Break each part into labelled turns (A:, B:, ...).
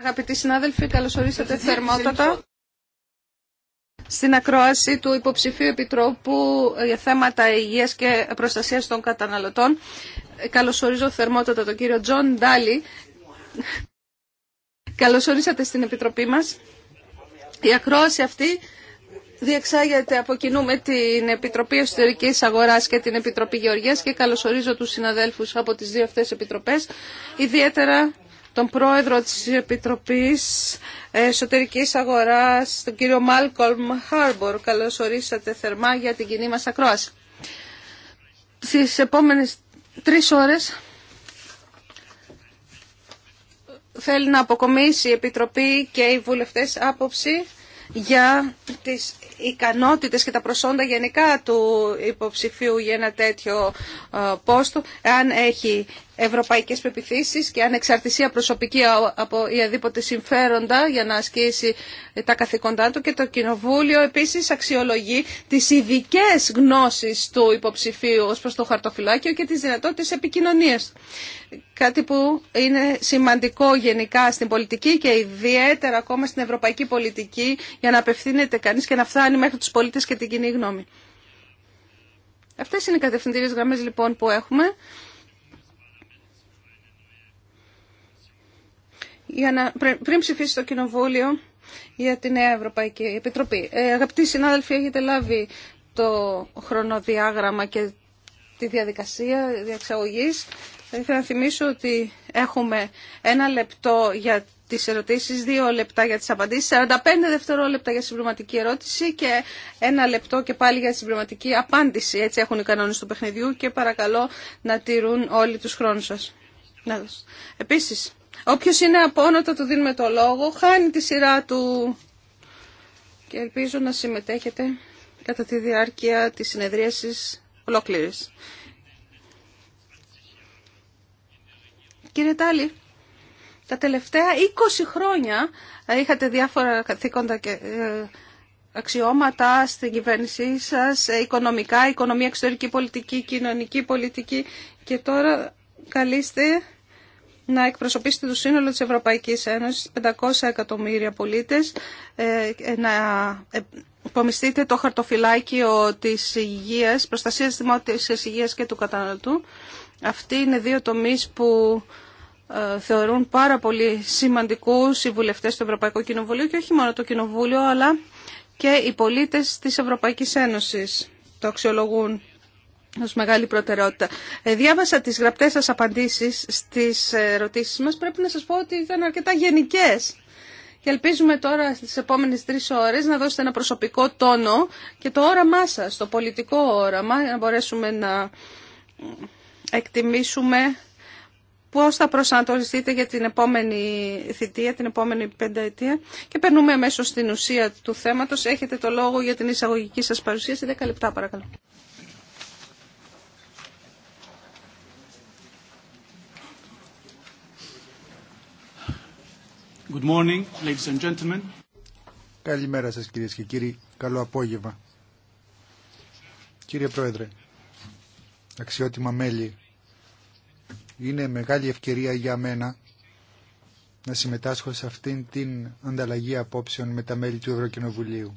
A: Αγαπητοί συνάδελφοι, καλώς θερμότατα στην ακρόαση του υποψηφίου επιτρόπου για θέματα υγείας και προστασίας των καταναλωτών. Καλωσορίζω θερμότατα τον κύριο Τζον Ντάλι. Καλώς ορίσατε στην επιτροπή μας. Η ακρόαση αυτή διεξάγεται από κοινού με την Επιτροπή Εσωτερική Αγοράς και την Επιτροπή Γεωργίας και καλωσορίζω τους συναδέλφους από τις δύο αυτές επιτροπές, ιδιαίτερα τον πρόεδρο της Επιτροπής εσωτερική Αγοράς, τον κύριο Μάλκολμ Χάρμπορ. Καλωσορίσατε θερμά για την κοινή μας ακρόαση. Στι επόμενε τρει ώρε θέλει να αποκομίσει η Επιτροπή και οι βουλευτές άποψη για τις ικανότητες και τα προσόντα γενικά του υποψηφίου για ένα τέτοιο ε, πόστο, αν έχει ευρωπαϊκές πεπιθήσεις και ανεξαρτησία προσωπική από οποιαδήποτε συμφέροντα για να ασκήσει τα καθήκοντά του και το Κοινοβούλιο επίσης αξιολογεί τις ειδικέ γνώσεις του υποψηφίου ως προς το χαρτοφυλάκιο και τις δυνατότητες επικοινωνίας. Κάτι που είναι σημαντικό γενικά στην πολιτική και ιδιαίτερα ακόμα στην ευρωπαϊκή πολιτική για να απευθύνεται κανείς και να φτάνει μέχρι τους πολίτες και την κοινή γνώμη. Αυτές είναι οι κατευθυντήριες γραμμές λοιπόν που έχουμε για να, πριν ψηφίσει το Κοινοβούλιο για τη Νέα Ευρωπαϊκή Επιτροπή. Ε, αγαπητοί συνάδελφοι, έχετε λάβει το χρονοδιάγραμμα και τη διαδικασία διαξαγωγής. Θα ήθελα να θυμίσω ότι έχουμε ένα λεπτό για τις ερωτήσεις, δύο λεπτά για τις απαντήσεις, 45 δευτερόλεπτα για συμπληρωματική ερώτηση και ένα λεπτό και πάλι για συμπληρωματική απάντηση. Έτσι έχουν οι κανόνες του παιχνιδιού και παρακαλώ να τηρούν όλοι τους χρόνους σας. Επίσης, Όποιο είναι απόνοτο του δίνουμε το λόγο, χάνει τη σειρά του και ελπίζω να συμμετέχετε κατά τη διάρκεια της συνεδρίασης ολόκληρης. Κύριε Τάλη, τα τελευταία 20 χρόνια ε, είχατε διάφορα καθήκοντα και ε, αξιώματα στην κυβέρνησή σας, ε, οικονομικά, οικονομία, εξωτερική πολιτική, κοινωνική πολιτική και τώρα καλείστε να εκπροσωπήσετε το σύνολο της Ευρωπαϊκής Ένωσης, 500 εκατομμύρια πολίτες, ε, ε, να ε, υπομειστείτε το χαρτοφυλάκιο της υγείας, προστασίας της δημότητας υγείας και του καταναλωτού. Αυτοί είναι δύο τομείς που θεωρούν πάρα πολύ σημαντικούς οι βουλευτές του Ευρωπαϊκού Κοινοβουλίου και όχι μόνο το Κοινοβούλιο, αλλά και οι πολίτες της Ευρωπαϊκής Ένωσης το αξιολογούν ως μεγάλη προτεραιότητα. Ε, διάβασα τις γραπτές σας απαντήσεις στις ερωτήσεις μας. Πρέπει να σας πω ότι ήταν αρκετά γενικές. Και ελπίζουμε τώρα στις επόμενες τρεις ώρες να δώσετε ένα προσωπικό τόνο και το όραμά σας, το πολιτικό όραμα, να μπορέσουμε να εκτιμήσουμε πώς θα προσανατολιστείτε για την επόμενη θητεία, την επόμενη πενταετία. Και περνούμε αμέσω στην ουσία του θέματος. Έχετε το λόγο για την εισαγωγική σας παρουσίαση. 10 λεπτά παρακαλώ.
B: Good morning, ladies and
C: Καλημέρα σας κυρίες και κύριοι. Καλό απόγευμα. Κύριε Πρόεδρε, αξιότιμα μέλη, είναι μεγάλη ευκαιρία για μένα να συμμετάσχω σε αυτήν την ανταλλαγή απόψεων με τα μέλη του Ευρωκοινοβουλίου.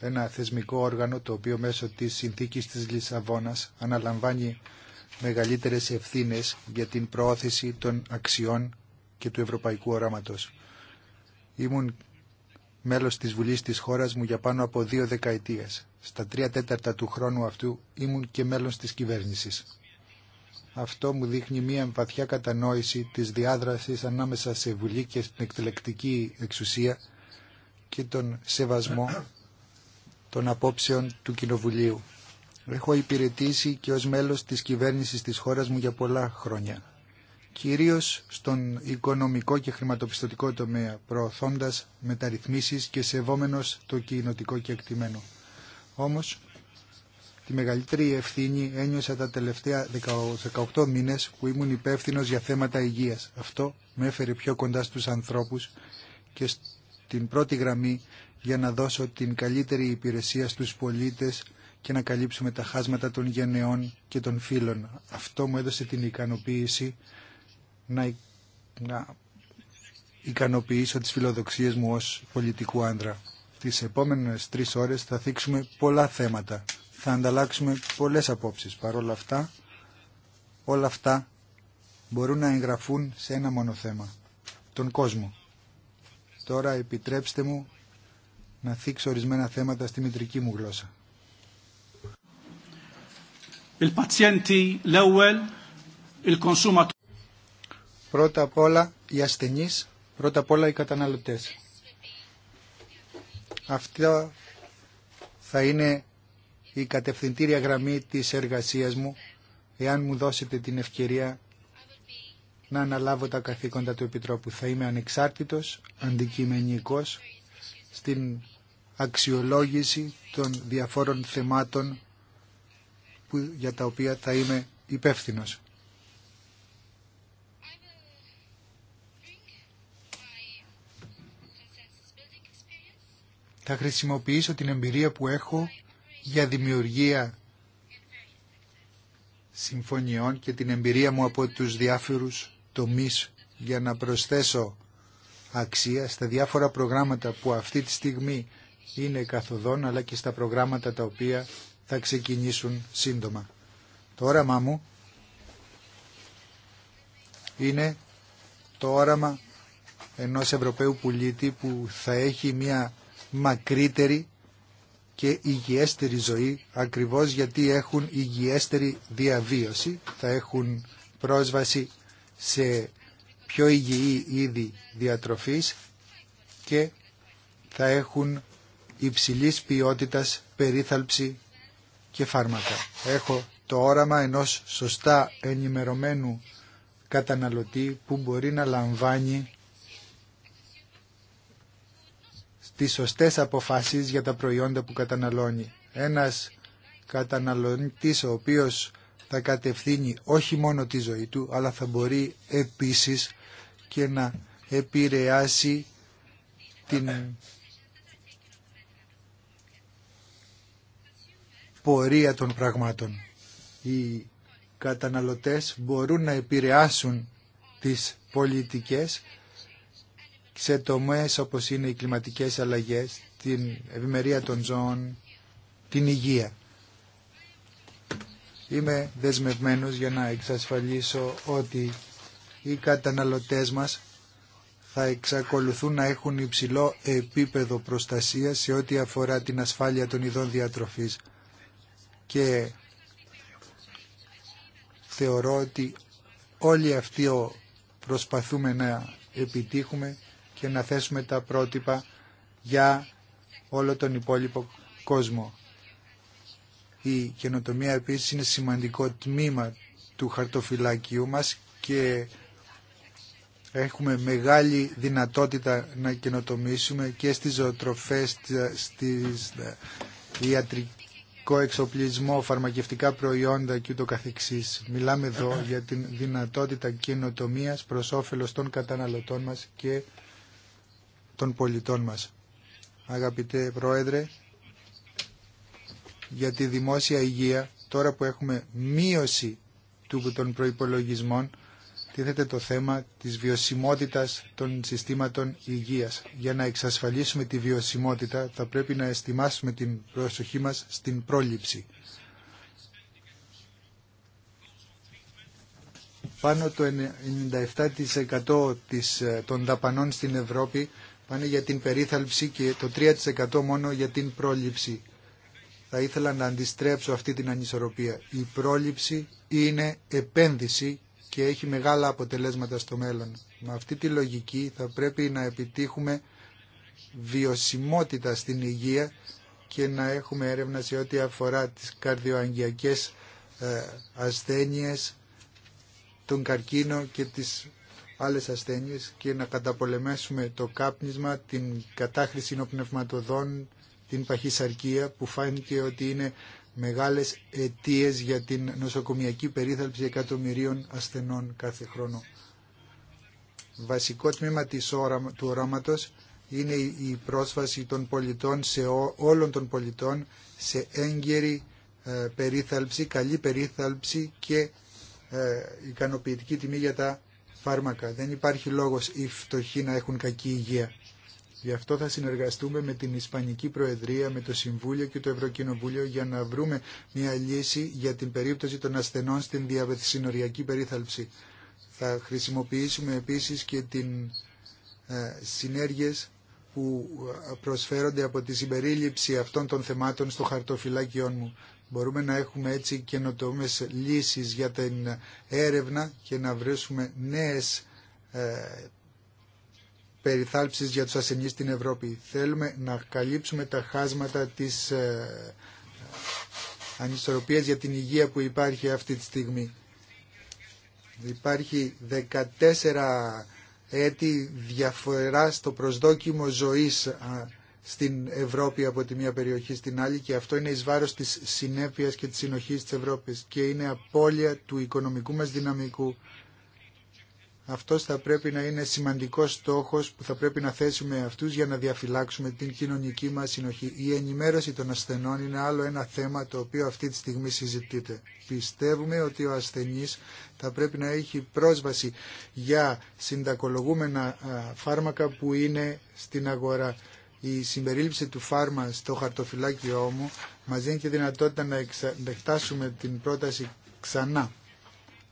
C: Ένα θεσμικό όργανο το οποίο μέσω της συνθήκης της Λισαβόνας αναλαμβάνει μεγαλύτερες ευθύνες για την προώθηση των αξιών και του ευρωπαϊκού οράματος. Ήμουν μέλος της Βουλής της χώρας μου για πάνω από δύο δεκαετίες. Στα τρία τέταρτα του χρόνου αυτού ήμουν και μέλος της κυβέρνησης. Αυτό μου δείχνει μια βαθιά κατανόηση της διάδρασης ανάμεσα σε Βουλή και στην εκτελεκτική εξουσία και τον σεβασμό των απόψεων του Κοινοβουλίου. Έχω υπηρετήσει και ως μέλος της κυβέρνησης της χώρας μου για πολλά χρόνια κυρίως στον οικονομικό και χρηματοπιστωτικό τομέα, προωθώντας μεταρρυθμίσεις και σεβόμενος το κοινοτικό και εκτιμένο. Όμως, τη μεγαλύτερη ευθύνη ένιωσα τα τελευταία 18 μήνες που ήμουν υπεύθυνος για θέματα υγείας. Αυτό με έφερε πιο κοντά στους ανθρώπους και στην πρώτη γραμμή για να δώσω την καλύτερη υπηρεσία στους πολίτες και να καλύψουμε τα χάσματα των γενεών και των φίλων. Αυτό μου έδωσε την ικανοποίηση να, ικανοποιήσω τις φιλοδοξίες μου ως πολιτικού άντρα. Τις επόμενες τρεις ώρες θα θίξουμε πολλά θέματα. Θα ανταλλάξουμε πολλές απόψεις. Παρ' όλα αυτά, όλα αυτά μπορούν να εγγραφούν σε ένα μόνο θέμα. Τον κόσμο. Τώρα επιτρέψτε μου να θίξω ορισμένα θέματα στη μητρική μου γλώσσα. Il paziente Πρώτα απ' όλα οι ασθενείς, πρώτα απ' όλα οι καταναλωτές. Αυτό θα είναι η κατευθυντήρια γραμμή της εργασίας μου, εάν μου δώσετε την ευκαιρία να αναλάβω τα καθήκοντα του Επιτρόπου. Θα είμαι ανεξάρτητος, αντικειμενικός στην αξιολόγηση των διαφόρων θεμάτων που, για τα οποία θα είμαι υπεύθυνος. θα χρησιμοποιήσω την εμπειρία που έχω για δημιουργία συμφωνιών και την εμπειρία μου από τους διάφορους τομείς για να προσθέσω αξία στα διάφορα προγράμματα που αυτή τη στιγμή είναι καθοδόν αλλά και στα προγράμματα τα οποία θα ξεκινήσουν σύντομα. Το όραμά μου είναι το όραμα ενός Ευρωπαίου πολίτη που θα έχει μια μακρύτερη και υγιέστερη ζωή ακριβώς γιατί έχουν υγιέστερη διαβίωση, θα έχουν πρόσβαση σε πιο υγιή είδη διατροφής και θα έχουν υψηλής ποιότητας περίθαλψη και φάρμακα. Έχω το όραμα ενός σωστά ενημερωμένου καταναλωτή που μπορεί να λαμβάνει τις σωστές αποφάσεις για τα προϊόντα που καταναλώνει. Ένας καταναλωτής ο οποίος θα κατευθύνει όχι μόνο τη ζωή του, αλλά θα μπορεί επίσης και να επηρεάσει την πορεία των πραγμάτων. Οι καταναλωτές μπορούν να επηρεάσουν τις πολιτικές σε τομές όπως είναι οι κλιματικές αλλαγές, την ευημερία των ζώων, την υγεία. Είμαι δεσμευμένος για να εξασφαλίσω ότι οι καταναλωτές μας θα εξακολουθούν να έχουν υψηλό επίπεδο προστασίας σε ό,τι αφορά την ασφάλεια των ειδών διατροφής. Και θεωρώ ότι όλοι αυτοί προσπαθούμε να επιτύχουμε και να θέσουμε τα πρότυπα για όλο τον υπόλοιπο κόσμο. Η καινοτομία επίσης είναι σημαντικό τμήμα του χαρτοφυλακίου μας και έχουμε μεγάλη δυνατότητα να καινοτομήσουμε και στις ζωοτροφές, στις ε, ιατρικό εξοπλισμό, φαρμακευτικά προϊόντα και το καθεξής. Μιλάμε εδώ για την δυνατότητα καινοτομίας προς όφελος των καταναλωτών μας και των πολιτών μας. Αγαπητέ Πρόεδρε, για τη δημόσια υγεία, τώρα που έχουμε μείωση των προϋπολογισμών, τίθεται το θέμα της βιωσιμότητας των συστήματων υγείας. Για να εξασφαλίσουμε τη βιωσιμότητα θα πρέπει να εστιμάσουμε την προσοχή μας στην πρόληψη. Πάνω το 97% ε, των δαπανών στην Ευρώπη πάνε για την περίθαλψη και το 3% μόνο για την πρόληψη. Θα ήθελα να αντιστρέψω αυτή την ανισορροπία. Η πρόληψη είναι επένδυση και έχει μεγάλα αποτελέσματα στο μέλλον. Με αυτή τη λογική θα πρέπει να επιτύχουμε βιωσιμότητα στην υγεία και να έχουμε έρευνα σε ό,τι αφορά τις καρδιοαγγειακές ε, ασθένειες, τον καρκίνο και τις άλλες ασθένειες και να καταπολεμήσουμε το κάπνισμα, την κατάχρηση νοπνευματοδών, την παχυσαρκία που φάνηκε ότι είναι μεγάλες αιτίε για την νοσοκομιακή περίθαλψη εκατομμυρίων ασθενών κάθε χρόνο. Βασικό τμήμα της του οράματος είναι η πρόσβαση των πολιτών, σε ό, όλων των πολιτών, σε έγκαιρη ε, περίθαλψη, καλή περίθαλψη και ε, ικανοποιητική τιμή για τα φάρμακα. Δεν υπάρχει λόγος οι φτωχοί να έχουν κακή υγεία. Γι' αυτό θα συνεργαστούμε με την Ισπανική Προεδρία, με το Συμβούλιο και το Ευρωκοινοβούλιο για να βρούμε μια λύση για την περίπτωση των ασθενών στην διαβεθυσινοριακή περίθαλψη. Θα χρησιμοποιήσουμε επίσης και την ε, που ε, προσφέρονται από τη συμπερίληψη αυτών των θεμάτων στο χαρτοφυλάκιό μου. Μπορούμε να έχουμε έτσι καινοτόμες λύσεις για την έρευνα και να βρέσουμε νέες ε, περιθάλψεις για τους ασθενείς στην Ευρώπη. Θέλουμε να καλύψουμε τα χάσματα της ε, ανισορροπίας για την υγεία που υπάρχει αυτή τη στιγμή. Υπάρχει 14 έτη διαφορά στο προσδόκιμο ζωής στην Ευρώπη από τη μία περιοχή στην άλλη και αυτό είναι εις βάρος της συνέπειας και της συνοχής της Ευρώπης και είναι απώλεια του οικονομικού μας δυναμικού. Αυτό θα πρέπει να είναι σημαντικός στόχος που θα πρέπει να θέσουμε αυτούς για να διαφυλάξουμε την κοινωνική μας συνοχή. Η ενημέρωση των ασθενών είναι άλλο ένα θέμα το οποίο αυτή τη στιγμή συζητείται. Πιστεύουμε ότι ο ασθενής θα πρέπει να έχει πρόσβαση για συντακολογούμενα φάρμακα που είναι στην αγορά η συμπερίληψη του φάρμα στο χαρτοφυλάκιό μου μας δίνει και δυνατότητα να εκτάσουμε την πρόταση ξανά.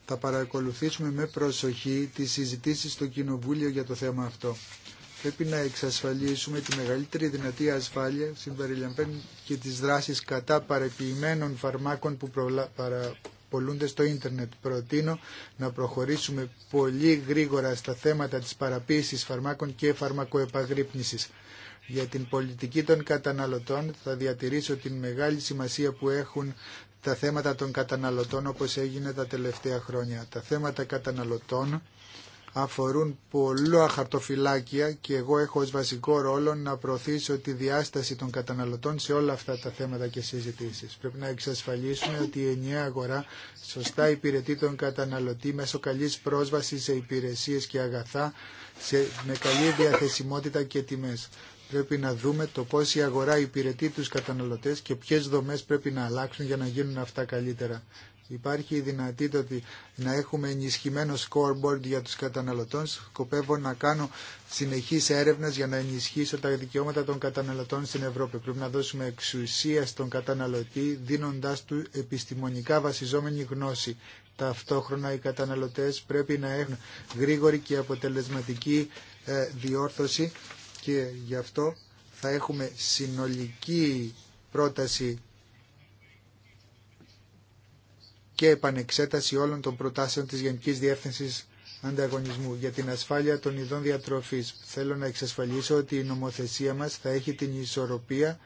C: Θα παρακολουθήσουμε με προσοχή τις συζητήσεις στο Κοινοβούλιο για το θέμα αυτό. Πρέπει να εξασφαλίσουμε τη μεγαλύτερη δυνατή ασφάλεια συμπεριλαμβάνει και τις δράσεις κατά παρεποιημένων φαρμάκων που προλα... στο ίντερνετ. Προτείνω να προχωρήσουμε πολύ γρήγορα στα θέματα της παραποίησης φαρμάκων και φαρμακοεπαγρύπνησης για την πολιτική των καταναλωτών θα διατηρήσω την μεγάλη σημασία που έχουν τα θέματα των καταναλωτών όπως έγινε τα τελευταία χρόνια. Τα θέματα καταναλωτών αφορούν πολλά αχαρτοφυλάκια και εγώ έχω ως βασικό ρόλο να προωθήσω τη διάσταση των καταναλωτών σε όλα αυτά τα θέματα και συζητήσεις. Πρέπει να εξασφαλίσουμε ότι η ενιαία αγορά σωστά υπηρετεί τον καταναλωτή μέσω καλής πρόσβασης σε υπηρεσίες και αγαθά σε, με καλή διαθεσιμότητα και τιμές. Πρέπει να δούμε το πώς η αγορά υπηρετεί τους καταναλωτές και ποιες δομές πρέπει να αλλάξουν για να γίνουν αυτά καλύτερα. Υπάρχει η δυνατότητα να έχουμε ενισχυμένο scoreboard για τους καταναλωτέ. Σκοπεύω να κάνω συνεχείς έρευνες για να ενισχύσω τα δικαιώματα των καταναλωτών στην Ευρώπη. Πρέπει να δώσουμε εξουσία στον καταναλωτή δίνοντάς του επιστημονικά βασιζόμενη γνώση. Ταυτόχρονα οι καταναλωτές πρέπει να έχουν γρήγορη και αποτελεσματική ε, διόρθωση και γι' αυτό θα έχουμε συνολική πρόταση και επανεξέταση όλων των προτάσεων της Γενικής Διεύθυνσης Ανταγωνισμού για την ασφάλεια των ειδών διατροφής. Θέλω να εξασφαλίσω ότι η νομοθεσία μας θα έχει την ισορροπία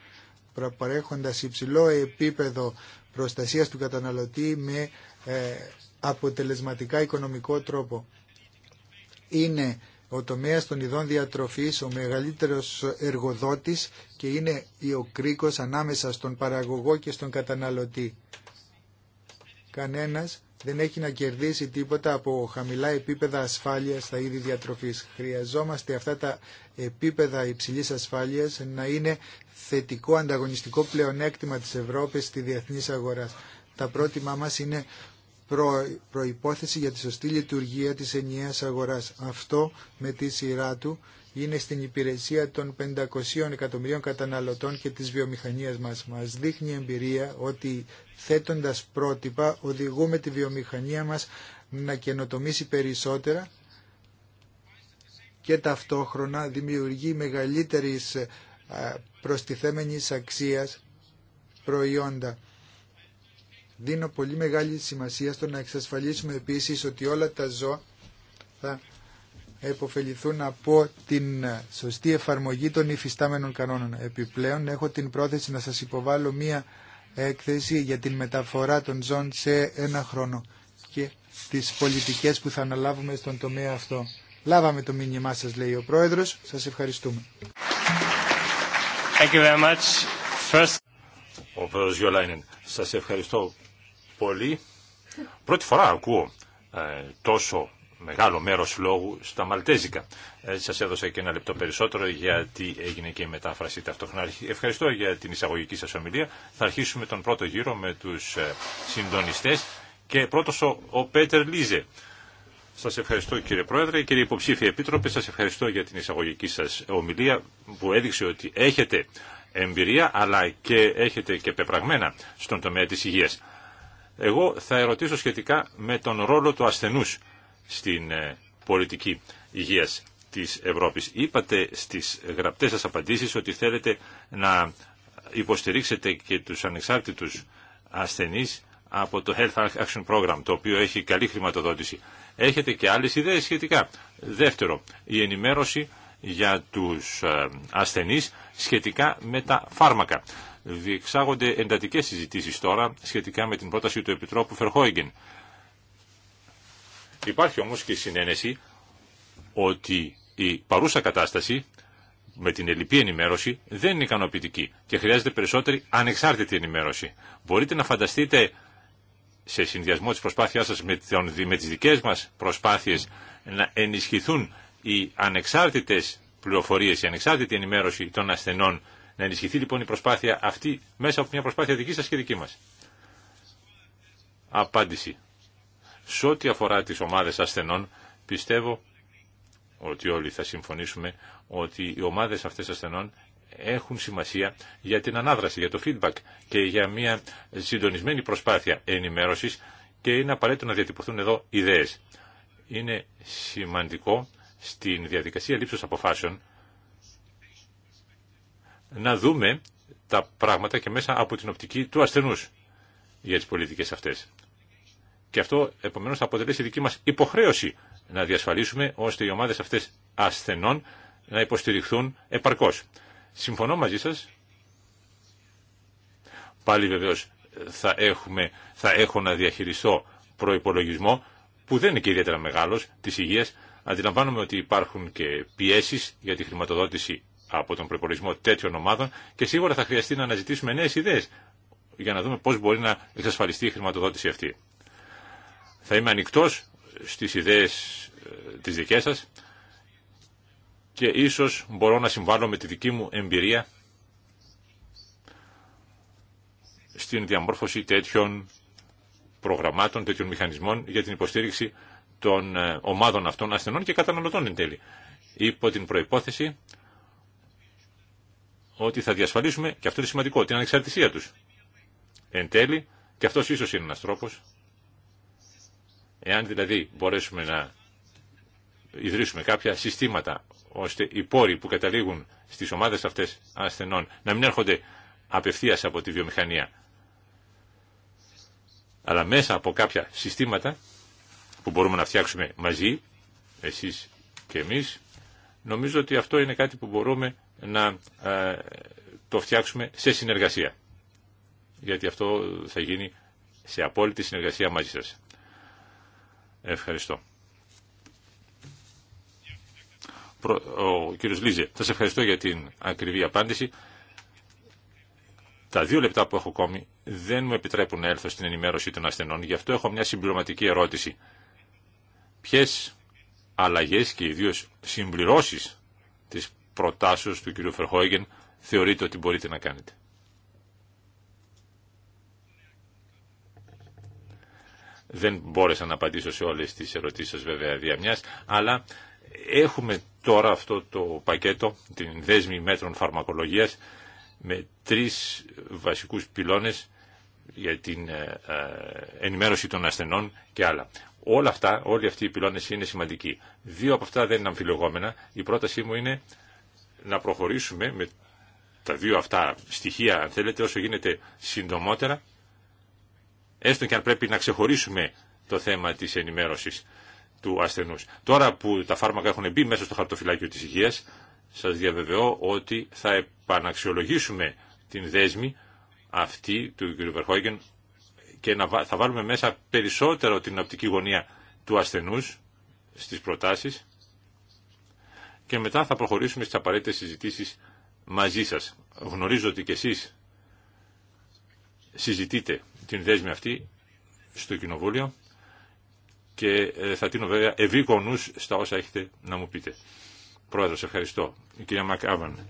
C: παρέχοντας υψηλό επίπεδο προστασίας του καταναλωτή με ε, αποτελεσματικά οικονομικό τρόπο. Είναι ο τομέας των ειδών διατροφής ο μεγαλύτερος εργοδότης και είναι ο κρίκος ανάμεσα στον παραγωγό και στον καταναλωτή. Κανένας δεν έχει να κερδίσει τίποτα από χαμηλά επίπεδα ασφάλειας στα είδη διατροφής. Χρειαζόμαστε αυτά τα επίπεδα υψηλής ασφάλειας να είναι θετικό ανταγωνιστικό πλεονέκτημα της Ευρώπης στη διεθνή αγορά. Τα πρότιμά μας είναι προ, προϋπόθεση για τη σωστή λειτουργία της ενιαίας αγοράς. Αυτό με τη σειρά του είναι στην υπηρεσία των 500 εκατομμυρίων καταναλωτών και της βιομηχανίας μας. Μας δείχνει η εμπειρία ότι θέτοντας πρότυπα οδηγούμε τη βιομηχανία μας να καινοτομήσει περισσότερα και ταυτόχρονα δημιουργεί μεγαλύτερης ε, προστιθέμενης αξίας προϊόντα Δίνω πολύ μεγάλη σημασία στο να εξασφαλίσουμε επίσης ότι όλα τα ζώα θα υποφεληθούν από την σωστή εφαρμογή των υφιστάμενων κανόνων. Επιπλέον έχω την πρόθεση να σας υποβάλω μία έκθεση για την μεταφορά των ζώων σε ένα χρόνο και τις πολιτικές που θα αναλάβουμε στον τομέα αυτό. Λάβαμε το μήνυμά σας, λέει ο Πρόεδρος. Σας ευχαριστούμε.
D: Thank you very much. First... σας ευχαριστώ πολύ. Πρώτη φορά ακούω ε, τόσο μεγάλο μέρος λόγου στα Μαλτέζικα. Ε, σας έδωσα και ένα λεπτό περισσότερο γιατί έγινε και η μετάφραση ταυτόχρονα. Ευχαριστώ για την εισαγωγική σας ομιλία. Θα αρχίσουμε τον πρώτο γύρο με τους ε, συντονιστές και πρώτος ο, Πέτερ Λίζε. Σας ευχαριστώ κύριε Πρόεδρε, κύριε υποψήφιοι Επίτροπε, σας ευχαριστώ για την εισαγωγική σας ομιλία που έδειξε ότι έχετε εμπειρία αλλά και έχετε και πεπραγμένα στον τομέα της υγείας. Εγώ θα ερωτήσω σχετικά με τον ρόλο του ασθενούς στην ε, πολιτική υγείας της Ευρώπης. Είπατε στις γραπτές σας απαντήσεις ότι θέλετε να υποστηρίξετε και τους ανεξάρτητους ασθενείς από το Health Action Program, το οποίο έχει καλή χρηματοδότηση. Έχετε και άλλες ιδέες σχετικά. Δεύτερο, η ενημέρωση για τους ε, ασθενείς σχετικά με τα φάρμακα διεξάγονται εντατικές συζητήσεις τώρα σχετικά με την πρόταση του Επιτρόπου Φερχόγγεν. Υπάρχει όμως και η συνένεση ότι η παρούσα κατάσταση με την ελληπή ενημέρωση δεν είναι ικανοποιητική και χρειάζεται περισσότερη ανεξάρτητη ενημέρωση. Μπορείτε να φανταστείτε σε συνδυασμό της προσπάθειάς σας με, με τις δικές μας προσπάθειες να ενισχυθούν οι ανεξάρτητες πληροφορίες, η ανεξάρτητη ενημέρωση των ασθενών να ενισχυθεί λοιπόν η προσπάθεια αυτή μέσα από μια προσπάθεια δική σας και δική μας. Απάντηση. Σε ό,τι αφορά τις ομάδες ασθενών, πιστεύω ότι όλοι θα συμφωνήσουμε ότι οι ομάδες αυτές ασθενών έχουν σημασία για την ανάδραση, για το feedback και για μια συντονισμένη προσπάθεια ενημέρωσης και είναι απαραίτητο να διατυπωθούν εδώ ιδέες. Είναι σημαντικό στην διαδικασία λήψης αποφάσεων να δούμε τα πράγματα και μέσα από την οπτική του ασθενούς για τις πολιτικές αυτές. Και αυτό επομένως θα αποτελέσει δική μας υποχρέωση να διασφαλίσουμε ώστε οι ομάδες αυτές ασθενών να υποστηριχθούν επαρκώς. Συμφωνώ μαζί σας. Πάλι βεβαίως θα, έχουμε, θα έχω να διαχειριστώ προϋπολογισμό που δεν είναι και ιδιαίτερα μεγάλος της υγείας. Αντιλαμβάνομαι ότι υπάρχουν και πιέσεις για τη χρηματοδότηση από τον προπολογισμό τέτοιων ομάδων και σίγουρα θα χρειαστεί να αναζητήσουμε νέε ιδέε για να δούμε πώ μπορεί να εξασφαλιστεί η χρηματοδότηση αυτή. Θα είμαι ανοιχτό στι ιδέε ε, τι δικέ σα και ίσω μπορώ να συμβάλλω με τη δική μου εμπειρία στην διαμόρφωση τέτοιων προγραμμάτων, τέτοιων μηχανισμών για την υποστήριξη των ε, ομάδων αυτών ασθενών και καταναλωτών εν τέλει. Υπό την προϋπόθεση ότι θα διασφαλίσουμε, και αυτό είναι σημαντικό, την ανεξαρτησία τους. Εν τέλει, και αυτός ίσως είναι ένας τρόπος, εάν δηλαδή μπορέσουμε να ιδρύσουμε κάποια συστήματα, ώστε οι πόροι που καταλήγουν στις ομάδες αυτές ασθενών να μην έρχονται απευθείας από τη βιομηχανία, αλλά μέσα από κάποια συστήματα που μπορούμε να φτιάξουμε μαζί, εσείς και εμείς, νομίζω ότι αυτό είναι κάτι που μπορούμε να ε, το φτιάξουμε σε συνεργασία. Γιατί αυτό θα γίνει σε απόλυτη συνεργασία μαζί σας. Ευχαριστώ. Ο κύριος Λίζε, σας ευχαριστώ για την ακριβή απάντηση. Τα δύο λεπτά που έχω ακόμη δεν μου επιτρέπουν να έλθω στην ενημέρωση των ασθενών, γι' αυτό έχω μια συμπληρωματική ερώτηση. Ποιες αλλαγές και ιδίως συμπληρώσεις της προτάσεως του κ. Φερχόγγεν θεωρείτε ότι μπορείτε να κάνετε. Δεν μπόρεσα να απαντήσω σε όλες τις ερωτήσεις σας βέβαια διαμιάς, αλλά έχουμε τώρα αυτό το πακέτο, την δέσμη μέτρων φαρμακολογίας, με τρεις βασικούς πυλώνες για την ε, ε, ενημέρωση των ασθενών και άλλα. Όλα αυτά, όλοι αυτοί οι πυλώνες είναι σημαντικοί. Δύο από αυτά δεν είναι αμφιλεγόμενα. Η πρότασή μου είναι να προχωρήσουμε με τα δύο αυτά στοιχεία, αν θέλετε, όσο γίνεται συντομότερα, έστω και αν πρέπει να ξεχωρίσουμε το θέμα της ενημέρωσης του ασθενούς. Τώρα που τα φάρμακα έχουν μπει μέσα στο χαρτοφυλάκιο της υγείας, σας διαβεβαιώ ότι θα επαναξιολογήσουμε την δέσμη αυτή του κ. Βερχόγγεν και θα βάλουμε μέσα περισσότερο την οπτική γωνία του ασθενούς στις προτάσεις και μετά θα προχωρήσουμε στις απαραίτητες συζητήσεις μαζί σας. Γνωρίζω ότι και εσείς συζητείτε την δέσμη αυτή στο Κοινοβούλιο και ε, θα τίνω βέβαια νους στα όσα έχετε να μου πείτε. Πρόεδρος, ευχαριστώ. Η κυρία Μακάβαν.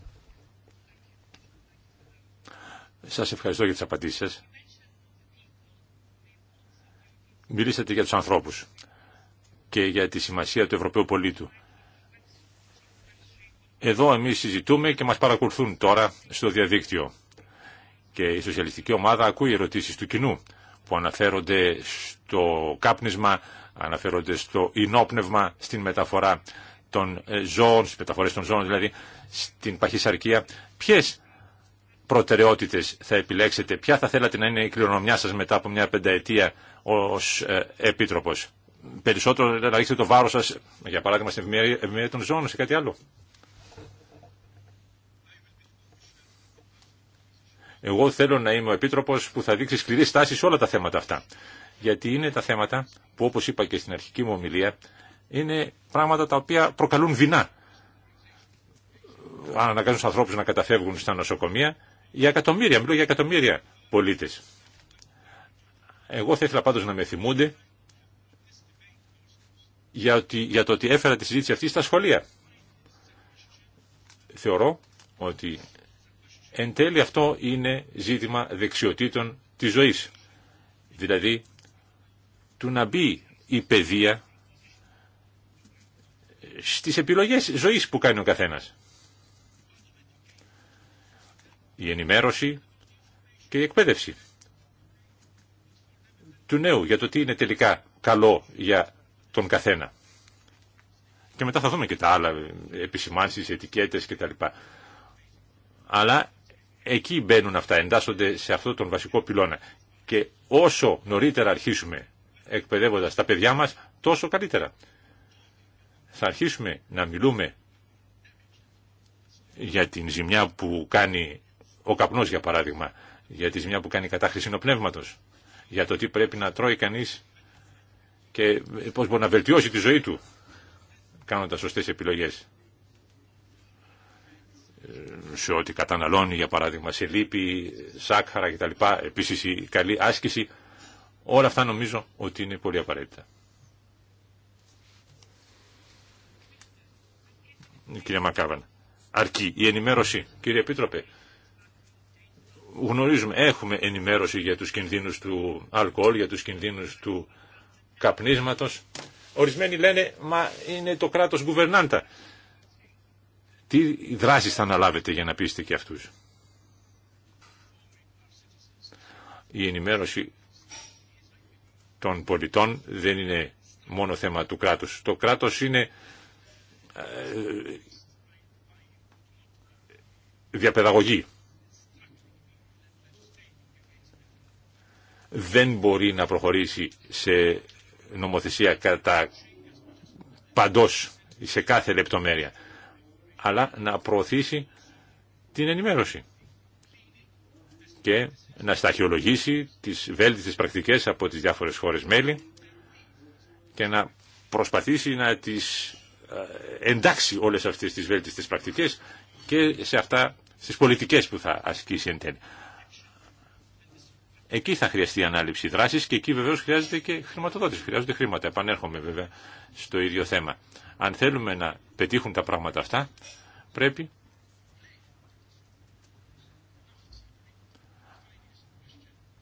D: Σας ευχαριστώ για τις απαντήσεις σας. Μιλήσατε για τους ανθρώπους και για τη σημασία του Ευρωπαίου πολίτου. Εδώ εμείς συζητούμε και μας παρακολουθούν τώρα στο διαδίκτυο. Και η σοσιαλιστική ομάδα ακούει ερωτήσεις του κοινού που αναφέρονται στο κάπνισμα, αναφέρονται στο ενόπνευμα, στην μεταφορά των ε, ζώων, στις μεταφορές των ζώων δηλαδή, στην παχυσαρκία. Ποιες προτεραιότητες θα επιλέξετε, ποια θα θέλατε να είναι η κληρονομιά σας μετά από μια πενταετία ως ε, επίτροπος. Περισσότερο να ρίξετε το βάρος σας, για παράδειγμα, στην ευημερία των ζώων σε κάτι άλλο. Εγώ θέλω να είμαι ο Επίτροπος που θα δείξει σκληρή στάση σε όλα τα θέματα αυτά. Γιατί είναι τα θέματα που όπως είπα και στην αρχική μου ομιλία είναι πράγματα τα οποία προκαλούν δεινά. Αν αναγκάζουν του ανθρώπους να καταφεύγουν στα νοσοκομεία για εκατομμύρια, μιλώ για εκατομμύρια πολίτε. Εγώ θα ήθελα πάντω να με θυμούνται για το ότι έφερα τη συζήτηση αυτή στα σχολεία. Θεωρώ ότι Εν τέλει αυτό είναι ζήτημα δεξιοτήτων της ζωής. Δηλαδή του να μπει η παιδεία στις επιλογές ζωής που κάνει ο καθένας. Η ενημέρωση και η εκπαίδευση του νέου για το τι είναι τελικά καλό για τον καθένα. Και μετά θα δούμε και τα άλλα, ε, επισημάνσεις, ετικέτες κτλ. Αλλά εκεί μπαίνουν αυτά, εντάσσονται σε αυτό τον βασικό πυλώνα. Και όσο νωρίτερα αρχίσουμε εκπαιδεύοντα τα παιδιά μας, τόσο καλύτερα. Θα αρχίσουμε να μιλούμε για την ζημιά που κάνει ο καπνός, για παράδειγμα, για τη ζημιά που κάνει η κατάχρηση νοπνεύματος, για το τι πρέπει να τρώει κανείς και πώς μπορεί να βελτιώσει τη ζωή του κάνοντας σωστές επιλογές σε ό,τι καταναλώνει για παράδειγμα σε λίπη, σάκχαρα κτλ. επίση η καλή άσκηση. Όλα αυτά νομίζω ότι είναι πολύ απαραίτητα. Κύριε Μακάβαν, αρκεί η ενημέρωση. Κύριε Επίτροπε, γνωρίζουμε, έχουμε ενημέρωση για τους κινδύνους του αλκοόλ, για τους κινδύνους του καπνίσματος. Ορισμένοι λένε, μα είναι το κράτος γκουβερνάντα. Τι δράσεις θα αναλάβετε για να πείσετε και αυτούς. Η ενημέρωση των πολιτών δεν είναι μόνο θέμα του κράτους. Το κράτος είναι ε, διαπαιδαγωγή. Δεν μπορεί να προχωρήσει σε νομοθεσία κατά ή σε κάθε λεπτομέρεια αλλά να προωθήσει την ενημέρωση και να σταχυολογήσει τις βέλτιστες πρακτικές από τις διάφορες χώρες μέλη και να προσπαθήσει να τις ε, εντάξει όλες αυτές τις βέλτιστες πρακτικές και σε αυτά στις πολιτικές που θα ασκήσει εν τέλει. Εκεί θα χρειαστεί ανάληψη δράση και εκεί βεβαίω χρειάζεται και χρηματοδότηση. Χρειάζονται χρήματα. Επανέρχομαι βέβαια στο ίδιο θέμα. Αν θέλουμε να πετύχουν τα πράγματα αυτά, πρέπει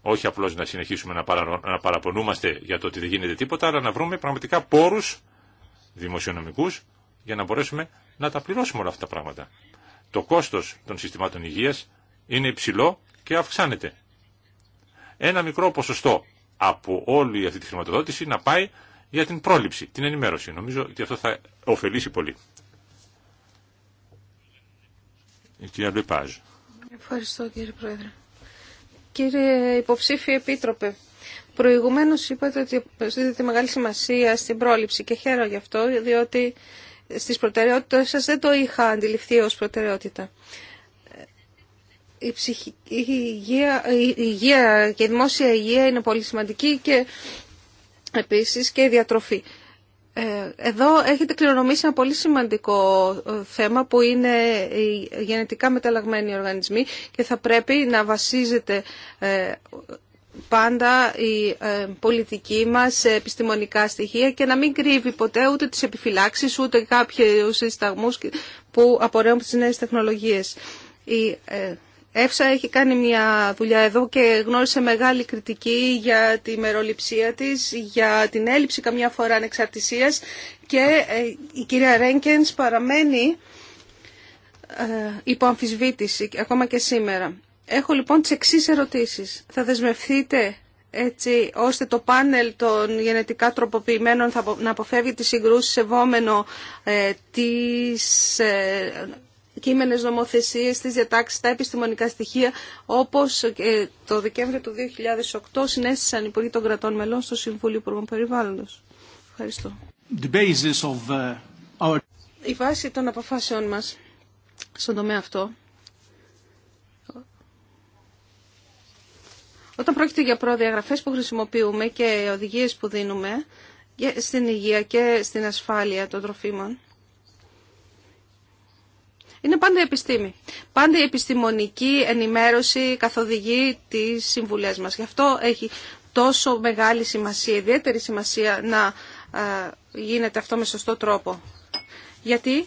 D: όχι απλώ να συνεχίσουμε να, παρα... να παραπονούμαστε για το ότι δεν γίνεται τίποτα, αλλά να βρούμε πραγματικά πόρου δημοσιονομικού για να μπορέσουμε να τα πληρώσουμε όλα αυτά τα πράγματα. Το κόστο των συστημάτων υγεία είναι υψηλό και αυξάνεται ένα μικρό ποσοστό από όλη αυτή τη χρηματοδότηση να πάει για την πρόληψη, την ενημέρωση. Νομίζω ότι αυτό θα ωφελήσει πολύ.
A: Η κυρία Μπλεπάζ. Ευχαριστώ κύριε Πρόεδρε. Κύριε Υποψήφιε Επίτροπε, προηγουμένως είπατε ότι δίδεται μεγάλη σημασία στην πρόληψη και χαίρομαι γι' αυτό, διότι στις προτεραιότητες σας δεν το είχα αντιληφθεί ως προτεραιότητα η, ψυχική, η, υγεία, η και η δημόσια υγεία είναι πολύ σημαντική και επίσης και η διατροφή. Ε, εδώ έχετε κληρονομήσει ένα πολύ σημαντικό ε, θέμα που είναι οι γενετικά μεταλλαγμένοι οργανισμοί και θα πρέπει να βασίζεται ε, πάντα η πολιτική μας σε επιστημονικά στοιχεία και να μην κρύβει ποτέ ούτε τις επιφυλάξεις ούτε κάποιους συσταγμούς που απορρέουν από τις νέες τεχνολογίες. Εύσα έχει κάνει μια δουλειά εδώ και γνώρισε μεγάλη κριτική για τη μεροληψία της, για την έλλειψη καμιά φορά ανεξαρτησίας και ε, η κυρία Ρένκενς παραμένει ε, υπό αμφισβήτηση ακόμα και σήμερα. Έχω λοιπόν τις εξή ερωτήσεις. Θα δεσμευθείτε έτσι ώστε το πάνελ των γενετικά τροποποιημένων θα να αποφεύγει τις συγκρούσεις σεβόμενο ε, ε Κείμενε νομοθεσίε, τις διατάξει, τα επιστημονικά στοιχεία, όπως το Δεκέμβριο του 2008 συνέστησαν οι Υπουργοί των Κρατών Μελών στο Συμβούλιο Υπουργών Περιβάλλοντο. Ευχαριστώ.
B: The basis of uh, our...
A: Η βάση των αποφάσεων μα στον τομέα αυτό, όταν πρόκειται για προδιαγραφές που χρησιμοποιούμε και οδηγίες που δίνουμε, στην υγεία και στην ασφάλεια των τροφίμων, είναι πάντα η επιστήμη. Πάντα η επιστημονική ενημέρωση καθοδηγεί τις συμβουλές μας. Γι' αυτό έχει τόσο μεγάλη σημασία, ιδιαίτερη σημασία να ε, γίνεται αυτό με σωστό τρόπο. Γιατί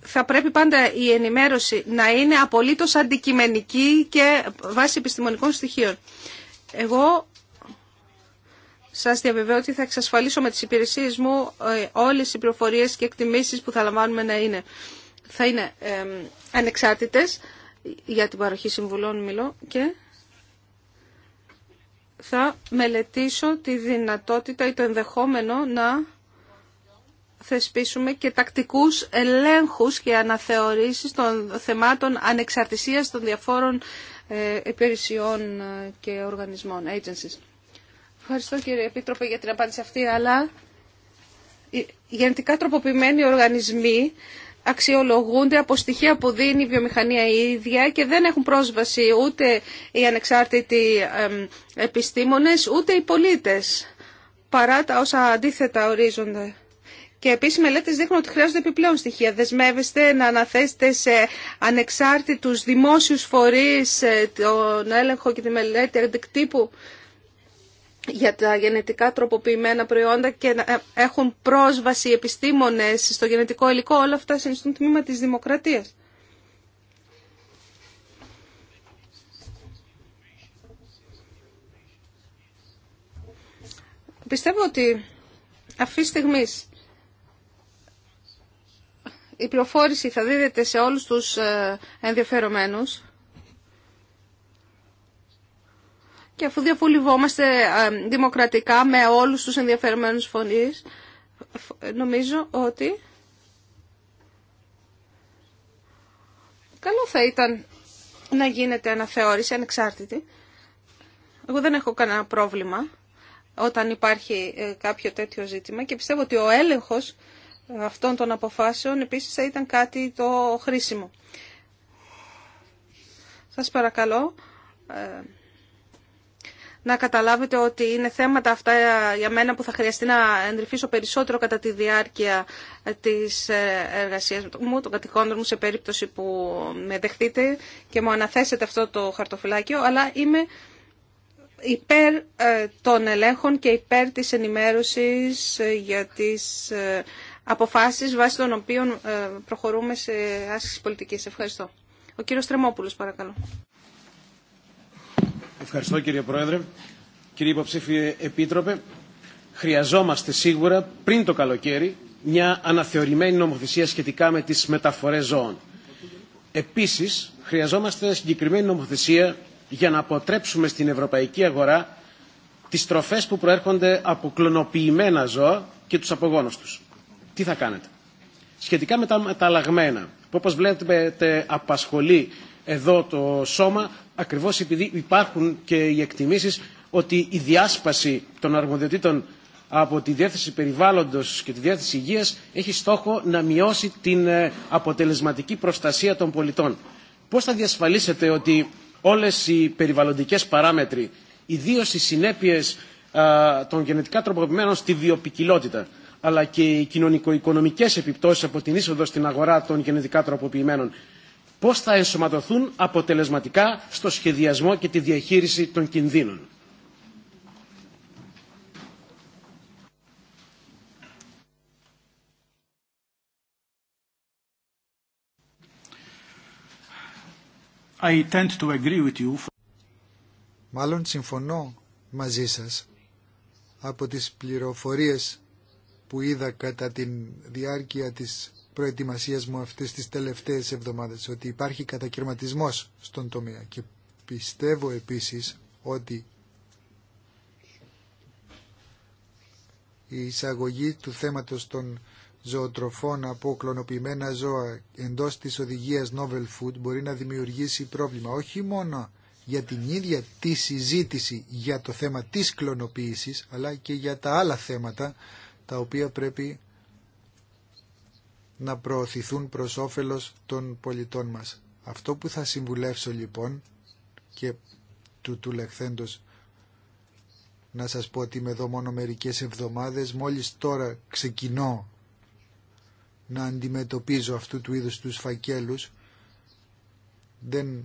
A: θα πρέπει πάντα η ενημέρωση να είναι απολύτως αντικειμενική και βάσει επιστημονικών στοιχείων. Εγώ σας διαβεβαιώ ότι θα εξασφαλίσω με τις υπηρεσίες μου ε, όλες οι πληροφορίε και εκτιμήσεις που θα λαμβάνουμε να είναι. Θα είναι ανεξάρτητες για την παροχή συμβουλών μιλώ και θα μελετήσω τη δυνατότητα ή το ενδεχόμενο να θεσπίσουμε και τακτικούς ελέγχους και αναθεωρήσεις των θεμάτων ανεξαρτησίας των διαφόρων ε, υπηρεσιών ε, και οργανισμών, agencies. Ευχαριστώ κύριε Επίτροπε για την απάντηση αυτή, αλλά οι γενετικά τροποποιημένοι οργανισμοί αξιολογούνται από στοιχεία που δίνει η βιομηχανία η ίδια και δεν έχουν πρόσβαση ούτε οι ανεξάρτητοι επιστήμονες ούτε οι πολίτες παρά τα όσα αντίθετα ορίζονται. Και επίση μελέτε δείχνουν ότι χρειάζονται επιπλέον στοιχεία. Δεσμεύεστε να αναθέσετε σε ανεξάρτητου δημόσιου φορεί ε, τον έλεγχο και τη μελέτη αντικτύπου για τα γενετικά τροποποιημένα προϊόντα και να ε, έχουν πρόσβαση επιστήμονες στο γενετικό υλικό, όλα αυτά συνιστούν τμήμα της δημοκρατίας. Πιστεύω ότι αυτή τη στιγμή η πληροφόρηση θα δίδεται σε όλους τους ε, ενδιαφερομένους και αφού διαβουλευόμαστε δημοκρατικά με όλους τους ενδιαφερμένους φωνείς, νομίζω ότι καλό θα ήταν να γίνεται αναθεώρηση ανεξάρτητη. Εγώ δεν έχω κανένα πρόβλημα όταν υπάρχει ε, κάποιο τέτοιο ζήτημα και πιστεύω ότι ο έλεγχος ε, αυτών των αποφάσεων επίσης θα ήταν κάτι το χρήσιμο. Σας παρακαλώ ε, να καταλάβετε ότι είναι θέματα αυτά για μένα που θα χρειαστεί να εντρυφήσω περισσότερο κατά τη διάρκεια της ε, εργασίας μου, των κατοικών μου σε περίπτωση που με δεχτείτε και μου αναθέσετε αυτό το χαρτοφυλάκιο, αλλά είμαι υπέρ ε, των ελέγχων και υπέρ της ενημέρωσης ε, για τις αποφάσεις βάσει των οποίων προχωρούμε σε άσκηση πολιτικής. Ευχαριστώ. Ο κύριος Τρεμόπουλος παρακαλώ.
B: Ευχαριστώ κύριε Πρόεδρε. Κύριε Υποψήφιε Επίτροπε, χρειαζόμαστε σίγουρα πριν το καλοκαίρι μια αναθεωρημένη νομοθεσία σχετικά με τις μεταφορές ζώων. Επίσης, χρειαζόμαστε συγκεκριμένη νομοθεσία για να αποτρέψουμε στην ευρωπαϊκή αγορά τις τροφές που προέρχονται από κλωνοποιημένα ζώα και τους απογόνους τους. Τι θα κάνετε. Σχετικά με τα μεταλλαγμένα, που όπως βλέπετε απασχολεί εδώ το σώμα, ακριβώς επειδή υπάρχουν και οι εκτιμήσεις ότι η διάσπαση των αρμοδιοτήτων από τη Διεύθυνση Περιβάλλοντος και τη διάθεση Υγείας έχει στόχο να μειώσει την ε, αποτελεσματική προστασία των πολιτών. Πώς θα διασφαλίσετε ότι όλες οι περιβαλλοντικές παράμετροι, ιδίω οι συνέπειες των γενετικά τροποποιημένων στη βιοπικιλότητα, αλλά και οι κοινωνικο-οικονομικές επιπτώσεις από την είσοδο στην αγορά των γενετικά τροποποιημένων πώς θα ενσωματωθούν αποτελεσματικά στο σχεδιασμό και τη διαχείριση των κινδύνων. I
C: Μάλλον συμφωνώ μαζί σας από τις πληροφορίες που είδα κατά τη διάρκεια της προετοιμασίας μου αυτές τις τελευταίες εβδομάδες, ότι υπάρχει κατακαιρματισμός στον τομέα και πιστεύω επίσης ότι η εισαγωγή του θέματος των ζωοτροφών από κλωνοποιημένα ζώα εντός της οδηγίας Novel Food μπορεί να δημιουργήσει πρόβλημα όχι μόνο για την ίδια τη συζήτηση για το θέμα της κλωνοποίησης αλλά και για τα άλλα θέματα τα οποία πρέπει να προωθηθούν προς όφελος των πολιτών μας. Αυτό που θα συμβουλεύσω λοιπόν και του του να σας πω ότι είμαι εδώ μόνο μερικές εβδομάδες, μόλις τώρα ξεκινώ να αντιμετωπίζω αυτού του είδους τους φακέλους, δεν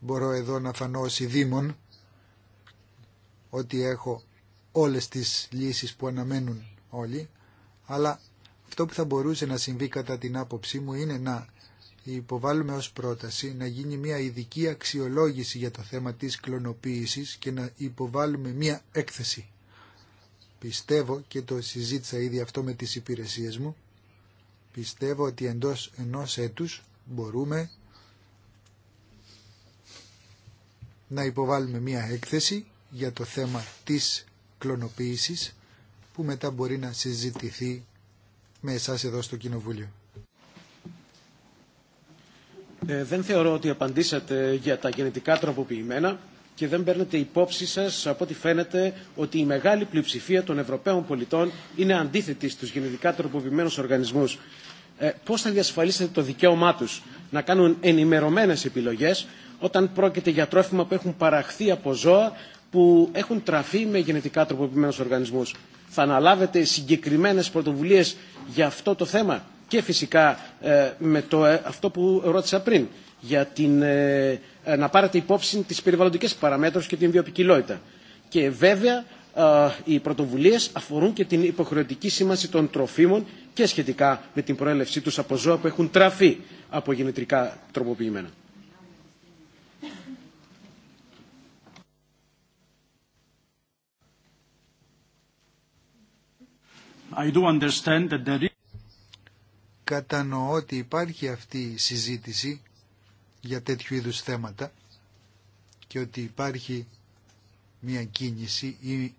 C: μπορώ εδώ να φανώ ως ειδήμων ότι έχω όλες τις λύσεις που αναμένουν όλοι, αλλά αυτό που θα μπορούσε να συμβεί κατά την άποψή μου είναι να υποβάλουμε ως πρόταση να γίνει μια ειδική αξιολόγηση για το θέμα της κλωνοποίησης και να υποβάλουμε μια έκθεση. Πιστεύω και το συζήτησα ήδη αυτό με τις υπηρεσίες μου. Πιστεύω ότι εντός ενός έτους μπορούμε να υποβάλουμε μια έκθεση για το θέμα της κλωνοποίησης που μετά μπορεί να συζητηθεί με εσάς εδώ στο Κοινοβούλιο.
B: Ε, δεν θεωρώ ότι απαντήσατε για τα γενετικά τροποποιημένα και δεν παίρνετε υπόψη σας από ό,τι φαίνεται ότι η μεγάλη πλειοψηφία των Ευρωπαίων πολιτών είναι αντίθετη στους γενετικά τροποποιημένους οργανισμούς. Ε, πώς θα διασφαλίσετε το δικαίωμά τους να κάνουν ενημερωμένες επιλογές όταν πρόκειται για τρόφιμα που έχουν παραχθεί από ζώα που έχουν τραφεί με γενετικά τροποποιημένους οργανισμούς. Θα αναλάβετε συγκεκριμένες πρωτοβουλίες για αυτό το θέμα και φυσικά ε, με το, ε, αυτό που ρώτησα πριν, για την, ε, να πάρετε υπόψη τις περιβαλλοντικές παραμέτρους και την βιοπικιλότητα. Και βέβαια οι πρωτοβουλίες αφορούν και την υποχρεωτική σήμανση των τροφίμων και σχετικά με την προέλευσή τους από ζώα που έχουν τραφεί από γενετικά τροποποιημένα.
C: Κατανοώ ότι υπάρχει αυτή η συζήτηση για τέτοιου είδους θέματα και ότι υπάρχει μια κίνηση ή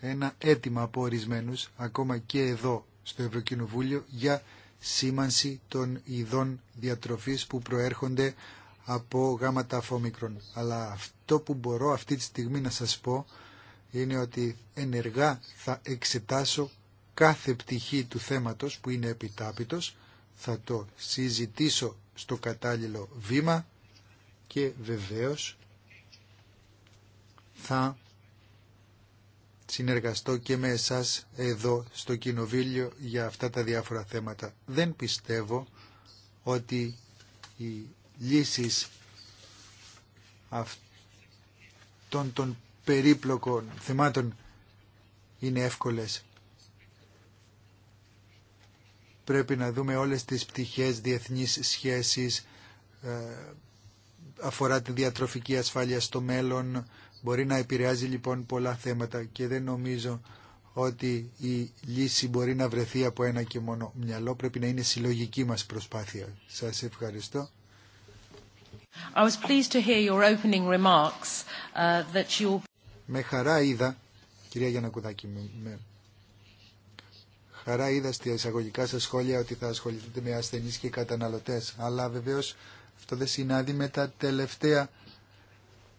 C: ένα αίτημα από ορισμένου, ακόμα και εδώ στο Ευρωκοινοβούλιο, για σήμανση των ειδών διατροφής που προέρχονται από γάματα αφόμικρων. Αλλά αυτό που μπορώ αυτή τη στιγμή να σας πω είναι ότι ενεργά θα εξετάσω κάθε πτυχή του θέματος που είναι επιτάπητος, θα το συζητήσω στο κατάλληλο βήμα και βεβαίως θα συνεργαστώ και με εσάς εδώ στο κοινοβίλιο για αυτά τα διάφορα θέματα. Δεν πιστεύω ότι οι λύσεις αυτών των περίπλοκων θεμάτων είναι εύκολες πρέπει να δούμε όλες τις πτυχές διεθνής σχέσεις, ε, αφορά τη διατροφική ασφάλεια στο μέλλον, μπορεί να επηρεάζει λοιπόν πολλά θέματα και δεν νομίζω ότι η λύση μπορεί να βρεθεί από ένα και μόνο μυαλό. Πρέπει να είναι συλλογική μας προσπάθεια. Σας ευχαριστώ.
A: I was pleased to hear your opening remarks, uh, that
C: Με χαρά είδα, κυρία Γιανακουδάκη, με χαρά είδα στα εισαγωγικά σας σχόλια ότι θα ασχοληθείτε με ασθενείς και καταναλωτές, αλλά βεβαίως αυτό δεν συνάδει με τα τελευταία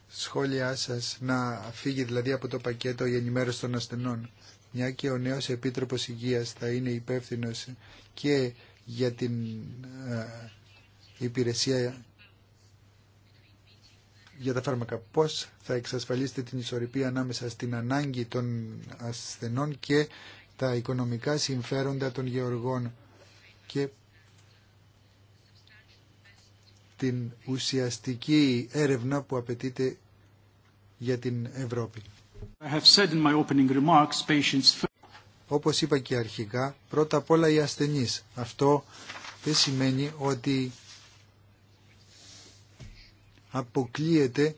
C: σχόλιά σας να φύγει δηλαδή από το πακέτο η ενημέρωση των ασθενών. Μια και ο νέος Επίτροπος Υγείας θα είναι υπεύθυνο και για την ε, υπηρεσία για τα φάρμακα. Πώς θα εξασφαλίσετε την ισορροπία ανάμεσα στην ανάγκη των ασθενών και τα οικονομικά συμφέροντα των γεωργών και την ουσιαστική έρευνα που απαιτείται για την Ευρώπη. Όπως είπα και αρχικά, πρώτα απ' όλα οι ασθενείς. Αυτό δεν σημαίνει ότι αποκλείεται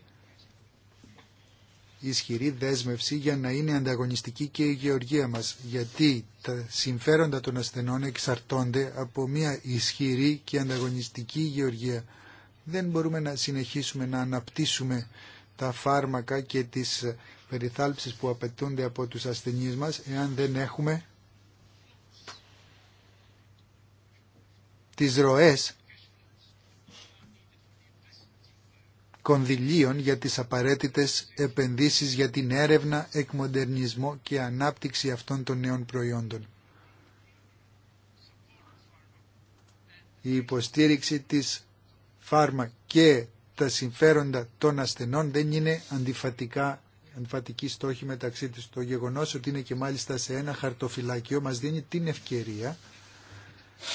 C: ισχυρή δέσμευση για να είναι ανταγωνιστική και η γεωργία μας, γιατί τα συμφέροντα των ασθενών εξαρτώνται από μια ισχυρή και ανταγωνιστική γεωργία. Δεν μπορούμε να συνεχίσουμε να αναπτύσσουμε τα φάρμακα και τις περιθάλψεις που απαιτούνται από τους ασθενείς μας, εάν δεν έχουμε τις ροές κονδυλίων για τις απαραίτητες επενδύσεις για την έρευνα, εκμοντερνισμό και ανάπτυξη αυτών των νέων προϊόντων. Η υποστήριξη της φάρμα και τα συμφέροντα των ασθενών δεν είναι αντιφατικά αντιφατική στόχη μεταξύ της. Το γεγονός ότι είναι και μάλιστα σε ένα χαρτοφυλάκιο μας δίνει την ευκαιρία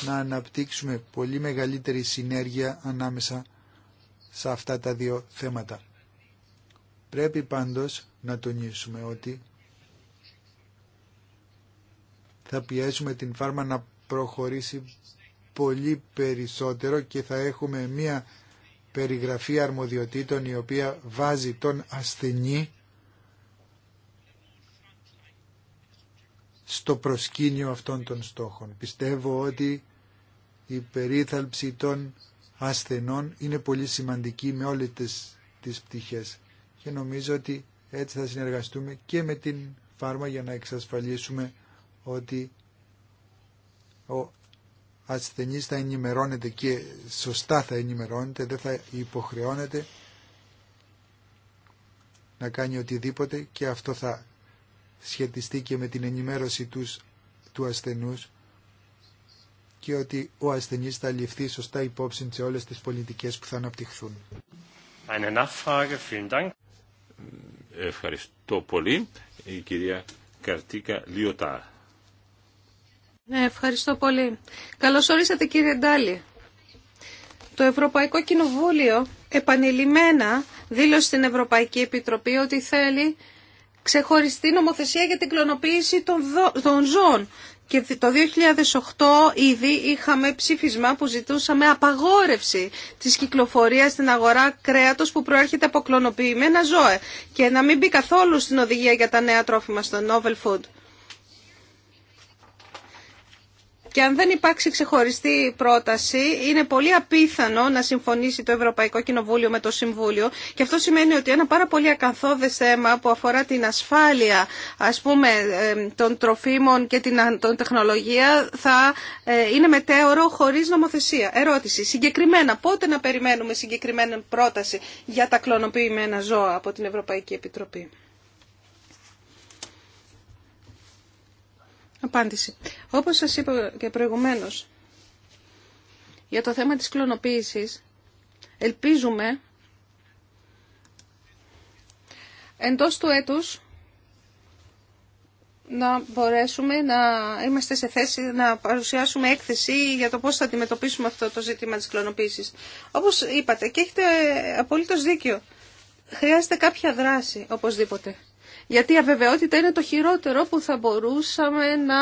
C: να αναπτύξουμε πολύ μεγαλύτερη συνέργεια ανάμεσα σε αυτά τα δύο θέματα. Πρέπει πάντως να τονίσουμε ότι θα πιέσουμε την φάρμα να προχωρήσει πολύ περισσότερο και θα έχουμε μία περιγραφή αρμοδιοτήτων η οποία βάζει τον ασθενή στο προσκήνιο αυτών των στόχων. Πιστεύω ότι η περίθαλψη των ασθενών είναι πολύ σημαντική με όλες τις, πτυχέ. πτυχές και νομίζω ότι έτσι θα συνεργαστούμε και με την φάρμα για να εξασφαλίσουμε ότι ο ασθενής θα ενημερώνεται και σωστά θα ενημερώνεται, δεν θα υποχρεώνεται να κάνει οτιδήποτε και αυτό θα σχετιστεί και με την ενημέρωση τους, του ασθενούς και ότι ο ασθενής θα ληφθεί σωστά υπόψη σε όλες τις πολιτικές που θα αναπτυχθούν.
D: Ευχαριστώ πολύ. Η κυρία Καρτίκα Λιωτάρ.
A: Ναι, ευχαριστώ πολύ. Καλώς ορίσατε κύριε Ντάλη. Το Ευρωπαϊκό Κοινοβούλιο επανειλημμένα δήλωσε στην Ευρωπαϊκή Επιτροπή ότι θέλει ξεχωριστή νομοθεσία για την κλωνοποίηση των, δο... των ζώων και το 2008 ήδη είχαμε ψήφισμα που ζητούσαμε απαγόρευση της κυκλοφορίας στην αγορά κρέατος που προέρχεται από κλωνοποιημένα ζώα και να μην μπει καθόλου στην οδηγία για τα νέα τρόφιμα στο Novel Food. Και αν δεν υπάρξει ξεχωριστή πρόταση, είναι πολύ απίθανο να συμφωνήσει το Ευρωπαϊκό Κοινοβούλιο με το Συμβούλιο. Και αυτό σημαίνει ότι ένα πάρα πολύ ακαθόδε θέμα που αφορά την ασφάλεια ας πούμε, ε, των τροφίμων και την των τεχνολογία θα ε, είναι μετέωρο χωρί νομοθεσία. Ερώτηση. Συγκεκριμένα, πότε να περιμένουμε συγκεκριμένη πρόταση για τα κλωνοποιημένα ζώα από την Ευρωπαϊκή Επιτροπή. Απάντηση. Όπως σας είπα και προηγουμένως, για το θέμα της κλωνοποίησης, ελπίζουμε εντός του έτους να μπορέσουμε να είμαστε σε θέση να παρουσιάσουμε έκθεση για το πώς θα αντιμετωπίσουμε αυτό το ζήτημα της κλωνοποίησης. Όπως είπατε και έχετε απολύτως δίκιο. Χρειάζεται κάποια δράση, οπωσδήποτε γιατί η αβεβαιότητα είναι το χειρότερο που θα μπορούσαμε να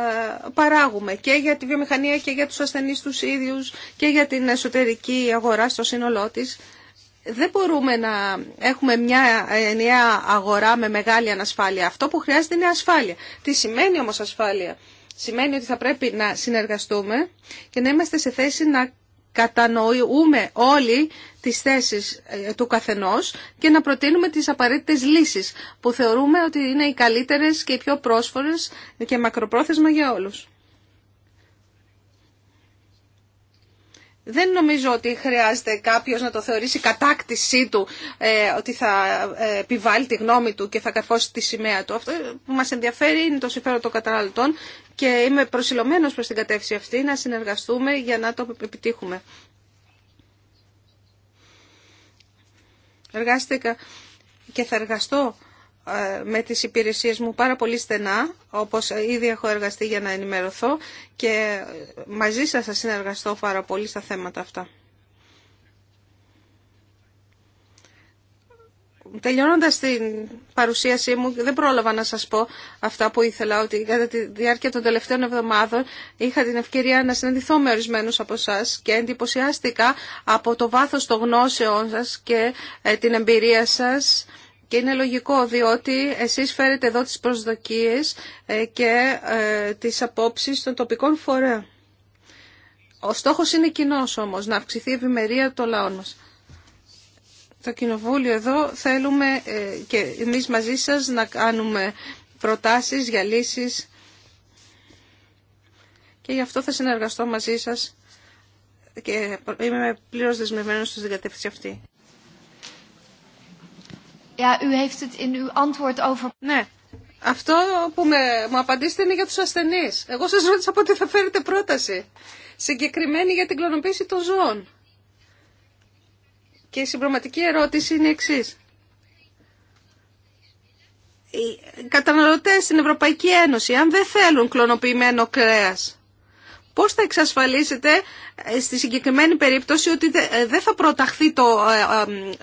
A: ε, παράγουμε και για τη βιομηχανία και για τους ασθενείς τους ίδιους και για την εσωτερική αγορά στο σύνολό της. Δεν μπορούμε να έχουμε μια ενιαία αγορά με μεγάλη ανασφάλεια. Αυτό που χρειάζεται είναι ασφάλεια. Τι σημαίνει όμως ασφάλεια. Σημαίνει ότι θα πρέπει να συνεργαστούμε και να είμαστε σε θέση να κατανοούμε όλοι τις θέσεις ε, του καθενός και να προτείνουμε τις απαραίτητες λύσεις που θεωρούμε ότι είναι οι καλύτερες και οι πιο πρόσφορες και μακροπρόθεσμα για όλους. Δεν νομίζω ότι χρειάζεται κάποιος να το θεωρήσει κατάκτησή του ε, ότι θα ε, επιβάλλει τη γνώμη του και θα καρφώσει τη σημαία του. Αυτό που μας ενδιαφέρει είναι το συμφέρον των καταναλωτών και είμαι προσιλωμένος προς την κατεύθυνση αυτή να συνεργαστούμε για να το επιτύχουμε. Εργάστηκα και θα εργαστώ ε, με τις υπηρεσίες μου πάρα πολύ στενά, όπως ήδη έχω εργαστεί για να ενημερωθώ και μαζί σας θα συνεργαστώ πάρα πολύ στα θέματα αυτά. τελειώνοντας την παρουσίασή μου, δεν πρόλαβα να σας πω αυτά που ήθελα, ότι κατά τη διάρκεια των τελευταίων εβδομάδων είχα την ευκαιρία να συναντηθώ με ορισμένους από εσά και εντυπωσιάστηκα από το βάθος των γνώσεών σας και ε, την εμπειρία σας. Και είναι λογικό, διότι εσείς φέρετε εδώ τις προσδοκίες ε, και ε, τις απόψεις των τοπικών φορέων. Ο στόχος είναι κοινός όμως, να αυξηθεί η ευημερία των λαών μας το Κοινοβούλιο εδώ θέλουμε ε, και εμείς μαζί σας να κάνουμε προτάσεις για λύσεις και γι' αυτό θα συνεργαστώ μαζί σας και είμαι πλήρως δεσμευμένος στην κατεύθυνση αυτή. Ναι, αυτό που με, μου απαντήσετε είναι για τους ασθενείς. Εγώ σας ρώτησα πότε θα φέρετε πρόταση συγκεκριμένη για την κλωνοποίηση των ζώων. Και η συμπροματική ερώτηση είναι εξή. Οι καταναλωτές στην Ευρωπαϊκή Ένωση, αν δεν θέλουν κλωνοποιημένο κρέας, πώς θα εξασφαλίσετε ε, στη συγκεκριμένη περίπτωση ότι ε, δεν θα προταχθεί το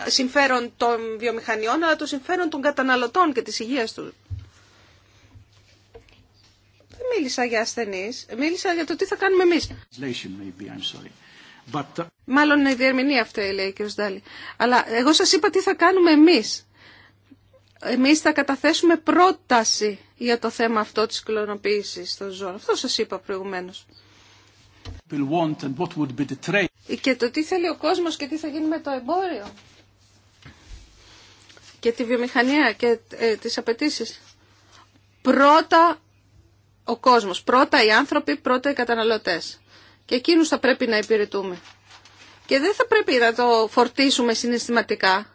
A: ε, συμφέρον των βιομηχανιών, αλλά το συμφέρον των καταναλωτών και της υγείας του; Δεν μίλησα για ασθενείς, μίλησα για το τι θα κάνουμε εμείς. But... Uh, Μάλλον η διερμηνία αυτή λέει ο κ. Ντάλι. Αλλά εγώ σα είπα τι θα κάνουμε εμεί. Εμεί θα καταθέσουμε πρόταση για το θέμα αυτό τη κλωνοποίηση των ζώων. Αυτό σα είπα προηγουμένω. Και το τι θέλει ο κόσμος και τι θα γίνει με το εμπόριο. Και τη βιομηχανία και ε, τις απαιτήσει. Πρώτα ο κόσμος, πρώτα οι άνθρωποι, πρώτα οι καταναλωτές. Και εκείνου θα πρέπει να υπηρετούμε. Και δεν θα πρέπει να το φορτίσουμε συναισθηματικά.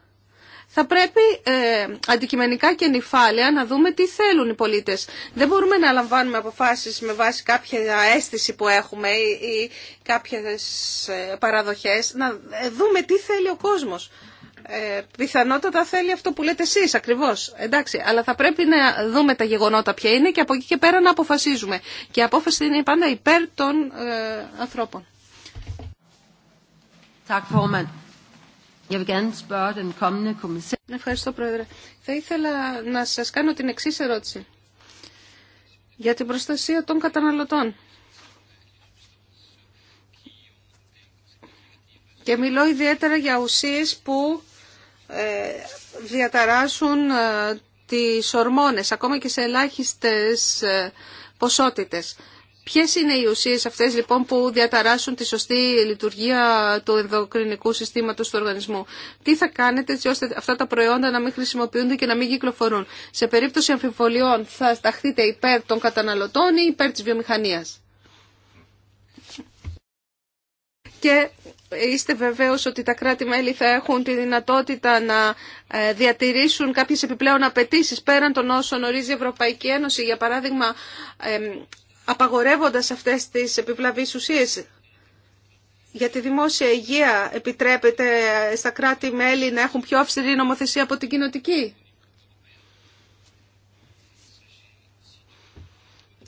A: Θα πρέπει ε, αντικειμενικά και νυφάλαια να δούμε τι θέλουν οι πολίτες. Δεν μπορούμε να λαμβάνουμε αποφάσεις με βάση κάποια αίσθηση που έχουμε ή, ή κάποιες ε, παραδοχές. Να ε, δούμε τι θέλει ο κόσμος. Ε, πιθανότατα θέλει αυτό που λέτε εσείς ακριβώς. Εντάξει, αλλά θα πρέπει να δούμε τα γεγονότα ποια είναι και από εκεί και πέρα να αποφασίζουμε. Και η απόφαση είναι πάντα υπέρ των ε, ανθρώπων. Ευχαριστώ, Πρόεδρε. Θα ήθελα να σας κάνω την εξή ερώτηση για την προστασία των καταναλωτών. Και μιλώ ιδιαίτερα για ουσίες που ε, διαταράσουν ε, τις ορμόνες, ακόμα και σε ελάχιστες ε, ποσότητες. Ποιες είναι οι ουσίες αυτές λοιπόν που διαταράσσουν τη σωστή λειτουργία του ενδοκρινικού συστήματος του οργανισμού. Τι θα κάνετε έτσι ώστε αυτά τα προϊόντα να μην χρησιμοποιούνται και να μην κυκλοφορούν. Σε περίπτωση αμφιβολιών θα σταχθείτε υπέρ των καταναλωτών ή υπέρ της βιομηχανίας. και είστε βεβαίως ότι τα κράτη-μέλη θα έχουν τη δυνατότητα να ε, διατηρήσουν κάποιες επιπλέον απαιτήσει πέραν των όσων ορίζει η Ευρωπαϊκή Ένωση, για παράδειγμα απαγορεύοντας αυτές τις επιβλαβείς ουσίες. Για τη δημόσια υγεία επιτρέπεται στα κράτη-μέλη να έχουν πιο αυστηρή νομοθεσία από την κοινοτική.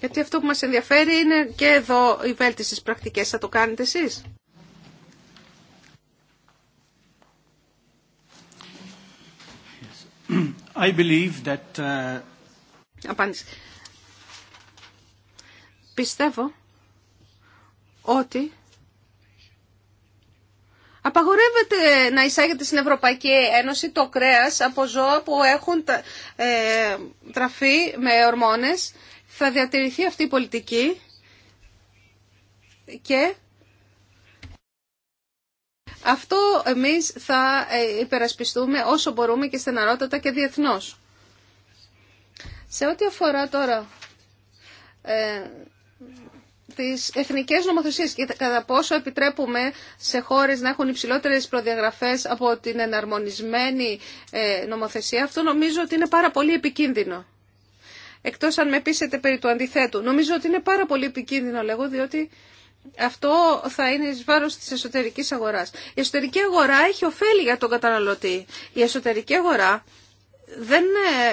A: Γιατί αυτό που μας ενδιαφέρει είναι και εδώ οι βέλτιστες πρακτικές. Θα το κάνετε εσείς.
B: I believe that,
A: uh, Πιστεύω ότι απαγορεύεται να εισάγεται στην Ευρωπαϊκή Ένωση το κρέας από ζώα που έχουν ε, τραφεί με ορμόνες. Θα διατηρηθεί αυτή η πολιτική και αυτό εμείς θα ε, υπερασπιστούμε όσο μπορούμε και στεναρότατα και διεθνώς. Σε ό,τι αφορά τώρα ε, τις εθνικές νομοθεσίες και κατά πόσο επιτρέπουμε σε χώρες να έχουν υψηλότερες προδιαγραφές από την εναρμονισμένη ε, νομοθεσία, αυτό νομίζω ότι είναι πάρα πολύ επικίνδυνο. Εκτός αν με πείσετε περί του αντιθέτου. Νομίζω ότι είναι πάρα πολύ επικίνδυνο, λέγω, διότι αυτό θα είναι εις βάρος της εσωτερικής αγοράς. Η εσωτερική αγορά έχει ωφέλη για τον καταναλωτή. Η εσωτερική αγορά δεν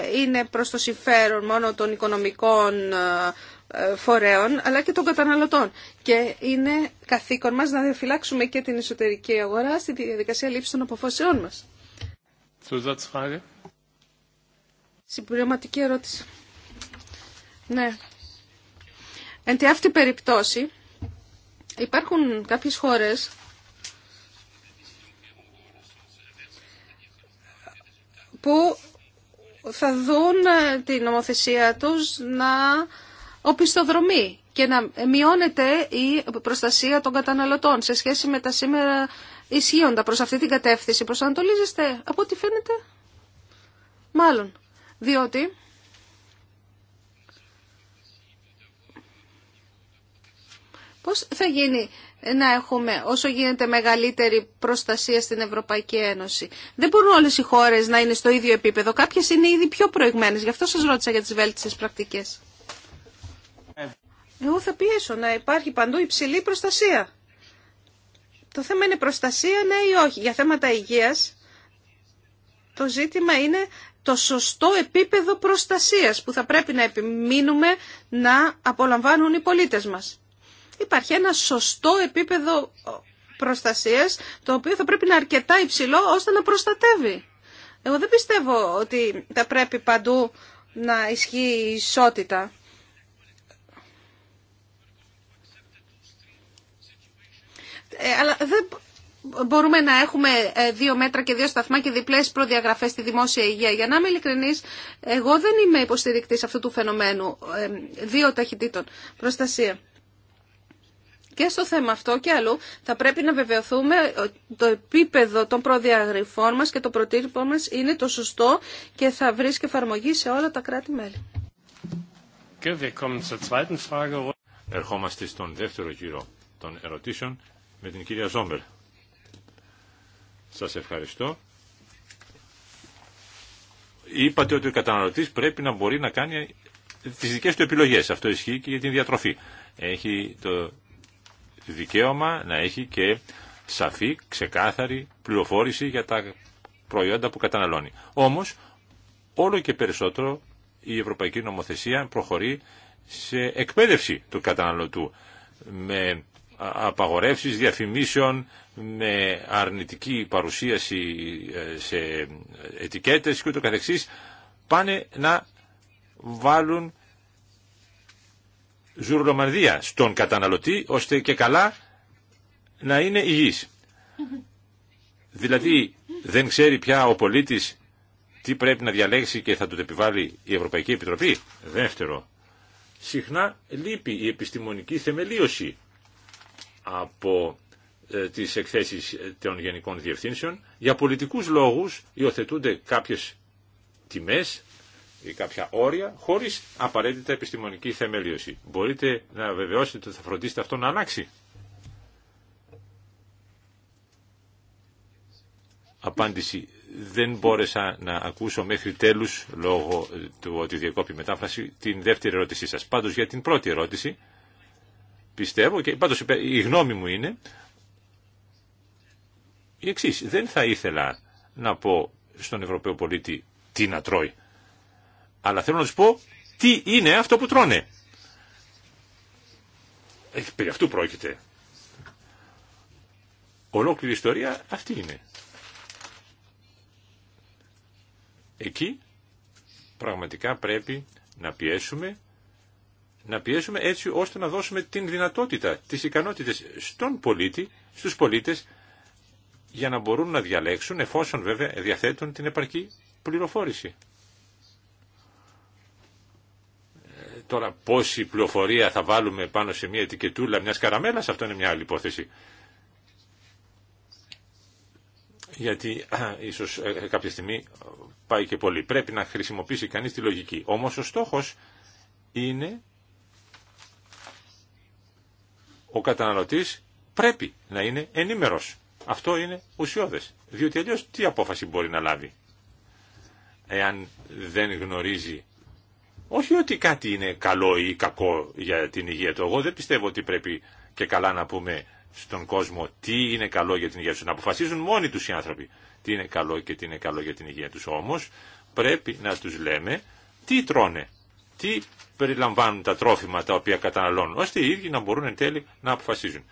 A: ε, είναι προς το συμφέρον μόνο των οικονομικών ε, ε, φορέων, αλλά και των καταναλωτών. Και είναι καθήκον μας να διαφυλάξουμε και την εσωτερική αγορά στη διαδικασία λήψη των αποφασιών μας. Συμπληρωματική ερώτηση. Ναι. Εν τη αυτή περιπτώσει, Υπάρχουν κάποιες χώρες που θα δουν ε, την νομοθεσία τους να οπισθοδρομεί και να μειώνεται η προστασία των καταναλωτών σε σχέση με τα σήμερα ισχύοντα προς αυτή την κατεύθυνση. Προσανατολίζεστε από ό,τι φαίνεται. Μάλλον. Διότι Πώς θα γίνει να έχουμε όσο γίνεται μεγαλύτερη προστασία στην Ευρωπαϊκή Ένωση. Δεν μπορούν όλες οι χώρες να είναι στο ίδιο επίπεδο. Κάποιες είναι ήδη πιο προηγμένες. Γι' αυτό σας ρώτησα για τις βέλτιστες πρακτικές. Εγώ θα πιέσω να υπάρχει παντού υψηλή προστασία. Το θέμα είναι προστασία ναι ή όχι. Για θέματα υγείας το ζήτημα είναι το σωστό επίπεδο προστασίας που θα πρέπει να επιμείνουμε να απολαμβάνουν οι πολίτες μας υπάρχει ένα σωστό επίπεδο προστασίας, το οποίο θα πρέπει να είναι αρκετά υψηλό ώστε να προστατεύει. Εγώ δεν πιστεύω ότι θα πρέπει παντού να ισχύει η ισότητα. Ε, αλλά δεν μπορούμε να έχουμε ε, δύο μέτρα και δύο σταθμά και διπλές προδιαγραφές στη δημόσια υγεία. Για να είμαι ειλικρινής, εγώ δεν είμαι υποστηρικτής αυτού του φαινομένου ε, δύο ταχυτήτων προστασία και στο θέμα αυτό και αλλού θα πρέπει να βεβαιωθούμε ότι το επίπεδο των προδιαγραφών μας και το προτύπο μας είναι το σωστό και θα βρίσκει εφαρμογή σε όλα τα κράτη-μέλη.
D: Ερχόμαστε στον δεύτερο γύρο των ερωτήσεων με την κυρία Ζόμπερ. Σας ευχαριστώ. Είπατε ότι ο καταναλωτής πρέπει να μπορεί να κάνει τις δικές του επιλογές. Αυτό ισχύει και για την διατροφή. Έχει το δικαίωμα να έχει και σαφή, ξεκάθαρη πληροφόρηση για τα προϊόντα που καταναλώνει. Όμως, όλο και περισσότερο η Ευρωπαϊκή Νομοθεσία προχωρεί σε εκπαίδευση του καταναλωτού με απαγορεύσεις διαφημίσεων, με αρνητική παρουσίαση ε, σε ετικέτες και ούτω καθεξής, πάνε να βάλουν Ζουρνομανδία στον καταναλωτή, ώστε και καλά να είναι υγιής. Δηλαδή δεν ξέρει πια ο πολίτης τι πρέπει να διαλέξει και θα του επιβάλλει η Ευρωπαϊκή Επιτροπή. Δεύτερο, συχνά λείπει η επιστημονική θεμελίωση από ε, τις εκθέσεις των γενικών διευθύνσεων. Για πολιτικούς λόγους υιοθετούνται κάποιες τιμές ή κάποια όρια χωρίς απαραίτητα επιστημονική θεμελίωση. Μπορείτε να βεβαιώσετε ότι θα φροντίσετε αυτό να αλλάξει. Απάντηση. Δεν μπόρεσα να ακούσω μέχρι τέλους, λόγω του ότι διακόπη μετάφραση, την δεύτερη ερώτησή σας. Πάντως για την πρώτη ερώτηση, πιστεύω και πάντως η γνώμη μου είναι η εξής. Δεν θα ήθελα να πω στον Ευρωπαίο πολίτη τι να τρώει. Αλλά θέλω να τους πω τι είναι αυτό που τρώνε. Ε, περί αυτού πρόκειται. Ολόκληρη ιστορία αυτή είναι. Εκεί πραγματικά πρέπει να πιέσουμε να πιέσουμε έτσι ώστε να δώσουμε την δυνατότητα, τις ικανότητες στον πολίτη, στους πολίτες για να μπορούν να διαλέξουν εφόσον βέβαια διαθέτουν την επαρκή πληροφόρηση. Τώρα πόση πληροφορία θα βάλουμε πάνω σε μια ετικετούλα μιας καραμέλας, αυτό είναι μια άλλη υπόθεση. Γιατί ίσως ε, ε, κάποια στιγμή πάει και πολύ. Πρέπει να χρησιμοποιήσει κανείς τη λογική. Όμως ο στόχος είναι ο καταναλωτής πρέπει να είναι ενήμερος. Αυτό είναι ουσιώδες. Διότι αλλιώς τι απόφαση μπορεί να λάβει εάν δεν γνωρίζει όχι ότι κάτι είναι καλό ή κακό για την υγεία του. Εγώ δεν πιστεύω ότι πρέπει και καλά να πούμε στον κόσμο τι είναι καλό για την υγεία του. Να αποφασίζουν μόνοι του οι άνθρωποι τι είναι καλό και τι είναι καλό για την υγεία του. Όμω, πρέπει να του λέμε τι τρώνε, τι περιλαμβάνουν τα τρόφιμα τα οποία καταναλώνουν, ώστε οι ίδιοι να μπορούν εν τέλει να αποφασίζουν.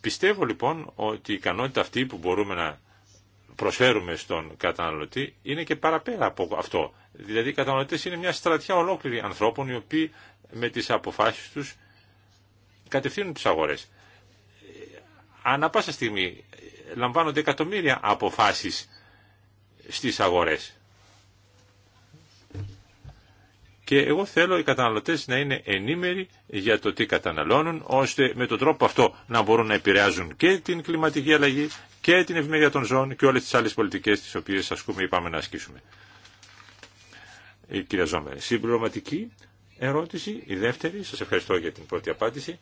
D: Πιστεύω λοιπόν ότι η ικανότητα αυτή που μπορούμε να προσφέρουμε στον καταναλωτή είναι και παραπέρα από αυτό. Δηλαδή οι καταναλωτές είναι μια στρατιά ολόκληρη ανθρώπων οι οποίοι με τις αποφάσεις τους κατευθύνουν τις αγορές. Ανά πάσα στιγμή ε, λαμβάνονται εκατομμύρια αποφάσεις στις αγορές. Και εγώ θέλω οι καταναλωτές να είναι ενήμεροι για το τι καταναλώνουν, ώστε με τον τρόπο αυτό να μπορούν να επηρεάζουν και την κλιματική αλλαγή και την ευημερία των ζώων και όλες τις άλλες πολιτικές τις οποίες ασκούμε είπαμε να ασκήσουμε η ε, Συμπληρωματική ερώτηση, η δεύτερη, σας ευχαριστώ για την πρώτη απάντηση.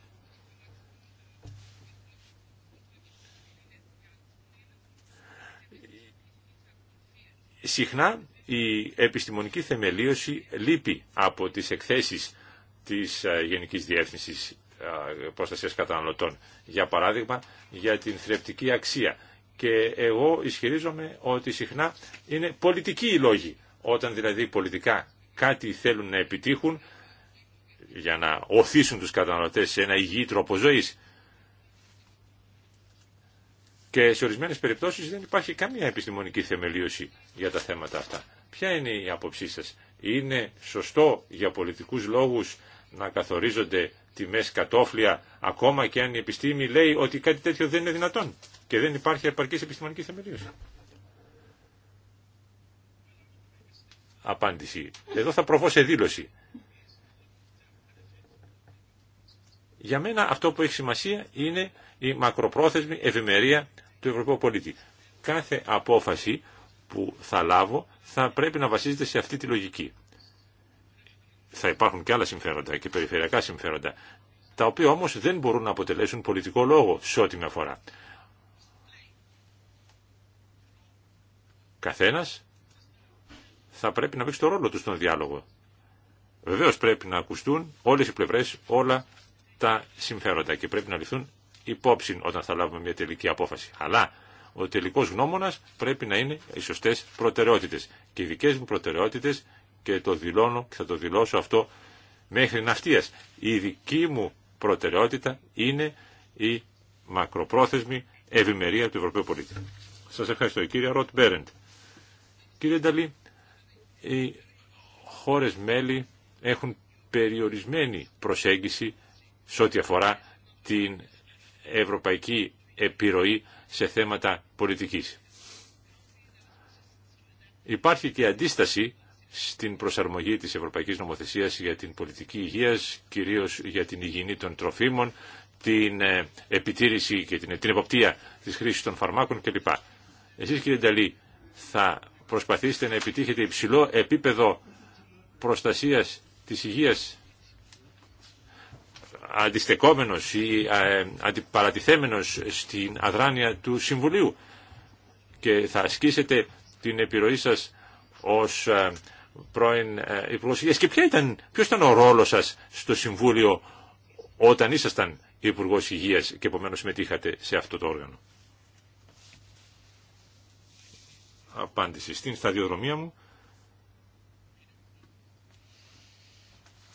D: Συχνά η επιστημονική θεμελίωση λείπει από τις εκθέσεις της ε, Γενικής Διεύθυνσης ε, Προστασίας Καταναλωτών. Για παράδειγμα, για την θρεπτική αξία. Και εγώ ισχυρίζομαι ότι συχνά είναι πολιτικοί οι λόγοι όταν δηλαδή πολιτικά κάτι θέλουν να επιτύχουν για να οθήσουν τους καταναλωτές σε ένα υγιή τρόπο ζωής. Και σε ορισμένες περιπτώσεις δεν υπάρχει καμία επιστημονική θεμελίωση για τα θέματα αυτά. Ποια είναι η άποψή σας. Είναι σωστό για πολιτικούς λόγους να καθορίζονται τιμές κατόφλια ακόμα και αν η επιστήμη λέει ότι κάτι τέτοιο δεν είναι δυνατόν και δεν υπάρχει επαρκής επιστημονική θεμελίωση. απάντηση. Εδώ θα προβώ σε δήλωση. Για μένα αυτό που έχει σημασία είναι η μακροπρόθεσμη ευημερία του Ευρωπαίου πολίτη. Κάθε απόφαση που θα λάβω θα πρέπει να βασίζεται σε αυτή τη λογική. Θα υπάρχουν και άλλα συμφέροντα και περιφερειακά συμφέροντα, τα οποία όμως δεν μπορούν να αποτελέσουν πολιτικό λόγο σε ό,τι με αφορά. Καθένας θα πρέπει να παίξει το ρόλο του στον διάλογο. Βεβαίω πρέπει να ακουστούν όλε οι πλευρέ, όλα τα συμφέροντα και πρέπει να ληφθούν υπόψη όταν θα λάβουμε μια τελική απόφαση. Αλλά ο τελικό γνώμονα πρέπει να είναι οι σωστέ προτεραιότητε. Και οι δικέ μου προτεραιότητε, και το δηλώνω και θα το δηλώσω αυτό μέχρι ναυτία. Η δική μου προτεραιότητα είναι η μακροπρόθεσμη ευημερία του Ευρωπαίου πολίτη. Σα ευχαριστώ, κύριε Ροτ Μπέρεντ. Κύριε Νταλή, οι χώρες μέλη έχουν περιορισμένη προσέγγιση σε ό,τι αφορά την ευρωπαϊκή επιρροή σε θέματα πολιτικής. Υπάρχει και αντίσταση στην προσαρμογή της Ευρωπαϊκής Νομοθεσίας για την πολιτική υγείας, κυρίως για την υγιεινή των τροφίμων, την ε, επιτήρηση και την, την εποπτεία της χρήσης των φαρμάκων κλπ. Εσείς κύριε Νταλή θα Προσπαθήστε να επιτύχετε υψηλό επίπεδο προστασίας της υγείας αντιστεκόμενος ή ε, αντιπαρατηθέμενος στην αδράνεια του Συμβουλίου και θα ασκήσετε την επιρροή σας ως ε, πρώην ε, Υπουργός Υγείας. Και ήταν, ποιος ήταν ο ρόλος σας στο Συμβούλιο όταν ήσασταν Υπουργός Υγείας και επομένως συμμετείχατε σε αυτό το όργανο. απάντηση. Στην σταδιοδρομία μου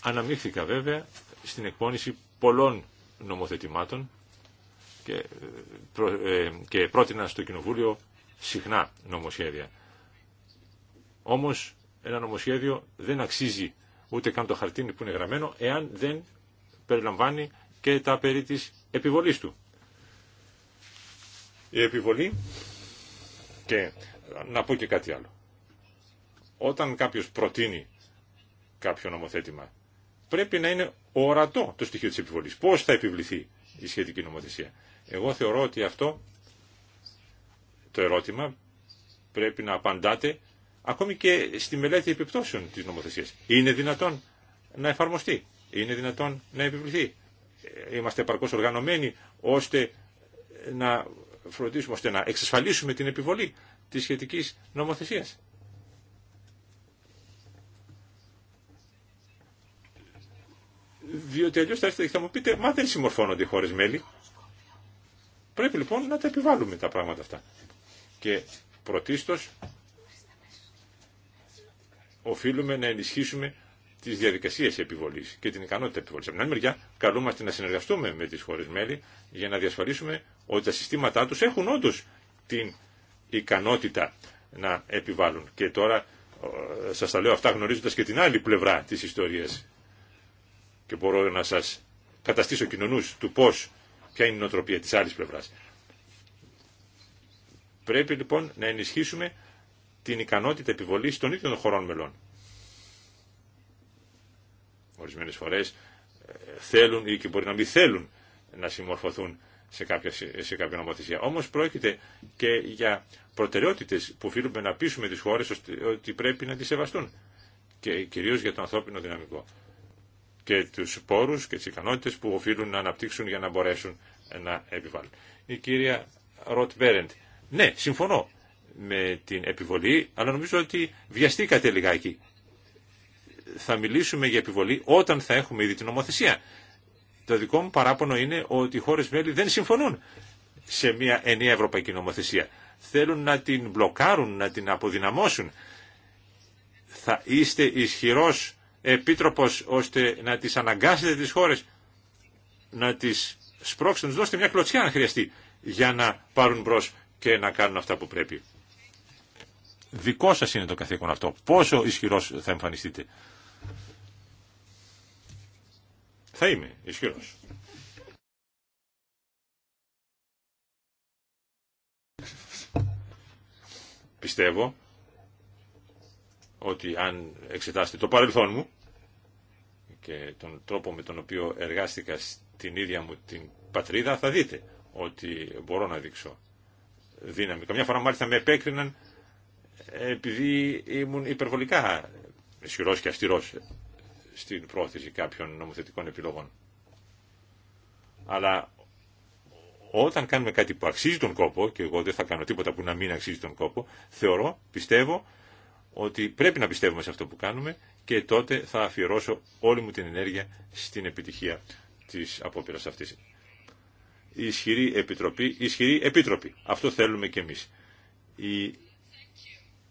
D: αναμίχθηκα βέβαια στην εκπόνηση πολλών νομοθετημάτων και, ε, και πρότεινα στο Κοινοβούλιο συχνά νομοσχέδια. Όμως ένα νομοσχέδιο δεν αξίζει ούτε καν το χαρτί που είναι γραμμένο εάν δεν περιλαμβάνει και τα περί της επιβολής του. Η επιβολή και να πω και κάτι άλλο. Όταν κάποιος προτείνει κάποιο νομοθέτημα, πρέπει να είναι ορατό το στοιχείο της επιβολής. Πώς θα επιβληθεί η σχετική νομοθεσία. Εγώ θεωρώ ότι αυτό το ερώτημα πρέπει να απαντάτε ακόμη και στη μελέτη επιπτώσεων της νομοθεσίας. Είναι δυνατόν να εφαρμοστεί. Είναι δυνατόν να επιβληθεί. Είμαστε επαρκώς οργανωμένοι ώστε να φροντίσουμε, ώστε να εξασφαλίσουμε την επιβολή της σχετικής νομοθεσίας. Διότι αλλιώ θα έρθετε θα μου πείτε, μα δεν συμμορφώνονται οι χώρε μέλη. Πρέπει λοιπόν να τα επιβάλλουμε τα πράγματα αυτά. Και πρωτίστω οφείλουμε να ενισχύσουμε τι διαδικασίε επιβολή και την ικανότητα επιβολή. Από την άλλη μεριά, καλούμαστε να συνεργαστούμε με τι χώρε μέλη για να διασφαλίσουμε ότι τα συστήματά του έχουν όντω την ικανότητα να επιβάλλουν. Και τώρα ε, σας τα λέω αυτά γνωρίζοντας και την άλλη πλευρά της ιστορίας και μπορώ να σας καταστήσω κοινωνούς του πώς, ποια είναι η νοοτροπία της άλλης πλευράς. Πρέπει λοιπόν να ενισχύσουμε την ικανότητα επιβολής των ίδιων χωρών μελών. Ορισμένες φορές ε, θέλουν ή και μπορεί να μην θέλουν να συμμορφωθούν σε κάποια, σε κάποια νομοθεσία. Όμως πρόκειται και για προτεραιότητες που οφείλουμε να πείσουμε τις χώρες ότι πρέπει να τις σεβαστούν και κυρίως για το ανθρώπινο δυναμικό και τους πόρους και τις ικανότητες που οφείλουν να αναπτύξουν για να μπορέσουν να επιβάλλουν. Η κυρία Ροτ Μπέρεντ, ναι, συμφωνώ με την επιβολή, αλλά νομίζω ότι βιαστήκατε λιγάκι. Θα μιλήσουμε για επιβολή όταν θα έχουμε ήδη την νομοθεσία. Το δικό μου παράπονο είναι ότι οι χώρες μέλη δεν συμφωνούν σε μια ενιαία ευρωπαϊκή νομοθεσία. Θέλουν να την μπλοκάρουν, να την αποδυναμώσουν. Θα είστε ισχυρός επίτροπος ώστε να τις αναγκάσετε τις χώρες να τις σπρώξετε, να του δώσετε μια κλωτσιά αν χρειαστεί για να πάρουν μπρος και να κάνουν αυτά που πρέπει. Δικό σας είναι το καθήκον αυτό. Πόσο ισχυρός θα εμφανιστείτε. Θα είμαι ισχυρός. Πιστεύω ότι αν εξετάσετε το παρελθόν μου και τον τρόπο με τον οποίο εργάστηκα στην ίδια μου την πατρίδα θα δείτε ότι μπορώ να δείξω δύναμη. Καμιά φορά μάλιστα με επέκριναν επειδή ήμουν υπερβολικά ισχυρό και αυστηρό στην πρόθεση κάποιων νομοθετικών επιλογών. Αλλά όταν κάνουμε κάτι που αξίζει τον κόπο, και εγώ δεν θα κάνω τίποτα που να μην αξίζει τον κόπο, θεωρώ, πιστεύω, ότι πρέπει να πιστεύουμε σε αυτό που κάνουμε και τότε θα αφιερώσω όλη μου την ενέργεια στην επιτυχία της απόπειρας αυτής. Η ισχυρή επιτροπή, ισχυρή επίτροπη. Αυτό θέλουμε και εμείς. Η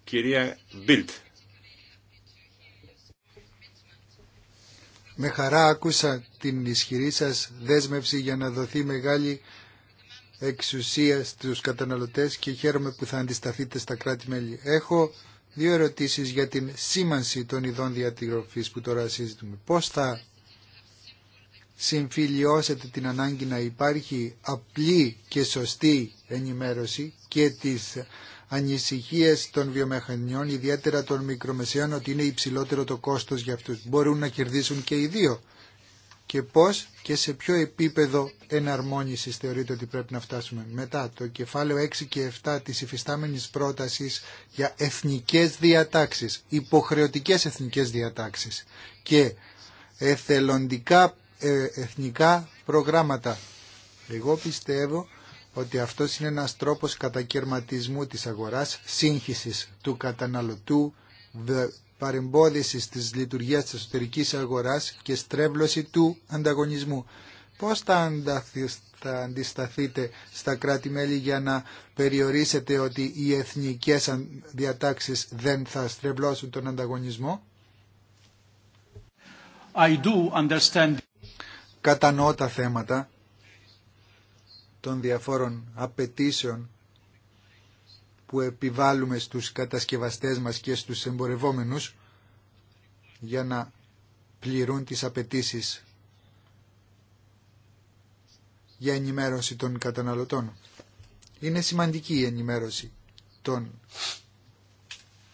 D: κυρία Μπίλτ
C: Με χαρά άκουσα την ισχυρή σας δέσμευση για να δοθεί μεγάλη εξουσία στους καταναλωτές και χαίρομαι που θα αντισταθείτε στα κράτη-μέλη. Έχω δύο ερωτήσεις για την σήμανση των ειδών διατηροφής που τώρα συζητούμε. Πώς θα συμφιλιώσετε την ανάγκη να υπάρχει απλή και σωστή ενημέρωση και τις Ανησυχίε των βιομηχανιών, ιδιαίτερα των μικρομεσαίων, ότι είναι υψηλότερο το κόστος για αυτού. Μπορούν να κερδίσουν και οι δύο. Και πώς και σε ποιο επίπεδο εναρμόνισης θεωρείται ότι πρέπει να φτάσουμε. Μετά το κεφάλαιο 6 και 7 τη υφιστάμενη πρόταση για εθνικές διατάξεις, υποχρεωτικές εθνικές διατάξει και εθελοντικά ε, εθνικά προγράμματα. Εγώ πιστεύω ότι αυτό είναι ένας τρόπος κατακαιρματισμού της αγοράς, σύγχυσης του καταναλωτού, παρεμπόδισης της λειτουργίας της εσωτερικής αγοράς και στρέβλωση του ανταγωνισμού. Πώς θα αντισταθείτε στα κράτη-μέλη για να περιορίσετε ότι οι εθνικές διατάξεις δεν θα στρεβλώσουν τον ανταγωνισμό. I Κατανοώ τα θέματα των διαφόρων απαιτήσεων που επιβάλλουμε στους κατασκευαστές μας και στους εμπορευόμενους για να πληρούν τις απαιτήσει για ενημέρωση των καταναλωτών. Είναι σημαντική η ενημέρωση των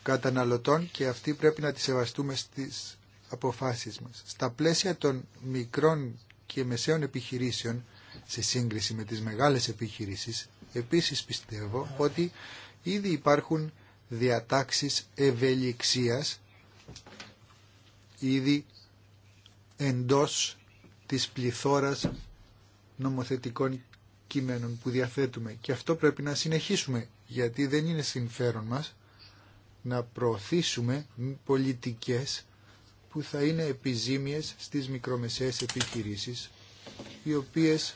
C: καταναλωτών και αυτή πρέπει να τη σεβαστούμε στις αποφάσεις μας. Στα πλαίσια των μικρών και μεσαίων επιχειρήσεων σε σύγκριση με τις μεγάλες επιχειρήσεις. Επίσης πιστεύω ότι ήδη υπάρχουν διατάξεις ευελιξίας ήδη εντός της πληθώρας νομοθετικών κειμένων που διαθέτουμε και αυτό πρέπει να συνεχίσουμε γιατί δεν είναι συμφέρον μας να προωθήσουμε πολιτικές που θα είναι επιζήμιες στις μικρομεσαίες επιχειρήσεις οι οποίες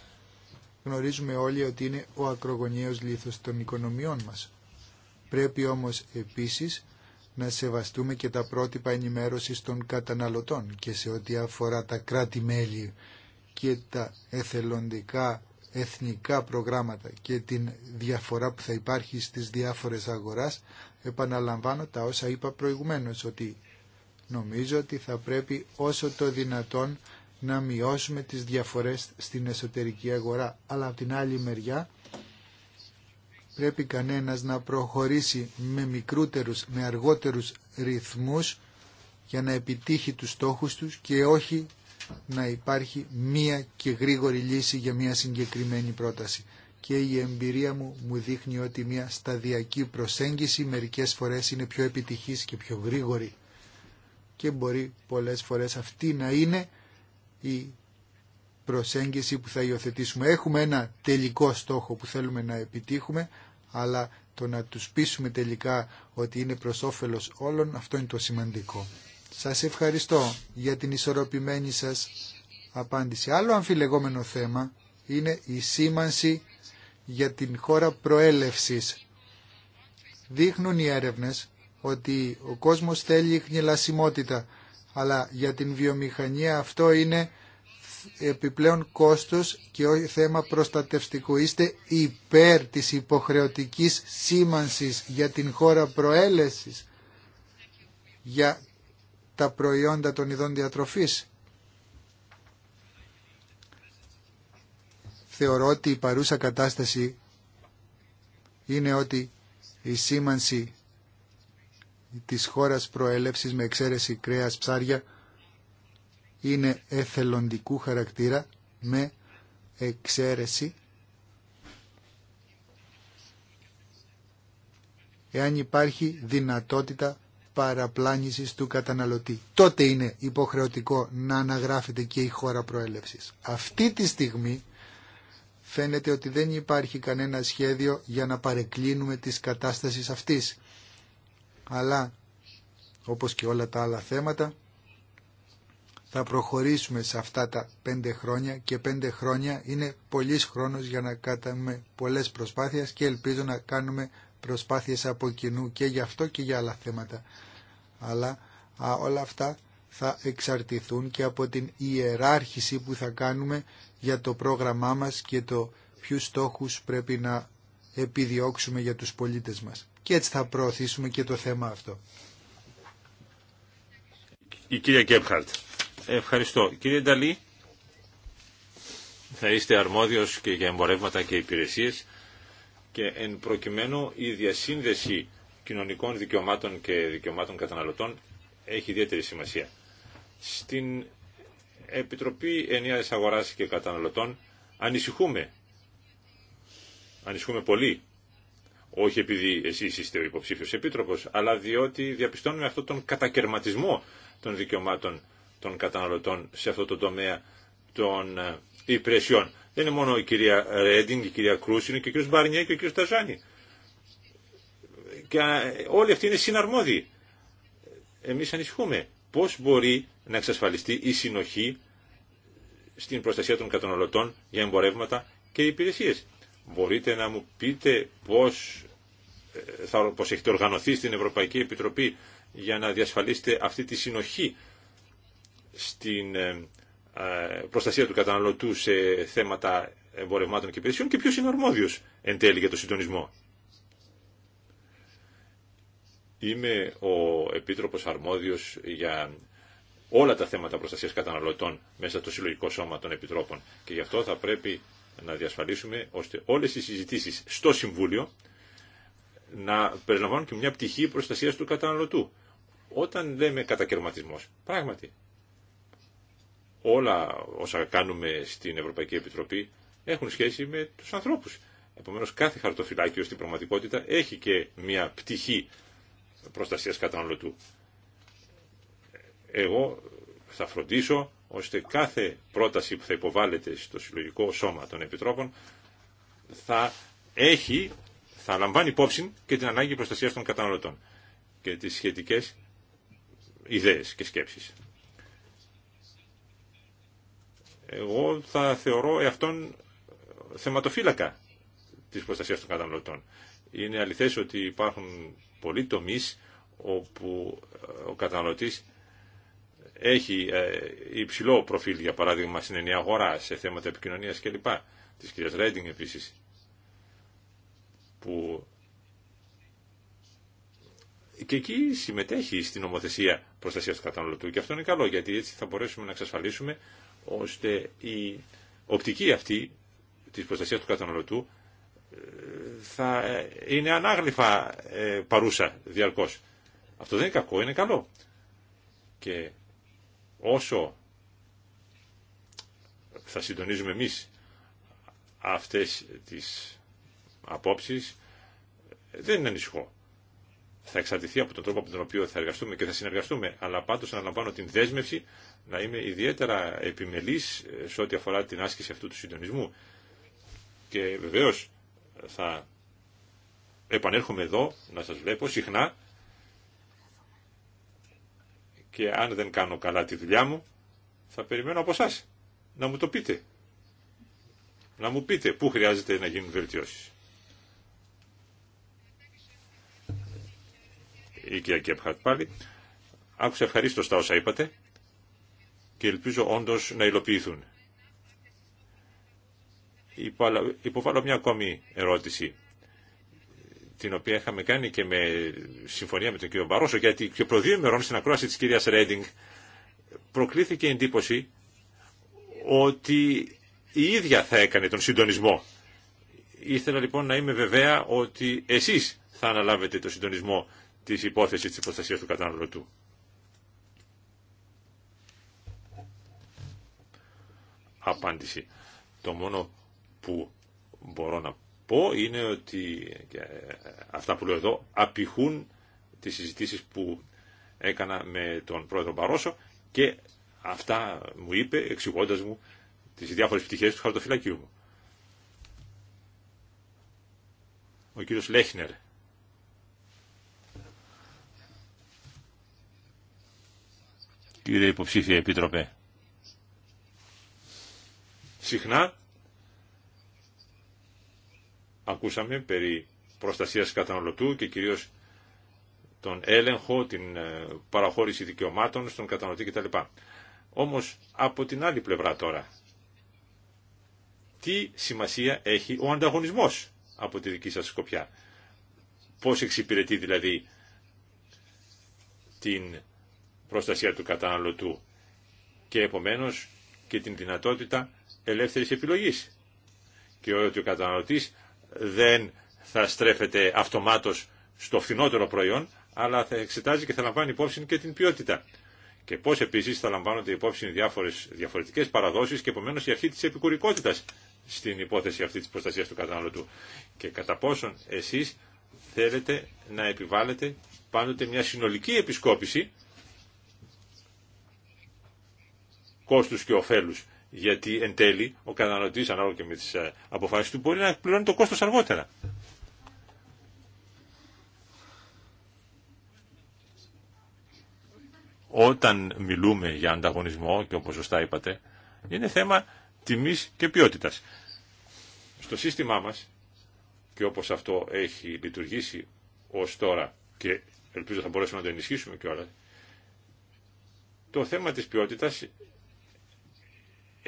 C: γνωρίζουμε όλοι ότι είναι ο ακρογωνιαίος λίθος των οικονομιών μας. Πρέπει όμως επίσης να σεβαστούμε και τα πρότυπα ενημέρωσης των καταναλωτών και σε ό,τι αφορά τα κράτη-μέλη και τα εθελοντικά εθνικά προγράμματα και την διαφορά που θα υπάρχει στις διάφορες αγοράς, επαναλαμβάνω τα όσα είπα προηγουμένως, ότι νομίζω ότι θα πρέπει όσο το δυνατόν να μειώσουμε τις διαφορές στην εσωτερική αγορά. Αλλά από την άλλη μεριά πρέπει κανένας να προχωρήσει με μικρότερους, με αργότερους ρυθμούς για να επιτύχει τους στόχους τους και όχι να υπάρχει μία και γρήγορη λύση για μία συγκεκριμένη πρόταση. Και η εμπειρία μου μου δείχνει ότι μία σταδιακή προσέγγιση μερικές φορές είναι πιο επιτυχής και πιο γρήγορη και μπορεί πολλές φορές αυτή να είναι η προσέγγιση που θα υιοθετήσουμε. Έχουμε ένα τελικό στόχο που θέλουμε να επιτύχουμε, αλλά το να τους πείσουμε τελικά ότι είναι προς όφελος όλων, αυτό είναι το σημαντικό. Σας ευχαριστώ για την ισορροπημένη σας απάντηση. Άλλο αμφιλεγόμενο θέμα είναι η σήμανση για την χώρα προέλευσης. Δείχνουν οι έρευνες ότι ο κόσμος θέλει χνηλασιμότητα αλλά για την βιομηχανία αυτό είναι επιπλέον κόστος και όχι θέμα προστατευτικού. Είστε υπέρ της υποχρεωτικής σήμανσης για την χώρα προέλεσης για τα προϊόντα των ειδών διατροφής. Θεωρώ ότι η παρούσα κατάσταση είναι ότι η σήμανση της χώρας προέλευσης με εξαίρεση κρέας ψάρια είναι εθελοντικού χαρακτήρα με εξαίρεση εάν υπάρχει δυνατότητα παραπλάνησης του καταναλωτή. Τότε είναι υποχρεωτικό να αναγράφεται και η χώρα προέλευσης. Αυτή τη στιγμή φαίνεται ότι δεν υπάρχει κανένα σχέδιο για να παρεκκλίνουμε της κατάστασης αυτής αλλά όπως και όλα τα άλλα θέματα θα προχωρήσουμε σε αυτά τα πέντε χρόνια και πέντε χρόνια είναι πολλής χρόνος για να κάνουμε πολλές προσπάθειες και ελπίζω να κάνουμε προσπάθειες από κοινού και για αυτό και για άλλα θέματα. Αλλά όλα αυτά θα εξαρτηθούν και από την ιεράρχηση που θα κάνουμε για το πρόγραμμά μας και το ποιους στόχους πρέπει να επιδιώξουμε για τους πολίτες μας και έτσι θα προωθήσουμε και το θέμα αυτό.
D: Η κυρία Κέμπχαρτ. Ευχαριστώ. Κύριε Νταλή, θα είστε αρμόδιος και για εμπορεύματα και υπηρεσίες και εν προκειμένου η διασύνδεση κοινωνικών δικαιωμάτων και δικαιωμάτων καταναλωτών έχει ιδιαίτερη σημασία. Στην Επιτροπή Ενιαίας Αγοράς και Καταναλωτών ανησυχούμε, ανησυχούμε πολύ όχι επειδή εσεί είστε ο υποψήφιο επίτροπος, αλλά διότι διαπιστώνουμε αυτόν τον κατακαιρματισμό των δικαιωμάτων των καταναλωτών σε αυτό το τομέα των ε, υπηρεσιών. Δεν είναι μόνο η κυρία Ρέντινγκ, η κυρία Κρούς, είναι και ο κύριο Μπαρνιέ και ο κύριο Ταζάνη. Και ε, όλοι αυτοί είναι συναρμόδιοι. Εμείς ανησυχούμε. Πώ μπορεί να εξασφαλιστεί η συνοχή στην προστασία των καταναλωτών για εμπορεύματα και υπηρεσίε. Μπορείτε να μου πείτε πώς θα, πως έχετε οργανωθεί στην Ευρωπαϊκή Επιτροπή για να διασφαλίσετε αυτή τη συνοχή στην ε, ε, προστασία του καταναλωτού σε θέματα εμπορευμάτων και υπηρεσιών και ποιος είναι αρμόδιος εν τέλει για το συντονισμό. Είμαι ο Επίτροπος Αρμόδιος για όλα τα θέματα προστασίας καταναλωτών μέσα στο Συλλογικό Σώμα των Επιτρόπων και γι' αυτό θα πρέπει να διασφαλίσουμε ώστε όλες οι συζητήσεις στο Συμβούλιο να περιλαμβάνουν και μια πτυχή προστασίας του καταναλωτού. Όταν λέμε κατακαιρματισμό, πράγματι, όλα όσα κάνουμε στην Ευρωπαϊκή Επιτροπή έχουν σχέση με τους ανθρώπους. Επομένως κάθε χαρτοφυλάκιο στην πραγματικότητα έχει και μια πτυχή προστασίας καταναλωτού. Εγώ θα φροντίσω ώστε κάθε πρόταση που θα υποβάλλεται στο συλλογικό σώμα των επιτρόπων θα έχει θα λαμβάνει υπόψη και την ανάγκη προστασίας των καταναλωτών και τις σχετικές ιδέες και σκέψεις. Εγώ θα θεωρώ εαυτόν θεματοφύλακα της προστασίας των καταναλωτών. Είναι αληθές ότι υπάρχουν πολλοί τομείς όπου ε, ο καταναλωτής έχει ε, υψηλό προφίλ, για παράδειγμα, στην ενιαία αγορά, σε θέματα επικοινωνίας κλπ. Της κυρίας Ρέντινγκ επίσης που και εκεί συμμετέχει στην ομοθεσία προστασία του καταναλωτού και αυτό είναι καλό γιατί έτσι θα μπορέσουμε να εξασφαλίσουμε ώστε η οπτική αυτή της προστασίας του καταναλωτού ε, θα είναι ανάγλυφα ε, παρούσα διαρκώς. Αυτό δεν είναι κακό, είναι καλό. Και όσο θα συντονίζουμε εμείς αυτές τις απόψεις, δεν ανησυχώ. Θα εξαρτηθεί από τον τρόπο από τον οποίο θα εργαστούμε και θα συνεργαστούμε, αλλά πάντως αναλαμβάνω την δέσμευση να είμαι ιδιαίτερα επιμελής ε, σε ό,τι αφορά την άσκηση αυτού του συντονισμού. Και βεβαίως ε, θα επανέρχομαι εδώ να σας βλέπω συχνά και αν δεν κάνω καλά τη δουλειά μου θα περιμένω από εσά να μου το πείτε. Να μου πείτε πού χρειάζεται να γίνουν βελτιώσεις. η κυρία Γκέπχαρτ πάλι. Άκουσα ευχαρίστω τα όσα είπατε και ελπίζω όντω να υλοποιηθούν. Υποβάλλω μια ακόμη ερώτηση την οποία είχαμε κάνει και με συμφωνία με τον κύριο Μπαρόσο, γιατί και προ δύο ημερών στην ακρόαση της κυρίας Ρέντινγκ προκλήθηκε η εντύπωση ότι η ίδια θα έκανε τον συντονισμό. Ήθελα λοιπόν να είμαι βεβαία ότι εσείς θα αναλάβετε τον συντονισμό Τη υπόθεση τη υποστασία του καταναλωτού. Απάντηση. Το μόνο που μπορώ να πω είναι ότι αυτά που λέω εδώ απηχούν τις συζητήσεις που έκανα με τον πρόεδρο Μπαρόσο και αυτά μου είπε εξηγώντα μου τις διάφορες πτυχές του χαρτοφυλακίου μου. Ο κύριος Λέχνερ κύριε υποψήφια επίτροπε. Συχνά ακούσαμε περί προστασίας καταναλωτού και κυρίως τον έλεγχο, την ε, παραχώρηση δικαιωμάτων στον καταναλωτή κτλ. Όμως από την άλλη πλευρά τώρα, τι σημασία έχει ο ανταγωνισμός από τη δική σας σκοπιά. Πώς εξυπηρετεί δηλαδή την προστασία του καταναλωτού και επομένως και την δυνατότητα ελεύθερης επιλογής και ότι ο καταναλωτής δεν θα στρέφεται αυτομάτως στο φθηνότερο προϊόν αλλά θα εξετάζει και θα λαμβάνει υπόψη και την ποιότητα και πώς επίσης θα λαμβάνονται υπόψη διάφορες διαφορετικές παραδόσεις και επομένως η αρχή της επικουρικότητας στην υπόθεση αυτή της προστασίας του καταναλωτού και κατά πόσον εσείς θέλετε να επιβάλλετε πάντοτε μια συνολική επισκόπηση κόστους και ωφέλους. Γιατί εν τέλει ο καταναλωτής ανάλογα και με τις ε, αποφάσεις του μπορεί να πληρώνει το κόστος αργότερα. Όταν μιλούμε για ανταγωνισμό και όπως σωστά είπατε, είναι θέμα τιμής και ποιότητας. Στο σύστημά μας και όπως αυτό έχει λειτουργήσει ως τώρα και ελπίζω θα μπορέσουμε να το ενισχύσουμε κιόλα, το θέμα της ποιότητας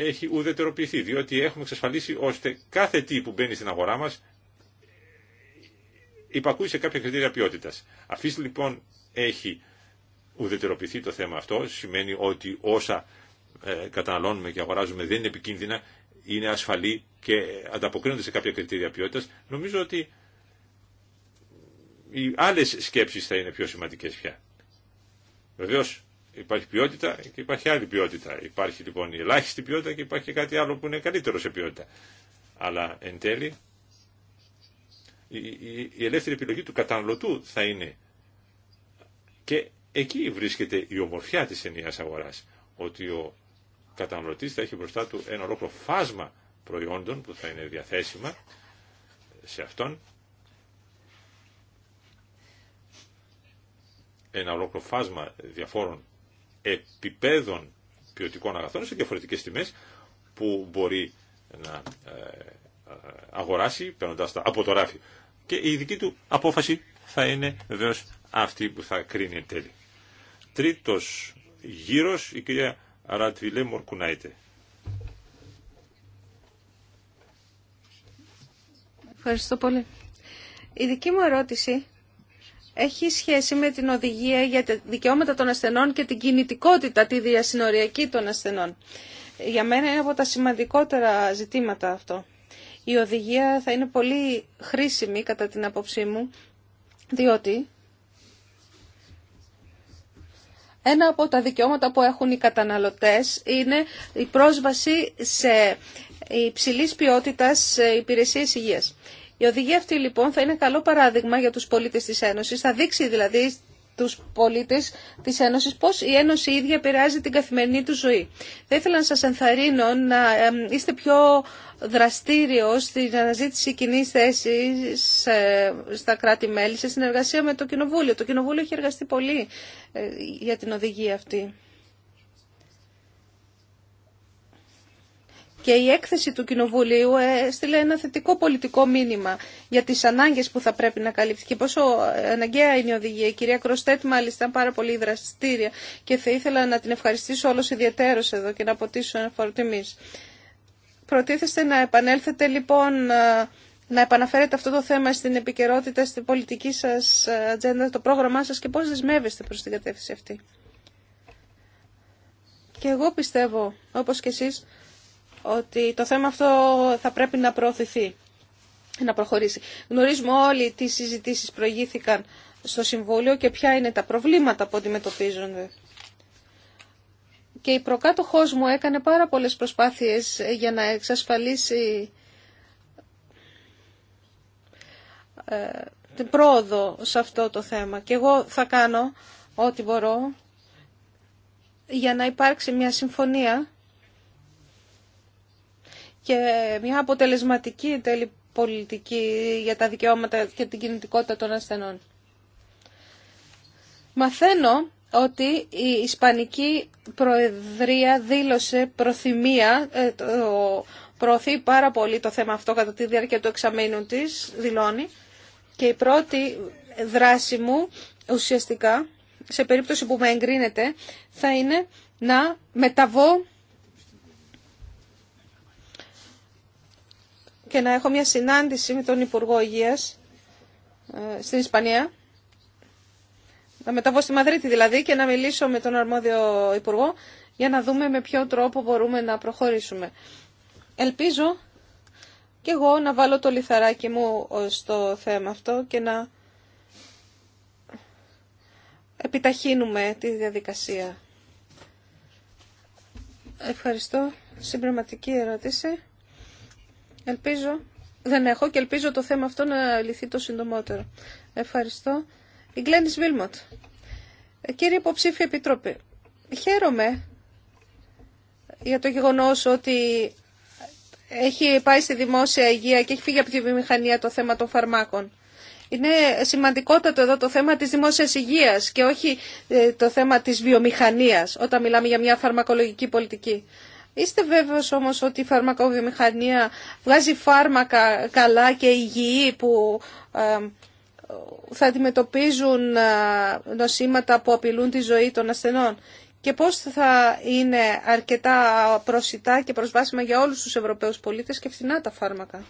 D: έχει ουδετεροποιηθεί, διότι έχουμε εξασφαλίσει ώστε κάθε τι που μπαίνει στην αγορά μας υπακούει σε κάποια κριτήρια ποιότητας. Αφήστε λοιπόν έχει ουδετεροποιηθεί το θέμα αυτό, σημαίνει ότι όσα ε, καταναλώνουμε και αγοράζουμε δεν είναι επικίνδυνα, είναι ασφαλή και ανταποκρίνονται σε κάποια κριτήρια ποιότητας. Νομίζω ότι οι άλλες σκέψεις θα είναι πιο σημαντικές πια. Βεβαίως Υπάρχει ποιότητα και υπάρχει άλλη ποιότητα. Υπάρχει λοιπόν η ελάχιστη ποιότητα και υπάρχει κάτι άλλο που είναι καλύτερο σε ποιότητα. Αλλά εν τέλει η ελεύθερη επιλογή του καταναλωτού θα είναι και εκεί βρίσκεται η ομορφιά της ενιαίας αγοράς. Ότι ο καταναλωτής θα έχει μπροστά του ένα ολόκληρο φάσμα προϊόντων που θα είναι διαθέσιμα σε αυτόν. Ένα ολόκληρο φάσμα διαφόρων επιπέδων ποιοτικών αγαθών σε διαφορετικές τιμές που μπορεί να ε, ε, αγοράσει παίρνοντα τα από το ράφι. Και η δική του απόφαση θα είναι βεβαίω αυτή που θα κρίνει εν τέλει. Τρίτος γύρος, η κυρία Ρατβιλέ Μορκουνάιτε.
A: Ευχαριστώ πολύ. Η δική μου ερώτηση έχει σχέση με την οδηγία για τα δικαιώματα των ασθενών και την κινητικότητα τη διασυνοριακή των ασθενών. Για μένα είναι από τα σημαντικότερα ζητήματα αυτό. Η οδηγία θα είναι πολύ χρήσιμη κατά την απόψή μου, διότι ένα από τα δικαιώματα που έχουν οι καταναλωτές είναι η πρόσβαση σε υψηλής ποιότητας υπηρεσίες υγείας. Η οδηγία αυτή λοιπόν θα είναι καλό παράδειγμα για τους πολίτες της Ένωσης. Θα δείξει δηλαδή τους πολίτες της Ένωσης πώς η Ένωση ίδια επηρεάζει την καθημερινή του ζωή. Θα ήθελα να σας ενθαρρύνω να είστε πιο δραστήριο στην αναζήτηση κοινή θέση στα κράτη-μέλη σε συνεργασία με το Κοινοβούλιο. Το Κοινοβούλιο έχει εργαστεί πολύ ε, για την οδηγία αυτή. και η έκθεση του Κοινοβουλίου ε, έστειλε ένα θετικό πολιτικό μήνυμα για τις ανάγκες που θα πρέπει να καλύπτει. και πόσο ε, αναγκαία είναι η οδηγία. Η κυρία Κροστέτ μάλιστα ήταν πάρα πολύ δραστήρια και θα ήθελα να την ευχαριστήσω όλος ιδιαίτερος εδώ και να αποτίσω ένα φορτιμής. Προτίθεστε να επανέλθετε λοιπόν, ε, να επαναφέρετε αυτό το θέμα στην επικαιρότητα, στην πολιτική σας ατζέντα, το πρόγραμμά σας και πώς δεσμεύεστε προς την κατεύθυνση αυτή. Και εγώ πιστεύω, όπως και εσείς, ότι το θέμα αυτό θα πρέπει να προωθηθεί, να προχωρήσει. Γνωρίζουμε όλοι τι συζητήσεις προηγήθηκαν στο Συμβούλιο και ποια είναι τα προβλήματα που αντιμετωπίζονται. Και η προκάτοχός μου έκανε πάρα πολλές προσπάθειες για να εξασφαλίσει ε, την πρόοδο σε αυτό το θέμα. Και εγώ θα κάνω ό,τι μπορώ για να υπάρξει μια συμφωνία και μια αποτελεσματική τέλη πολιτική για τα δικαιώματα και την κινητικότητα των ασθενών. Μαθαίνω ότι η Ισπανική Προεδρία δήλωσε προθυμία, ε, το προωθεί πάρα πολύ το θέμα αυτό κατά τη διάρκεια του εξαμήνου της, δηλώνει, και η πρώτη δράση μου ουσιαστικά, σε περίπτωση που με εγκρίνεται, θα είναι να μεταβώ και να έχω μια συνάντηση με τον Υπουργό Υγείας ε, στην Ισπανία. Να μεταβώ στη Μαδρίτη δηλαδή και να μιλήσω με τον αρμόδιο Υπουργό για να δούμε με ποιο τρόπο μπορούμε να προχωρήσουμε. Ελπίζω και εγώ να βάλω το λιθαράκι μου ε, στο θέμα αυτό και να επιταχύνουμε τη διαδικασία. Ευχαριστώ. Συμπληρωματική ερώτηση. Ελπίζω, δεν έχω και ελπίζω το θέμα αυτό να λυθεί το συντομότερο. Ευχαριστώ. Η Γκλένις Βίλμοντ. Ε, κύριε Υποψήφια Επιτρόπη, χαίρομαι για το γεγονός ότι έχει πάει στη δημόσια υγεία και έχει φύγει από τη βιομηχανία το θέμα των φαρμάκων. Είναι σημαντικότατο εδώ το θέμα της δημόσιας υγείας και όχι ε, το θέμα της βιομηχανίας όταν μιλάμε για μια φαρμακολογική πολιτική. Είστε βέβαιος όμως ότι η φαρμακοβιομηχανία βγάζει φάρμακα καλά και υγιή που ε, θα αντιμετωπίζουν ε, νοσήματα που απειλούν τη ζωή των ασθενών και πώς θα είναι αρκετά προσιτά και προσβάσιμα για όλους τους Ευρωπαίους πολίτες και φθηνά τα φάρμακα.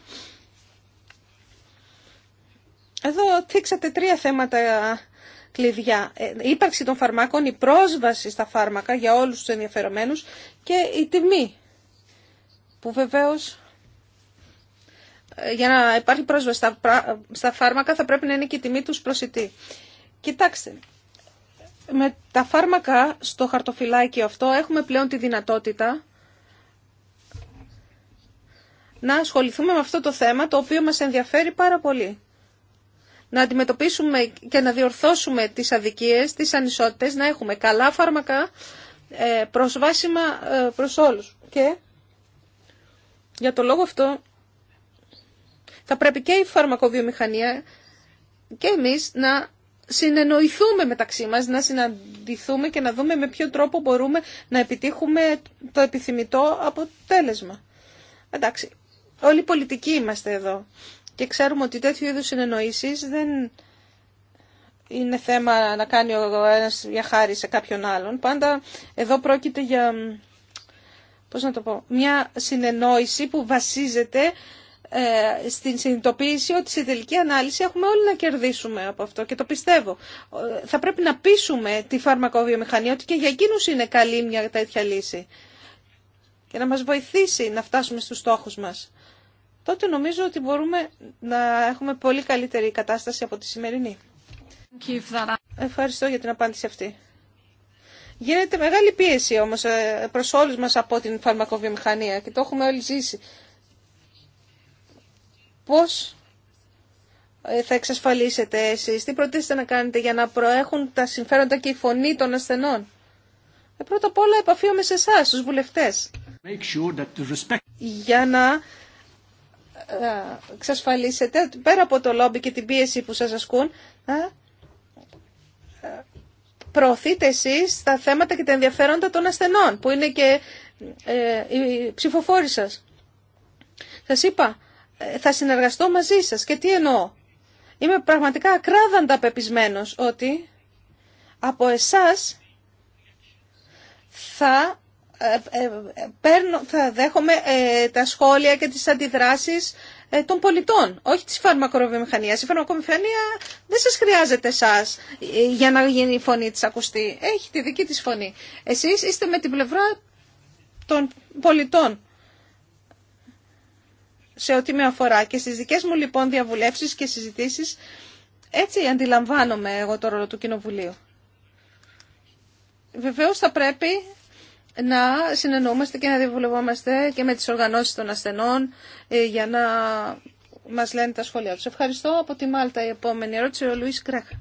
A: Εδώ θίξατε τρία θέματα κλειδιά. Η ε, ύπαρξη των φαρμάκων, η πρόσβαση στα φάρμακα για όλους τους ενδιαφερομένους και η τιμή που βεβαίως ε, για να υπάρχει πρόσβαση στα φάρμακα θα πρέπει να είναι και η τιμή τους προσιτή. Κοιτάξτε, με τα φάρμακα στο χαρτοφυλάκι αυτό έχουμε πλέον τη δυνατότητα να ασχοληθούμε με αυτό το θέμα το οποίο μας ενδιαφέρει πάρα πολύ να αντιμετωπίσουμε και να διορθώσουμε τις αδικίες, τις ανισότητες, να έχουμε καλά φάρμακα ε, προσβάσιμα ε, προς όλους. Και για το λόγο αυτό θα πρέπει και η φαρμακοβιομηχανία και εμείς να συνεννοηθούμε μεταξύ μας, να συναντηθούμε και να δούμε με ποιο τρόπο μπορούμε να επιτύχουμε το επιθυμητό αποτέλεσμα. Εντάξει, όλοι πολιτικοί είμαστε εδώ και ξέρουμε ότι τέτοιου είδους συνεννοήσεις δεν είναι θέμα να κάνει ο ένας για χάρη σε κάποιον άλλον. Πάντα εδώ πρόκειται για πώς να το πω, μια συνεννόηση που βασίζεται ε, στην συνειδητοποίηση ότι σε τελική ανάλυση έχουμε όλοι να κερδίσουμε από αυτό και το πιστεύω. Ε, θα πρέπει να πείσουμε τη φαρμακοβιομηχανία ότι και για εκείνους είναι καλή μια τέτοια λύση και να μας βοηθήσει να φτάσουμε στους στόχους μας τότε νομίζω ότι μπορούμε να έχουμε πολύ καλύτερη κατάσταση από τη σημερινή. Ευχαριστώ για την απάντηση αυτή. Γίνεται μεγάλη πίεση όμως ε, προς όλους μας από την φαρμακοβιομηχανία και το έχουμε όλοι ζήσει. Πώς ε, θα εξασφαλίσετε εσείς, τι προτίθετε να κάνετε για να προέχουν τα συμφέροντα και η φωνή των ασθενών. Ε, πρώτα απ' όλα επαφίομαι σε εσά, τους βουλευτές. Για να εξασφαλίσετε πέρα από το λόμπι και την πίεση που σας ασκούν προωθείτε εσείς τα θέματα και τα ενδιαφέροντα των ασθενών που είναι και ε, οι ψηφοφόροι σας. Σας είπα, ε, θα συνεργαστώ μαζί σας και τι εννοώ. Είμαι πραγματικά ακράδαντα πεπισμένος ότι από εσάς θα ε, ε, παίρνω, θα δέχομαι ε, τα σχόλια και τις αντιδράσεις των πολιτών, όχι της φαρμακοβιομηχανίας. Η φαρμακοβιομηχανία δεν σας χρειάζεται εσά για να γίνει η φωνή της ακουστή. Έχει τη δική της φωνή. Εσείς είστε με την πλευρά των πολιτών σε ό,τι με αφορά και στις δικές μου λοιπόν διαβουλεύσεις και συζητήσεις έτσι αντιλαμβάνομαι εγώ το ρόλο του Κοινοβουλίου. Βεβαίως θα πρέπει να συνεννοούμαστε και να διαβουλευόμαστε και με τις οργανώσεις των ασθενών ε, για να μας λένε τα σχόλια τους. Ευχαριστώ. Από τη Μάλτα η επόμενη ερώτηση, ο Λουίς Κρέχα.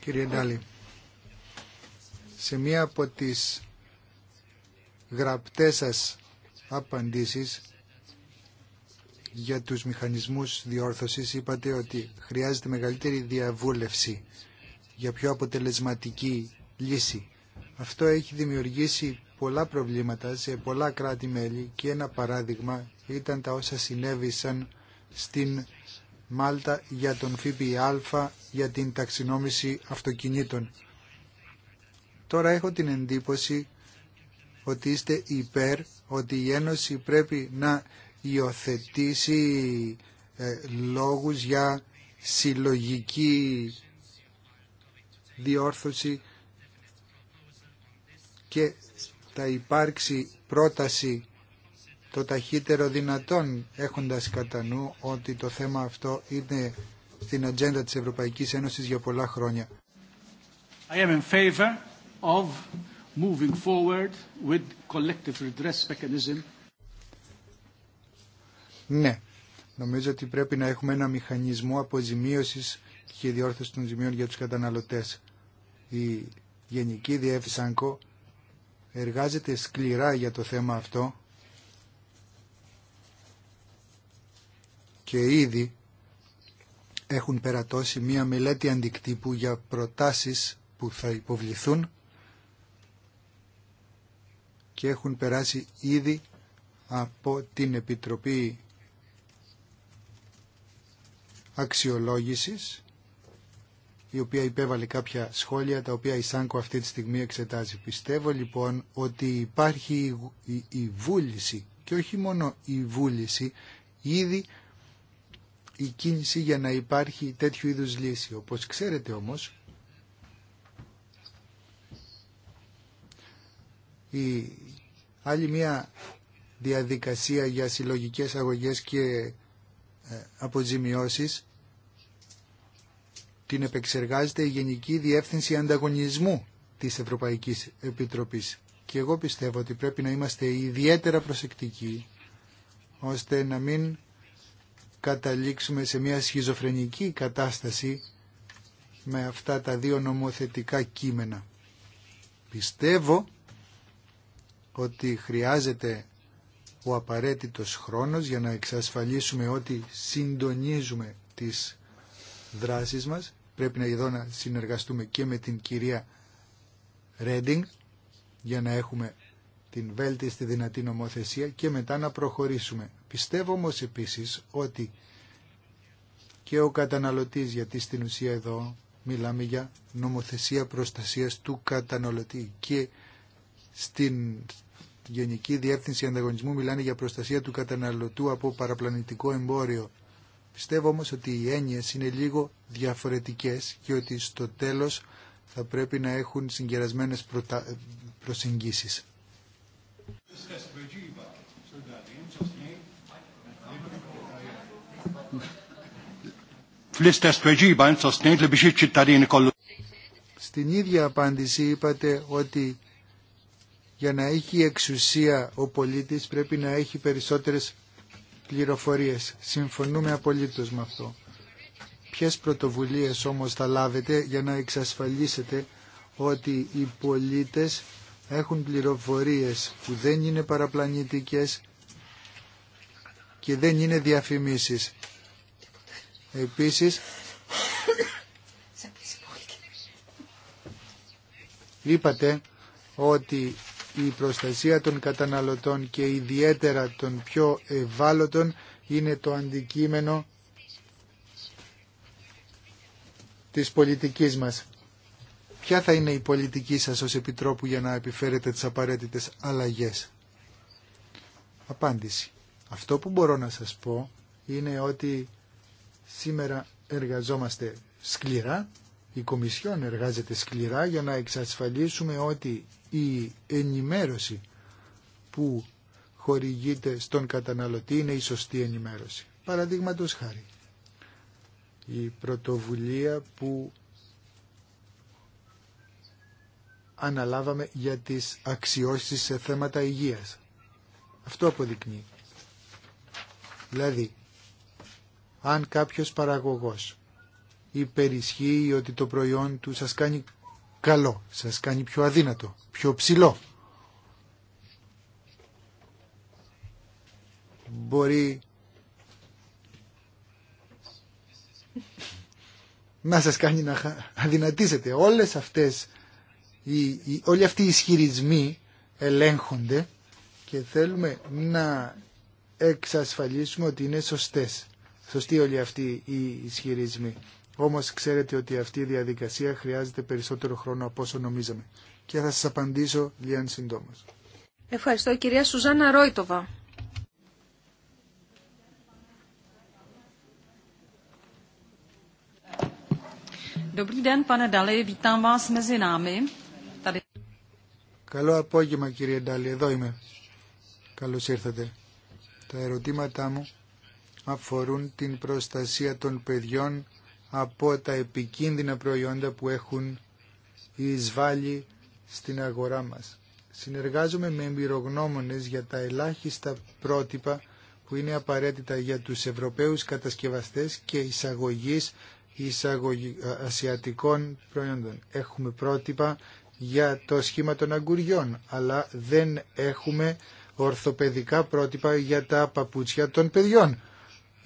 C: Κύριε Ντάλι, σε μία από τις γραπτές σας απαντήσεις για τους μηχανισμούς διόρθωσης είπατε ότι χρειάζεται μεγαλύτερη διαβούλευση για πιο αποτελεσματική λύση. Αυτό έχει δημιουργήσει πολλά προβλήματα σε πολλά κράτη-μέλη και ένα παράδειγμα ήταν τα όσα συνέβησαν στην Μάλτα για τον ΦΠΑ για την ταξινόμηση αυτοκινήτων. Τώρα έχω την εντύπωση ότι είστε υπέρ ότι η Ένωση πρέπει να υιοθετήσει ε, λόγους για συλλογική διόρθωση και θα υπάρξει πρόταση το ταχύτερο δυνατόν έχοντας κατά νου ότι το θέμα αυτό είναι στην ατζέντα της Ευρωπαϊκής Ένωσης για πολλά χρόνια.
B: of moving forward with collective
C: ναι, νομίζω ότι πρέπει να έχουμε ένα μηχανισμό αποζημίωσης και διόρθωση των ζημιών για τους καταναλωτές. Η Γενική Διεύθυνση ΑΝΚΟ εργάζεται σκληρά για το θέμα αυτό και ήδη έχουν περατώσει μία μελέτη αντικτύπου για προτάσεις που θα υποβληθούν και έχουν περάσει ήδη από την Επιτροπή αξιολόγησης η οποία υπέβαλε κάποια σχόλια τα οποία η ΣΑΝΚΟ αυτή τη στιγμή εξετάζει. Πιστεύω λοιπόν ότι υπάρχει η βούληση και όχι μόνο η βούληση, ήδη η κίνηση για να υπάρχει τέτοιου είδους λύση. Όπως ξέρετε όμως, η άλλη μια διαδικασία για συλλογικές αγωγές και ε, αποζημιώσεις την επεξεργάζεται η Γενική Διεύθυνση Ανταγωνισμού της Ευρωπαϊκής Επιτροπής. Και εγώ πιστεύω ότι πρέπει να είμαστε ιδιαίτερα προσεκτικοί ώστε να μην καταλήξουμε σε μια σχιζοφρενική κατάσταση με αυτά τα δύο νομοθετικά κείμενα. Πιστεύω ότι χρειάζεται ο απαραίτητος χρόνος για να εξασφαλίσουμε ότι συντονίζουμε τις δράσεις μας πρέπει να εδώ να συνεργαστούμε και με την κυρία Ρέντινγκ για να έχουμε την βέλτιστη δυνατή νομοθεσία και μετά να προχωρήσουμε. Πιστεύω όμω επίσης ότι και ο καταναλωτής, γιατί στην ουσία εδώ μιλάμε για νομοθεσία προστασίας του καταναλωτή και στην Γενική Διεύθυνση Ανταγωνισμού μιλάνε για προστασία του καταναλωτού από παραπλανητικό εμπόριο. Πιστεύω όμως ότι οι έννοιες είναι λίγο διαφορετικές και ότι στο τέλος θα πρέπει να έχουν συγκερασμένες προτα... προσεγγίσεις. Στην ίδια απάντηση είπατε ότι για να έχει εξουσία ο πολίτης πρέπει να έχει περισσότερες πληροφορίες. Συμφωνούμε απολύτως με αυτό. Ποιες πρωτοβουλίες όμως θα λάβετε για να εξασφαλίσετε ότι οι πολίτες έχουν πληροφορίες που δεν είναι παραπλανητικές και δεν είναι διαφημίσεις. Επίσης, είπατε ότι η προστασία των καταναλωτών και ιδιαίτερα των πιο ευάλωτων είναι το αντικείμενο της πολιτικής μας. Ποια θα είναι η πολιτική σας ως Επιτρόπου για να επιφέρετε τις απαραίτητες αλλαγές. Απάντηση. Αυτό που μπορώ να σας πω είναι ότι σήμερα εργαζόμαστε σκληρά, η Κομισιόν εργάζεται σκληρά για να εξασφαλίσουμε ότι η ενημέρωση που χορηγείται στον καταναλωτή είναι η σωστή ενημέρωση. Παραδείγματος χάρη, η πρωτοβουλία που αναλάβαμε για τις αξιώσεις σε θέματα υγείας. Αυτό αποδεικνύει. Δηλαδή, αν κάποιος παραγωγός υπερισχύει ότι το προϊόν του σας κάνει καλό, σας κάνει πιο αδύνατο, πιο ψηλό. Μπορεί να σας κάνει να αδυνατίσετε. Όλες αυτές, οι, όλοι αυτοί οι ισχυρισμοί ελέγχονται και θέλουμε να εξασφαλίσουμε ότι είναι σωστές. Σωστοί όλοι αυτοί οι ισχυρισμοί. Όμως ξέρετε ότι αυτή η διαδικασία χρειάζεται περισσότερο χρόνο από όσο νομίζαμε. Και θα σας απαντήσω λίγαν συντόμως.
A: Ευχαριστώ κυρία Σουζάνα Ρόιτοβα.
C: Καλό απόγευμα κύριε Ντάλη, εδώ είμαι. Καλώ ήρθατε. Τα ερωτήματά μου αφορούν την προστασία των παιδιών από τα επικίνδυνα προϊόντα που έχουν εισβάλλει στην αγορά μας. Συνεργάζομαι με εμπειρογνώμονες για τα ελάχιστα πρότυπα που είναι απαραίτητα για τους Ευρωπαίους κατασκευαστές και εισαγωγής εισαγωγή, ασιατικών προϊόντων. Έχουμε πρότυπα για το σχήμα των αγκουριών, αλλά δεν έχουμε ορθοπαιδικά πρότυπα για τα παπούτσια των παιδιών.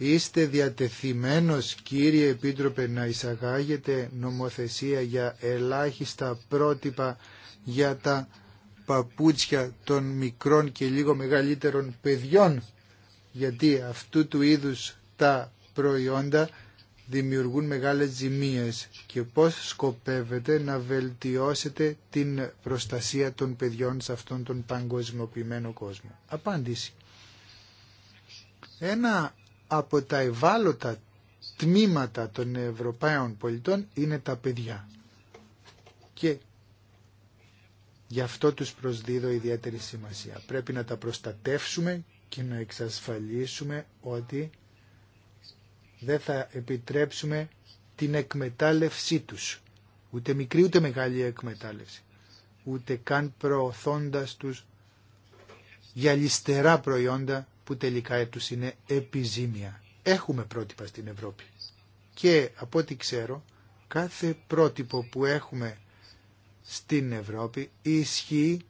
C: Είστε διατεθειμένος κύριε Επίτροπε να εισαγάγετε νομοθεσία για ελάχιστα πρότυπα για τα παπούτσια των μικρών και λίγο μεγαλύτερων παιδιών γιατί αυτού του είδους τα προϊόντα δημιουργούν μεγάλες ζημίες και πώς σκοπεύετε να βελτιώσετε την προστασία των παιδιών σε αυτόν τον παγκοσμιοποιημένο κόσμο. Απάντηση. Ένα από τα ευάλωτα τμήματα των Ευρωπαίων πολιτών είναι τα παιδιά. Και γι' αυτό τους προσδίδω ιδιαίτερη σημασία. Πρέπει να τα προστατεύσουμε και να εξασφαλίσουμε ότι δεν θα επιτρέψουμε την εκμετάλλευσή τους. Ούτε μικρή ούτε μεγάλη εκμετάλλευση. Ούτε καν προωθώντας τους για προϊόντα που τελικά τους είναι επιζήμια. Έχουμε πρότυπα στην Ευρώπη και από ό,τι ξέρω κάθε πρότυπο που έχουμε στην Ευρώπη ισχύει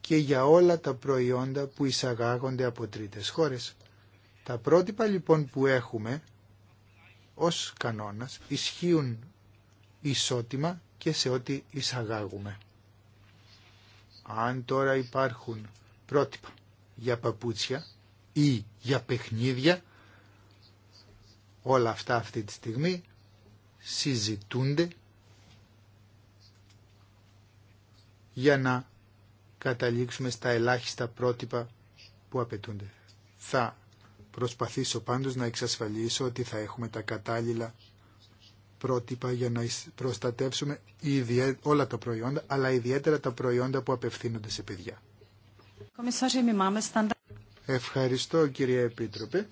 C: και για όλα τα προϊόντα που εισαγάγονται από τρίτες χώρες. Τα πρότυπα λοιπόν που έχουμε ως κανόνας ισχύουν ισότιμα και σε ό,τι εισαγάγουμε. Αν τώρα υπάρχουν πρότυπα για παπούτσια ή για παιχνίδια. Όλα αυτά αυτή τη στιγμή συζητούνται για να καταλήξουμε στα ελάχιστα πρότυπα που απαιτούνται. Θα προσπαθήσω πάντως να εξασφαλίσω ότι θα έχουμε τα κατάλληλα πρότυπα για να προστατεύσουμε όλα τα προϊόντα, αλλά ιδιαίτερα τα προϊόντα που απευθύνονται σε παιδιά. Ευχαριστώ κύριε Επίτροπε.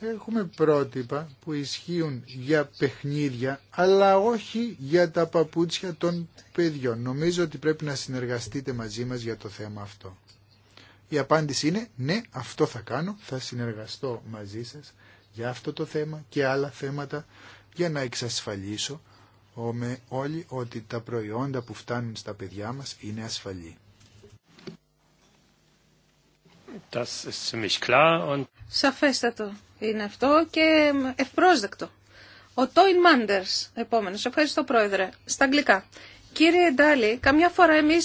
C: Έχουμε πρότυπα που ισχύουν για παιχνίδια, αλλά όχι για τα παπούτσια των παιδιών. Νομίζω ότι πρέπει να συνεργαστείτε μαζί μας για το θέμα αυτό. Η απάντηση είναι ναι, αυτό θα κάνω, θα συνεργαστώ μαζί σας για αυτό το θέμα και άλλα θέματα για να εξασφαλίσω όλοι ότι τα προϊόντα που φτάνουν στα παιδιά μας είναι ασφαλή.
A: Σαφέστατο είναι αυτό και ευπρόσδεκτο. Ο Τόιν Μάντερς, επόμενο. Ευχαριστώ, Πρόεδρε. Στα αγγλικά. Κύριε Ντάλι, καμιά φορά εμεί,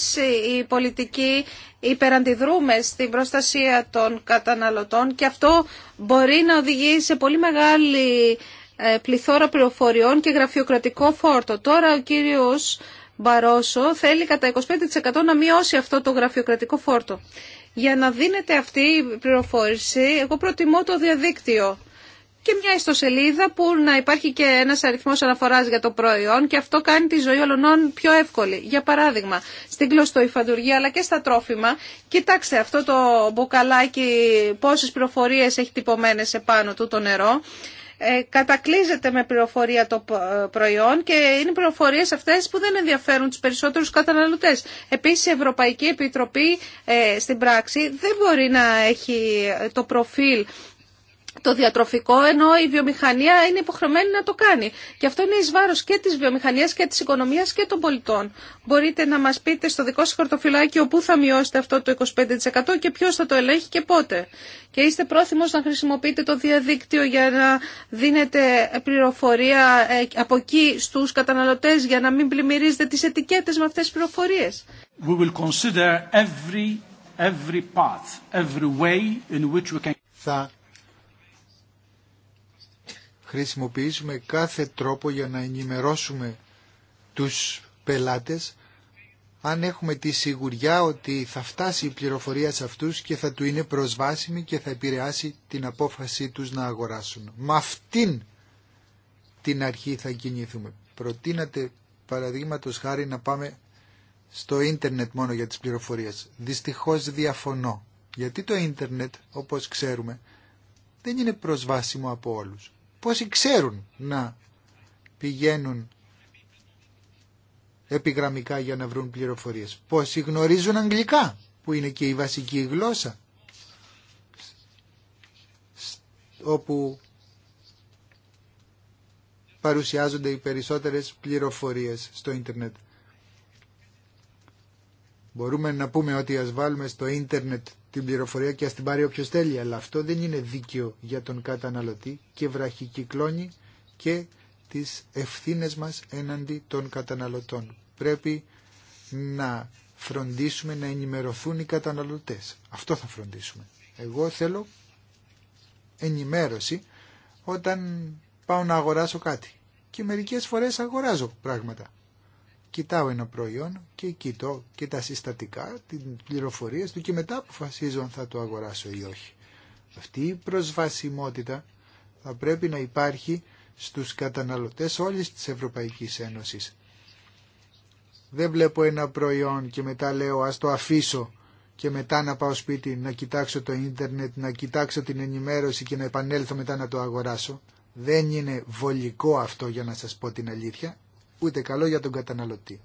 A: οι πολιτικοί υπεραντιδρούμε στην προστασία των καταναλωτών και αυτό μπορεί να οδηγεί σε πολύ μεγάλη ε, πληθώρα πληροφοριών και γραφειοκρατικό φόρτο. Τώρα ο κύριο Μπαρόσο θέλει κατά 25% να μειώσει αυτό το γραφειοκρατικό φόρτο. Για να δίνεται αυτή η πληροφόρηση, εγώ προτιμώ το διαδίκτυο και μια ιστοσελίδα που να υπάρχει και ένας αριθμός αναφοράς για το προϊόν και αυτό κάνει τη ζωή όλων πιο εύκολη. Για παράδειγμα, στην κλωστοϊφαντουργία αλλά και στα τρόφιμα, κοιτάξτε αυτό το μπουκαλάκι πόσες πληροφορίες έχει τυπωμένες επάνω του το νερό ε, κατακλείζεται με πληροφορία το ε, προϊόν και είναι πληροφορίες αυτές που δεν ενδιαφέρουν τους περισσότερους καταναλωτές. Επίσης η Ευρωπαϊκή Επιτροπή ε, στην πράξη δεν μπορεί να έχει το προφίλ το διατροφικό, ενώ η βιομηχανία είναι υποχρεωμένη να το κάνει. Και αυτό είναι εις βάρος και της βιομηχανίας και της οικονομίας και των πολιτών. Μπορείτε να μας πείτε στο δικό σας χωρτοφυλάκιο πού θα μειώσετε αυτό το 25% και ποιος θα το ελέγχει και πότε. Και είστε πρόθυμος να χρησιμοποιείτε το διαδίκτυο για να δίνετε πληροφορία ε, από εκεί στους καταναλωτές για να μην πλημμυρίζετε τις ετικέτες με αυτές τις πληροφορίες.
B: Θα
C: χρησιμοποιήσουμε κάθε τρόπο για να ενημερώσουμε τους πελάτες αν έχουμε τη σιγουριά ότι θα φτάσει η πληροφορία σε αυτούς και θα του είναι προσβάσιμη και θα επηρεάσει την απόφασή τους να αγοράσουν. Με αυτήν την αρχή θα κινηθούμε. Προτείνατε παραδείγματο χάρη να πάμε στο ίντερνετ μόνο για τις πληροφορίες. Δυστυχώς διαφωνώ. Γιατί το ίντερνετ, όπως ξέρουμε, δεν είναι προσβάσιμο από όλους πόσοι ξέρουν να πηγαίνουν επιγραμμικά για να βρουν πληροφορίες. Πόσοι γνωρίζουν αγγλικά που είναι και η βασική γλώσσα όπου παρουσιάζονται οι περισσότερες πληροφορίες στο ίντερνετ. Μπορούμε να πούμε ότι ας βάλουμε στο ίντερνετ την πληροφορία και ας την πάρει όποιος θέλει, αλλά αυτό δεν είναι δίκαιο για τον καταναλωτή και βραχικυκλώνει και τις ευθύνες μας έναντι των καταναλωτών. Πρέπει να φροντίσουμε να ενημερωθούν οι καταναλωτές. Αυτό θα φροντίσουμε. Εγώ θέλω ενημέρωση όταν πάω να αγοράσω κάτι. Και μερικές φορές αγοράζω πράγματα κοιτάω ένα προϊόν και κοιτώ και τα συστατικά, την πληροφορία του και μετά αποφασίζω αν θα το αγοράσω ή όχι. Αυτή η προσβασιμότητα θα πρέπει να υπάρχει στους καταναλωτές όλης της Ευρωπαϊκής Ένωσης. Δεν βλέπω ένα προϊόν και μετά λέω ας το αφήσω και μετά να πάω σπίτι να κοιτάξω το ίντερνετ, να κοιτάξω την ενημέρωση και να επανέλθω μετά να το αγοράσω. Δεν είναι βολικό αυτό για να σας πω την αλήθεια ούτε καλό για τον καταναλωτή.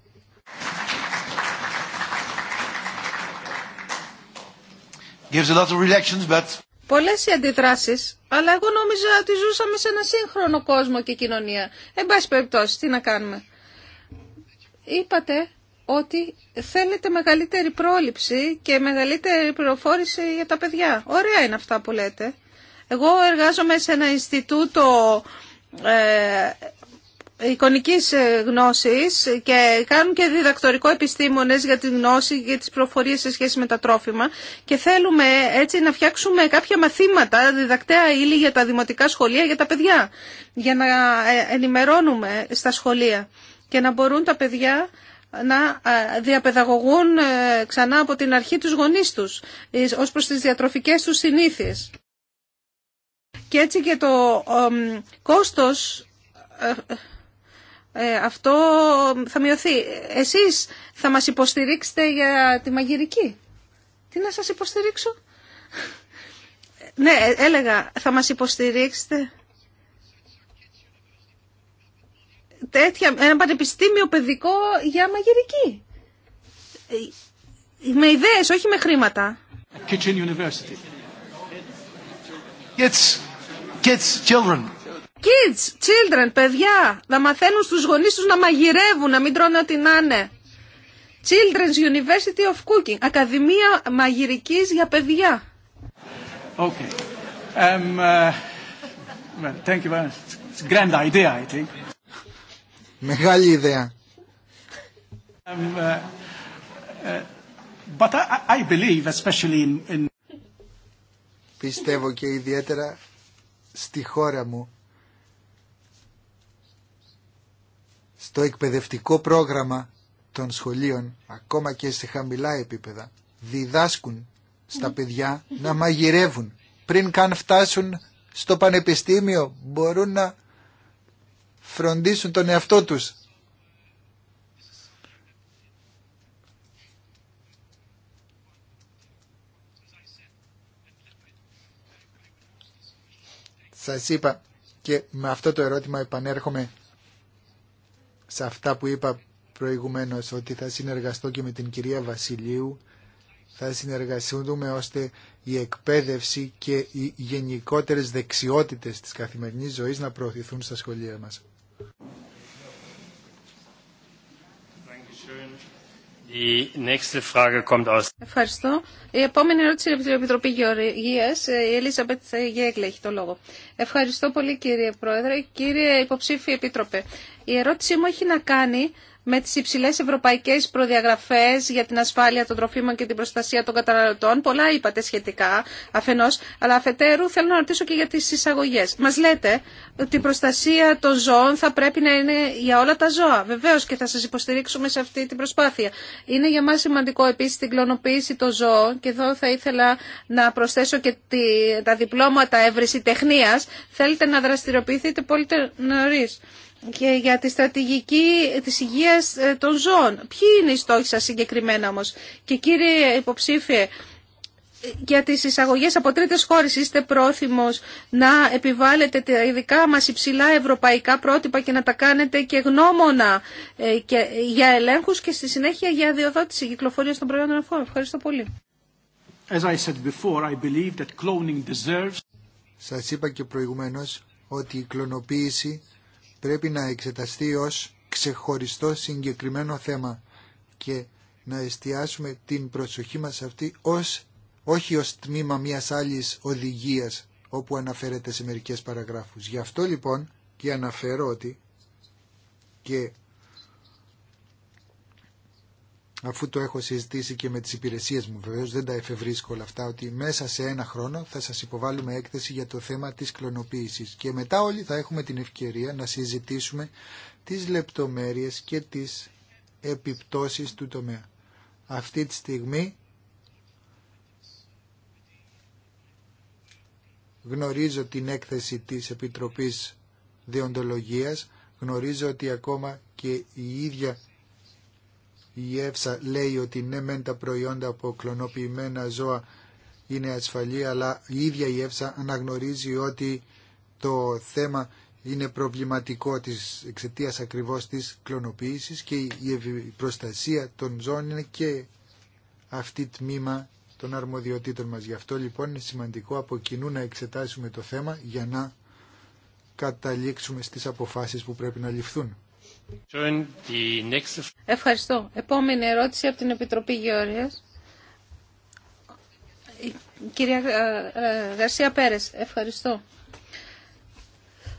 A: Πολλέ οι αντιδράσεις, αλλά εγώ νόμιζα ότι ζούσαμε σε ένα σύγχρονο κόσμο και κοινωνία. Εν πάση περιπτώσει, τι να κάνουμε. Είπατε ότι θέλετε μεγαλύτερη πρόληψη και μεγαλύτερη πληροφόρηση για τα παιδιά. Ωραία είναι αυτά που λέτε. Εγώ εργάζομαι σε ένα Ινστιτούτο ε, εικονική ε, γνώσης και κάνουν και διδακτορικό επιστήμονες για τη γνώση και τις προφορίες σε σχέση με τα τρόφιμα και θέλουμε έτσι να φτιάξουμε κάποια μαθήματα, διδακτέα ύλη για τα δημοτικά σχολεία για τα παιδιά, για να ε, ενημερώνουμε στα σχολεία και να μπορούν τα παιδιά να ε, διαπαιδαγωγούν ξανά από την αρχή τους γονείς τους ως προς τις διατροφικές τους συνήθειες. Και έτσι και το κόστος ε, αυτό θα μειωθεί. Εσείς θα μας υποστηρίξετε για τη μαγειρική. Τι να σας υποστηρίξω. ναι, έλεγα, θα μας υποστηρίξετε. Τέτοια, ένα πανεπιστήμιο παιδικό για μαγειρική. Ε, με ιδέες, όχι με χρήματα.
B: Kitchen University.
A: children. Kids, children, παιδιά, να μαθαίνουν στους γονείς τους να μαγειρεύουν, να μην τρώνε ό,τι να είναι. Children's University of Cooking, Ακαδημία Μαγειρικής για παιδιά.
B: Okay. Um, uh, well, thank you very much. grand idea, I think.
C: Μεγάλη ιδέα.
B: Um, uh, uh, but I, believe, especially in... Πιστεύω και ιδιαίτερα στη
C: χώρα μου στο εκπαιδευτικό πρόγραμμα των σχολείων, ακόμα και σε χαμηλά επίπεδα, διδάσκουν στα παιδιά να μαγειρεύουν. Πριν καν φτάσουν στο πανεπιστήμιο μπορούν να φροντίσουν τον εαυτό τους. Σας είπα και με αυτό το ερώτημα επανέρχομαι σε αυτά που είπα προηγουμένως ότι θα συνεργαστώ και με την κυρία Βασιλείου θα συνεργαστούμε ώστε η εκπαίδευση και οι γενικότερες δεξιότητες της καθημερινής ζωής να προωθηθούν στα σχολεία μας.
D: Η
A: Ευχαριστώ. Η επόμενη ερώτηση από την Επιτροπή Γεωργία. Ε, η Ελίζα Γέγκλε έχει το λόγο. Ευχαριστώ πολύ κύριε Πρόεδρε. Κύριε υποψήφιο Επίτροπε, η ερώτησή μου έχει να κάνει με τις υψηλές ευρωπαϊκές προδιαγραφές για την ασφάλεια των τροφίμων και την προστασία των καταναλωτών. Πολλά είπατε σχετικά αφενός, αλλά αφετέρου θέλω να ρωτήσω και για τις εισαγωγές. Μας λέτε ότι η προστασία των ζώων θα πρέπει να είναι για όλα τα ζώα. Βεβαίως και θα σας υποστηρίξουμε σε αυτή την προσπάθεια. Είναι για μας σημαντικό επίσης την κλωνοποίηση των ζώων και εδώ θα ήθελα να προσθέσω και τα διπλώματα εύρηση τεχνίας. Θέλετε να δραστηριοποιηθείτε πολύ νωρίς και για τη στρατηγική της υγείας ε, των ζώων. Ποιοι είναι οι στόχοι σας συγκεκριμένα όμως. Και κύριε υποψήφιε, για τις εισαγωγές από τρίτες χώρες είστε πρόθυμος να επιβάλλετε τα ειδικά μας υψηλά ευρωπαϊκά πρότυπα και να τα κάνετε και γνώμονα ε, και για ελέγχους και στη συνέχεια για διοδότηση κυκλοφορίας των προϊόντων αφόρων. Ευχαριστώ πολύ.
B: As Σας είπα και προηγουμένως
C: ότι η κλωνοποίηση πρέπει να εξεταστεί ως ξεχωριστό συγκεκριμένο θέμα και να εστιάσουμε την προσοχή μας αυτή ως, όχι ως τμήμα μιας άλλης οδηγίας όπου αναφέρεται σε μερικές παραγράφους. Γι' αυτό λοιπόν και αναφέρω ότι και αφού το έχω συζητήσει και με τις υπηρεσίες μου βεβαίω. δεν τα εφευρίσκω όλα αυτά ότι μέσα σε ένα χρόνο θα σας υποβάλουμε έκθεση για το θέμα της κλωνοποίησης και μετά όλοι θα έχουμε την ευκαιρία να συζητήσουμε τις λεπτομέρειες και τις επιπτώσεις του τομέα. Αυτή τη στιγμή γνωρίζω την έκθεση της Επιτροπής Διοντολογίας, γνωρίζω ότι ακόμα και η ίδια η ΕΦΣΑ λέει ότι ναι μεν τα προϊόντα από κλωνοποιημένα ζώα είναι ασφαλή αλλά η ίδια η ΕΦΣΑ αναγνωρίζει ότι το θέμα είναι προβληματικό της εξαιτίας ακριβώς της κλωνοποίησης και η προστασία των ζώων είναι και αυτή τμήμα των αρμοδιοτήτων μας. Γι' αυτό λοιπόν είναι σημαντικό από κοινού να εξετάσουμε το θέμα για να καταλήξουμε στις αποφάσεις που πρέπει να ληφθούν.
A: Ευχαριστώ. Επόμενη ερώτηση από την Επιτροπή Γεωργίας. Κυρία ε, ε, Γαρσία Πέρες, ευχαριστώ.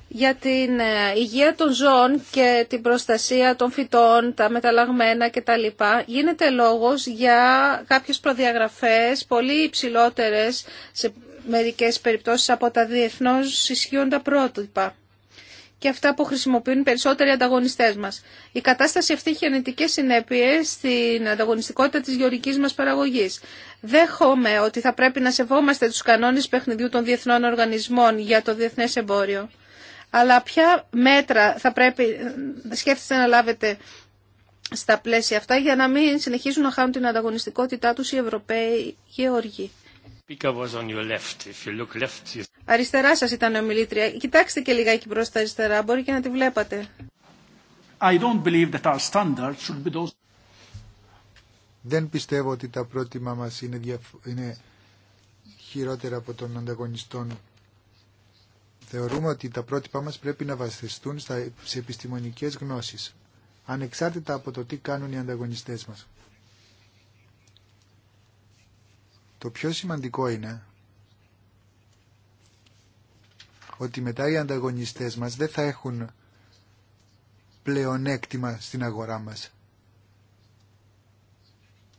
A: Για την ε, υγεία των ζώων και την προστασία των φυτών, τα μεταλλαγμένα κτλ. γίνεται λόγος για κάποιες προδιαγραφές πολύ υψηλότερες σε μερικές περιπτώσεις από τα διεθνώς ισχύοντα πρότυπα και αυτά που χρησιμοποιούν περισσότεροι ανταγωνιστέ μα. Η κατάσταση αυτή έχει αρνητικέ συνέπειε στην ανταγωνιστικότητα τη γεωρική μα παραγωγή. Δέχομαι ότι θα πρέπει να σεβόμαστε του κανόνε παιχνιδιού των διεθνών οργανισμών για το διεθνέ εμπόριο. Αλλά ποια μέτρα θα πρέπει, σκέφτεστε να λάβετε στα πλαίσια αυτά για να μην συνεχίζουν να χάνουν την ανταγωνιστικότητά τους οι Ευρωπαίοι γεωργοί. Αριστερά σας ήταν ο μιλήτρια. Κοιτάξτε και λιγάκι προς τα αριστερά, μπορεί και να τη βλέπατε.
B: I don't believe that our standards
C: should be those... Δεν πιστεύω ότι τα πρότυπα μας είναι, είναι χειρότερα από των ανταγωνιστών. Θεωρούμε ότι τα πρότυπα μας πρέπει να βασιστούν στα... σε επιστημονικές γνώσεις, ανεξάρτητα από το τι κάνουν οι ανταγωνιστές μας. Το πιο σημαντικό είναι ότι μετά οι ανταγωνιστές μας δεν θα έχουν πλεονέκτημα στην αγορά μας.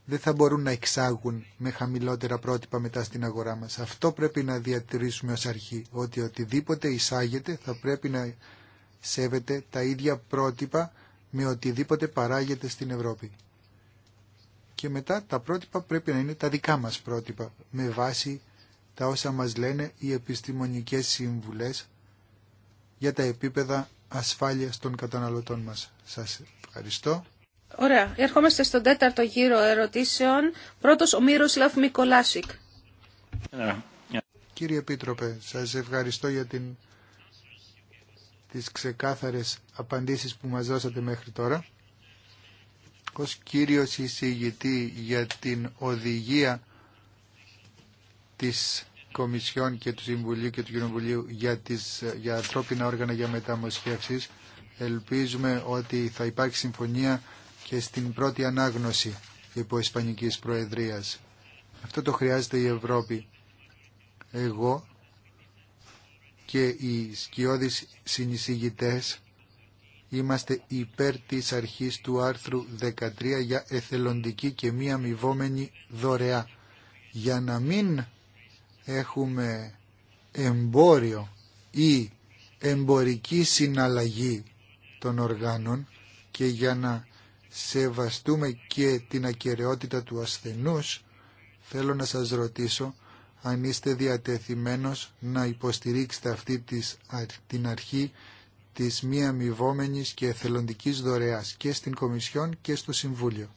C: Δεν θα μπορούν να εξάγουν με χαμηλότερα πρότυπα μετά στην αγορά μας. Αυτό πρέπει να διατηρήσουμε ως αρχή, ότι οτιδήποτε εισάγεται θα πρέπει να σέβεται τα ίδια πρότυπα με οτιδήποτε παράγεται στην Ευρώπη και μετά τα πρότυπα πρέπει να είναι τα δικά μας πρότυπα με βάση τα όσα μας λένε οι επιστημονικές σύμβουλες για τα επίπεδα ασφάλειας των καταναλωτών μας. Σας ευχαριστώ.
A: Ωραία. Ερχόμαστε στον τέταρτο γύρο ερωτήσεων. Πρώτος ο Λαφ Μικολάσικ.
C: Κύριε Επίτροπε, σας ευχαριστώ για την... τις ξεκάθαρες απαντήσεις που μας δώσατε μέχρι τώρα ως κύριος εισηγητή για την οδηγία της Κομισιόν και του Συμβουλίου και του Κοινοβουλίου για, τις, για ανθρώπινα όργανα για μεταμοσχεύσεις. Ελπίζουμε ότι θα υπάρχει συμφωνία και στην πρώτη ανάγνωση υπό Ισπανικής Προεδρίας. Αυτό το χρειάζεται η Ευρώπη. Εγώ και οι σκιώδεις συνεισηγητές είμαστε υπέρ της αρχής του άρθρου 13 για εθελοντική και μη αμοιβόμενη δωρεά. Για να μην έχουμε εμπόριο ή εμπορική συναλλαγή των οργάνων και για να σεβαστούμε και την ακαιρεότητα του ασθενούς, θέλω να σας ρωτήσω αν είστε διατεθειμένος να υποστηρίξετε αυτή την αρχή της μη αμοιβόμενης και εθελοντικής δωρεάς και στην Κομισιόν και στο Συμβούλιο.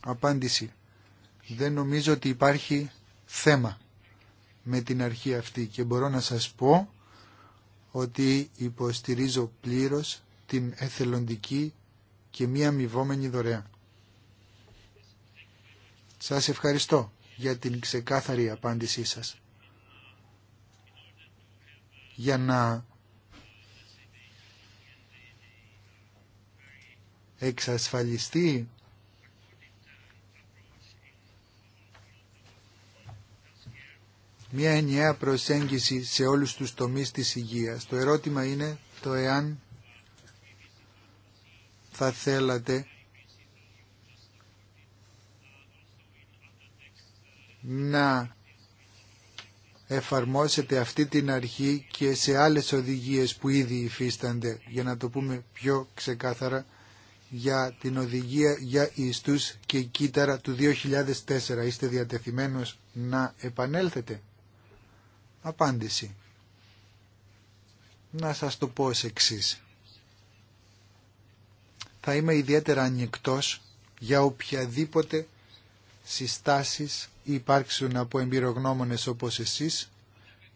C: Απάντηση. Δεν νομίζω ότι υπάρχει θέμα με την αρχή αυτή και μπορώ να σας πω ότι υποστηρίζω πλήρως την εθελοντική και μία αμοιβόμενη δωρεά. Σας ευχαριστώ για την ξεκάθαρη απάντησή σας. Για να εξασφαλιστεί μια ενιαία προσέγγιση σε όλους τους τομείς της υγείας. Το ερώτημα είναι το εάν θα θέλατε να εφαρμόσετε αυτή την αρχή και σε άλλες οδηγίες που ήδη υφίστανται, για να το πούμε πιο ξεκάθαρα, για την οδηγία για ιστούς και κύτταρα του 2004. Είστε διατεθειμένος να επανέλθετε. Απάντηση. Να σας το πω ως εξής. Θα είμαι ιδιαίτερα ανοιχτό για οποιαδήποτε συστάσεις υπάρξουν από εμπειρογνώμονες όπως εσείς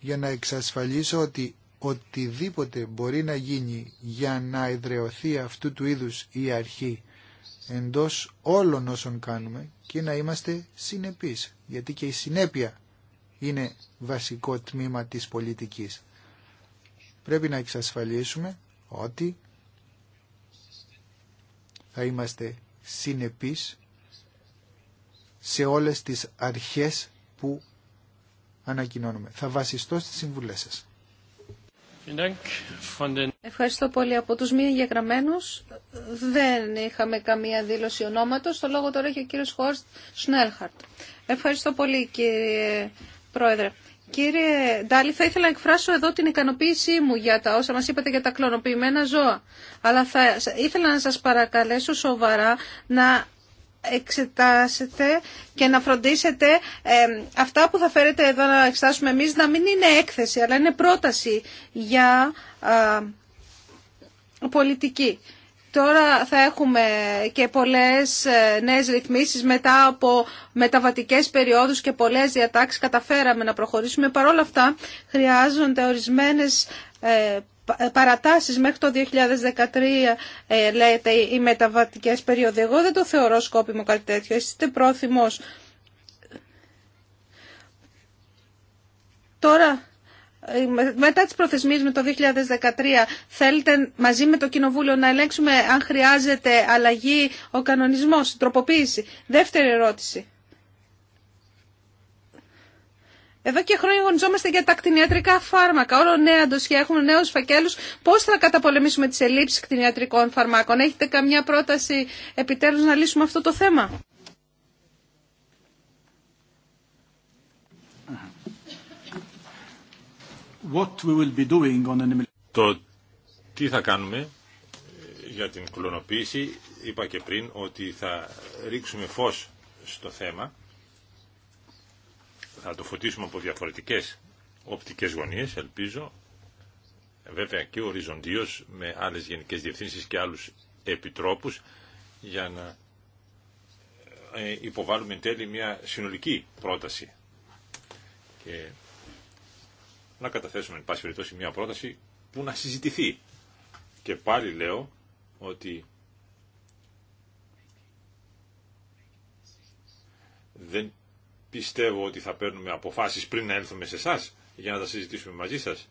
C: για να εξασφαλίσω ότι οτιδήποτε μπορεί να γίνει για να εδρεωθεί αυτού του είδους η αρχή εντός όλων όσων κάνουμε και να είμαστε συνεπείς, γιατί και η συνέπεια είναι βασικό τμήμα της πολιτικής. Πρέπει να εξασφαλίσουμε ότι θα είμαστε συνεπείς σε όλες τις αρχές που ανακοινώνουμε. Θα βασιστώ στις συμβουλές σας.
A: Ευχαριστώ πολύ. Από τους μη εγγεγραμμένους δεν είχαμε καμία δήλωση ονόματος. Το λόγο τώρα έχει ο κύριος Χόρστ Σνέλχαρτ. Ευχαριστώ πολύ κύριε Πρόεδρε. Κύριε Ντάλι, θα ήθελα να εκφράσω εδώ την ικανοποίησή μου για τα όσα μας είπατε για τα κλωνοποιημένα ζώα. Αλλά θα ήθελα να σας παρακαλέσω σοβαρά να εξετάσετε και να φροντίσετε αυτά που θα φέρετε εδώ να εξετάσουμε εμείς να μην είναι έκθεση αλλά είναι πρόταση για πολιτική. Τώρα θα έχουμε και πολλές ε, νέες ρυθμίσεις μετά από μεταβατικές περιόδους και πολλές διατάξεις καταφέραμε να προχωρήσουμε. Παρ' όλα αυτά χρειάζονται ορισμένες ε, ε, παρατάσεις μέχρι το 2013 ε, λέτε οι μεταβατικές περίοδοι. Εγώ δεν το θεωρώ σκόπιμο κάτι τέτοιο. Εσείς είστε πρόθυμος. Τώρα, ε, μετά τις προθεσμίες με το 2013 θέλετε μαζί με το Κοινοβούλιο να ελέγξουμε αν χρειάζεται αλλαγή ο κανονισμός, τροποποίηση. Δεύτερη ερώτηση. Εδώ και χρόνια γονιζόμαστε για τα κτηνιατρικά φάρμακα. Όλο νέα ντοσιά έχουμε νέου φακέλου. Πώ θα καταπολεμήσουμε τι ελλείψει κτηνιατρικών φαρμάκων. Έχετε καμιά πρόταση επιτέλου να λύσουμε αυτό το θέμα.
B: What we will be doing on an...
D: Το τι θα κάνουμε ε, για την κλωνοποίηση, είπα και πριν ότι θα ρίξουμε φως στο θέμα θα το φωτίσουμε από διαφορετικές οπτικές γωνίες, ελπίζω, βέβαια και οριζοντίως με άλλες γενικές διευθύνσεις και άλλους επιτρόπους για να ε, υποβάλουμε εν τέλει μια συνολική πρόταση και να καταθέσουμε εν πάση περιπτώσει μια πρόταση που να συζητηθεί. Και πάλι λέω ότι δεν πιστεύω ότι θα παίρνουμε αποφάσεις πριν να έλθουμε σε εσά για να τα συζητήσουμε μαζί σας.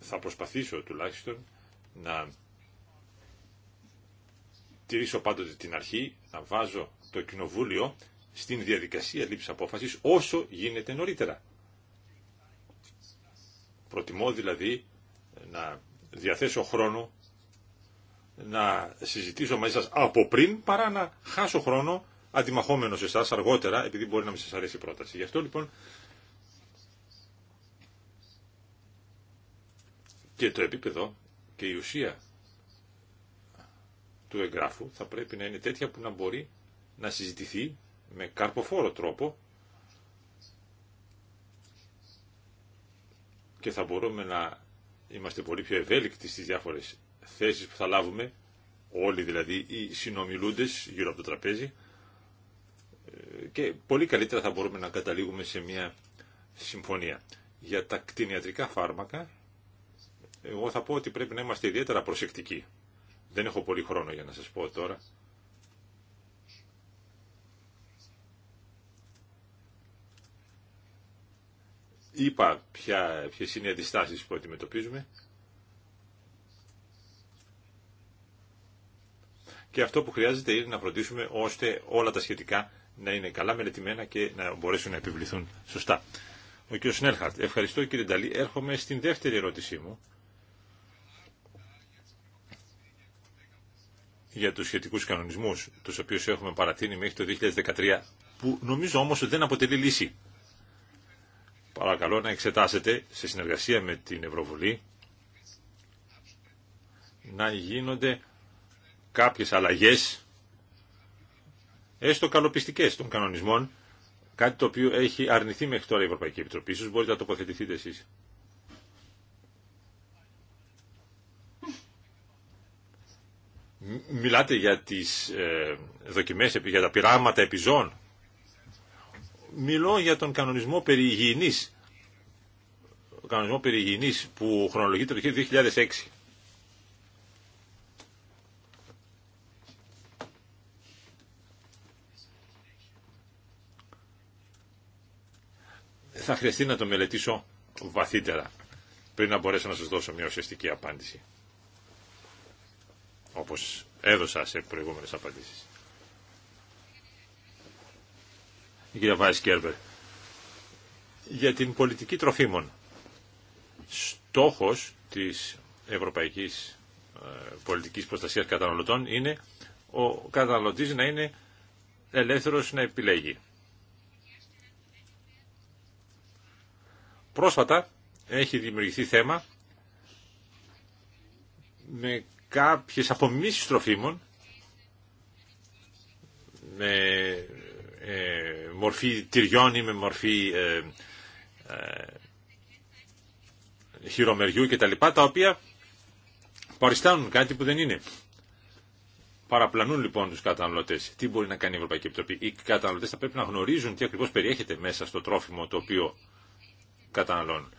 D: Θα προσπαθήσω τουλάχιστον να τηρήσω πάντοτε την αρχή, να βάζω το κοινοβούλιο στην διαδικασία λήψης απόφασης όσο γίνεται νωρίτερα. Προτιμώ δηλαδή να διαθέσω χρόνο να συζητήσω μαζί σας από πριν παρά να χάσω χρόνο αντιμαχόμενο σε εσά αργότερα, επειδή μπορεί να μην σα αρέσει η πρόταση. Γι' αυτό λοιπόν και το επίπεδο και η ουσία του εγγράφου θα πρέπει να είναι τέτοια που να μπορεί να συζητηθεί με καρποφόρο τρόπο και θα μπορούμε να είμαστε πολύ πιο ευέλικτοι στις διάφορες θέσεις που θα λάβουμε όλοι δηλαδή οι συνομιλούντες γύρω από το τραπέζι και πολύ καλύτερα θα μπορούμε να καταλήγουμε σε μια συμφωνία. Για τα κτηνιατρικά φάρμακα, εγώ θα πω ότι πρέπει να είμαστε ιδιαίτερα προσεκτικοί. Δεν έχω πολύ χρόνο για να σας πω τώρα. Είπα ποια, ποιες είναι οι αντιστάσεις που αντιμετωπίζουμε. Και αυτό που χρειάζεται είναι να φροντίσουμε ώστε όλα τα σχετικά να είναι καλά μελετημένα και να μπορέσουν να επιβληθούν σωστά. Ο κ. Σνέλχαρτ, ευχαριστώ κύριε Νταλή. Έρχομαι στην δεύτερη ερώτησή μου για τους σχετικούς κανονισμούς, τους οποίους έχουμε παρατείνει μέχρι το 2013, που νομίζω όμως ότι δεν αποτελεί λύση. Παρακαλώ να εξετάσετε σε συνεργασία με την Ευρωβουλή να γίνονται κάποιες αλλαγές έστω καλοπιστικέ των κανονισμών, κάτι το οποίο έχει αρνηθεί μέχρι τώρα η Ευρωπαϊκή Επιτροπή. Ίσως μπορείτε να τοποθετηθείτε εσεί. Μιλάτε για τις ε, δοκιμές, για τα πειράματα επιζών. Μιλώ για τον κανονισμό περί υγιεινής, κανονισμό περί που χρονολογείται το 2006. θα χρειαστεί να το μελετήσω βαθύτερα πριν να μπορέσω να σας δώσω μια ουσιαστική απάντηση. Όπως έδωσα σε προηγούμενες απαντήσεις. Η κυρία Για την πολιτική τροφίμων. Στόχος της Ευρωπαϊκής ε, Πολιτικής Προστασίας Καταναλωτών είναι ο καταναλωτής να είναι ελεύθερος να επιλέγει. Πρόσφατα έχει δημιουργηθεί θέμα με κάποιες απομιμήσεις τροφίμων με ε, μορφή τυριών ή με μορφή ε, ε, χειρομεριού λοιπά, τα οποία παριστάνουν κάτι που δεν είναι. Παραπλανούν λοιπόν τους καταναλωτές. Τι μπορεί να κάνει η Ευρωπαϊκή Επιτροπή. Οι καταναλωτές θα πρέπει να γνωρίζουν τι ακριβώς περιέχεται μέσα στο τρόφιμο το οποίο καταναλών.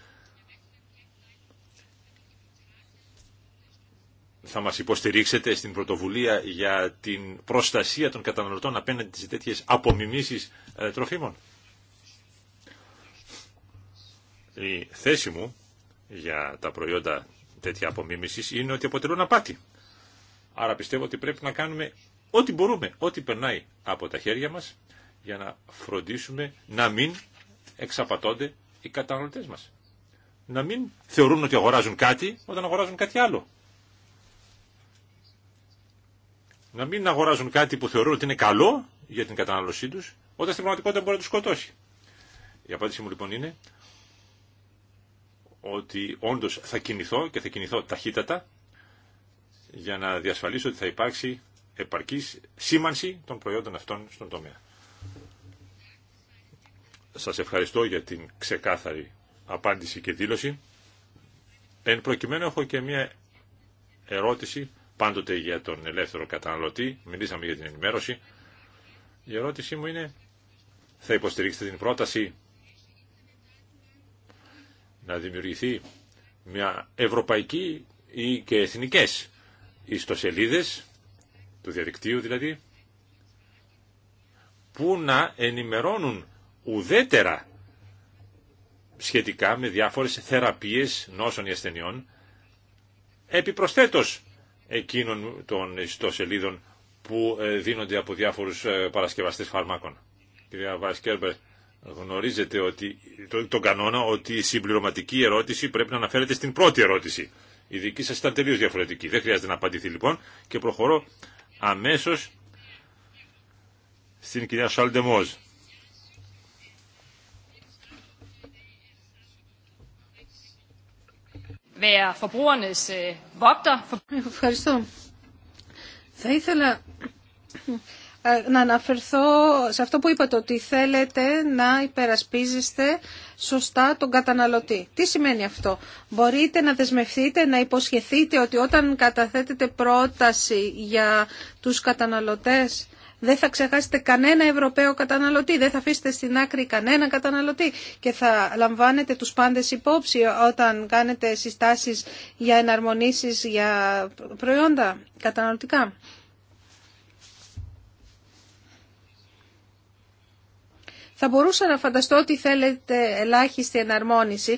D: Θα μας υποστηρίξετε στην πρωτοβουλία για την προστασία των καταναλωτών απέναντι σε τέτοιες απομιμήσεις ε, τροφίμων. Η θέση μου για τα προϊόντα τέτοια απομίμησης είναι ότι αποτελούν απάτη. Άρα πιστεύω ότι πρέπει να κάνουμε ό,τι μπορούμε, ό,τι περνάει από τα χέρια μας για να φροντίσουμε να μην εξαπατώνται οι καταναλωτέ μας. Να μην θεωρούν ότι αγοράζουν κάτι όταν αγοράζουν κάτι άλλο. Να μην αγοράζουν κάτι που θεωρούν ότι είναι καλό για την κατανάλωσή του, όταν στην πραγματικότητα μπορεί να τους σκοτώσει. Η απάντησή μου λοιπόν είναι ότι όντω θα κινηθώ και θα κινηθώ ταχύτατα για να διασφαλίσω ότι θα υπάρξει επαρκή σήμανση των προϊόντων αυτών στον τομέα. Σας ευχαριστώ για την ξεκάθαρη απάντηση και δήλωση. Εν προκειμένου έχω και μια ερώτηση πάντοτε για τον ελεύθερο καταναλωτή. Μιλήσαμε για την ενημέρωση. Η ερώτησή μου είναι θα υποστηρίξετε την πρόταση να δημιουργηθεί μια ευρωπαϊκή ή και εθνικές ιστοσελίδες του διαδικτύου δηλαδή που να ενημερώνουν ουδέτερα σχετικά με διάφορες θεραπείες νόσων ή ασθενειών, επιπροσθέτως εκείνων των ιστοσελίδων που ε, δίνονται από διάφορους ε, παρασκευαστές φαρμάκων. Κυρία Βασκέρμπερ, γνωρίζετε ότι, το, τον κανόνα ότι η συμπληρωματική ερώτηση πρέπει να αναφέρεται στην πρώτη ερώτηση. Η δική σας ήταν τελείως διαφορετική. Δεν χρειάζεται να απαντηθεί λοιπόν και προχωρώ αμέσως στην κυρία Σαλντεμόζ.
A: Øh, Ευχαριστώ. Θα ήθελα ε, να αναφερθώ σε αυτό που είπατε, ότι θέλετε να υπερασπίζεστε σωστά τον καταναλωτή. Τι σημαίνει αυτό. Μπορείτε να δεσμευθείτε, να υποσχεθείτε ότι όταν καταθέτετε πρόταση για τους καταναλωτές δεν θα ξεχάσετε κανένα Ευρωπαίο καταναλωτή, δεν θα αφήσετε στην άκρη κανένα καταναλωτή και θα λαμβάνετε τους πάντες υπόψη όταν κάνετε συστάσεις για εναρμονίσεις για προϊόντα καταναλωτικά. Θα μπορούσα να φανταστώ ότι θέλετε ελάχιστη εναρμόνιση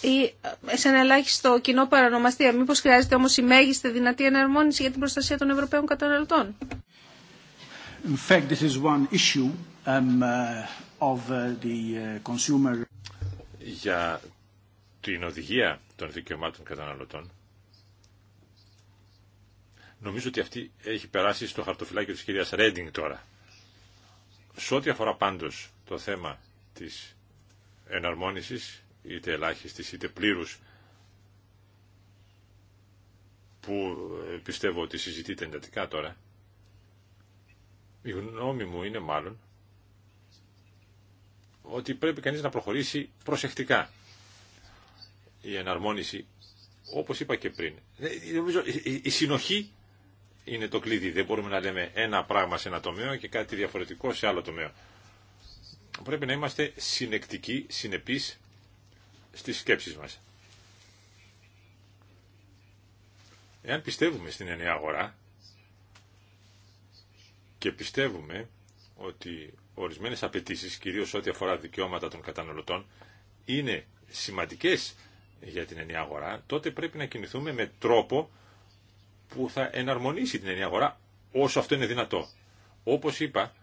A: ή σε ένα ελάχιστο κοινό παρανομαστή. Μήπως χρειάζεται όμως η μέγιστη δυνατή εναρμόνιση για την προστασία των Ευρωπαίων καταναλωτών
B: of
D: Για την οδηγία των δικαιωμάτων καταναλωτών. Νομίζω ότι αυτή έχει περάσει στο χαρτοφυλάκιο της κυρίας Ρέντινγκ τώρα. Σε ό,τι αφορά πάντως το θέμα της εναρμόνισης, είτε ελάχιστης είτε πλήρους, που ε, πιστεύω ότι συζητείται εντατικά τώρα, η γνώμη μου είναι μάλλον ότι πρέπει κανείς να προχωρήσει προσεκτικά η εναρμόνιση, όπως είπα και πριν. η συνοχή είναι το κλειδί. Δεν μπορούμε να λέμε ένα πράγμα σε ένα τομέα και κάτι διαφορετικό σε άλλο τομέα. Πρέπει να είμαστε συνεκτικοί, συνεπείς στις σκέψεις μας. Εάν πιστεύουμε στην ενιαία αγορά, και πιστεύουμε ότι ορισμένες απαιτήσει, κυρίως ό,τι αφορά δικαιώματα των καταναλωτών, είναι σημαντικές για την ενιαία αγορά, τότε πρέπει να κινηθούμε με τρόπο που θα εναρμονίσει την ενιαία αγορά όσο αυτό είναι δυνατό. Όπως είπα,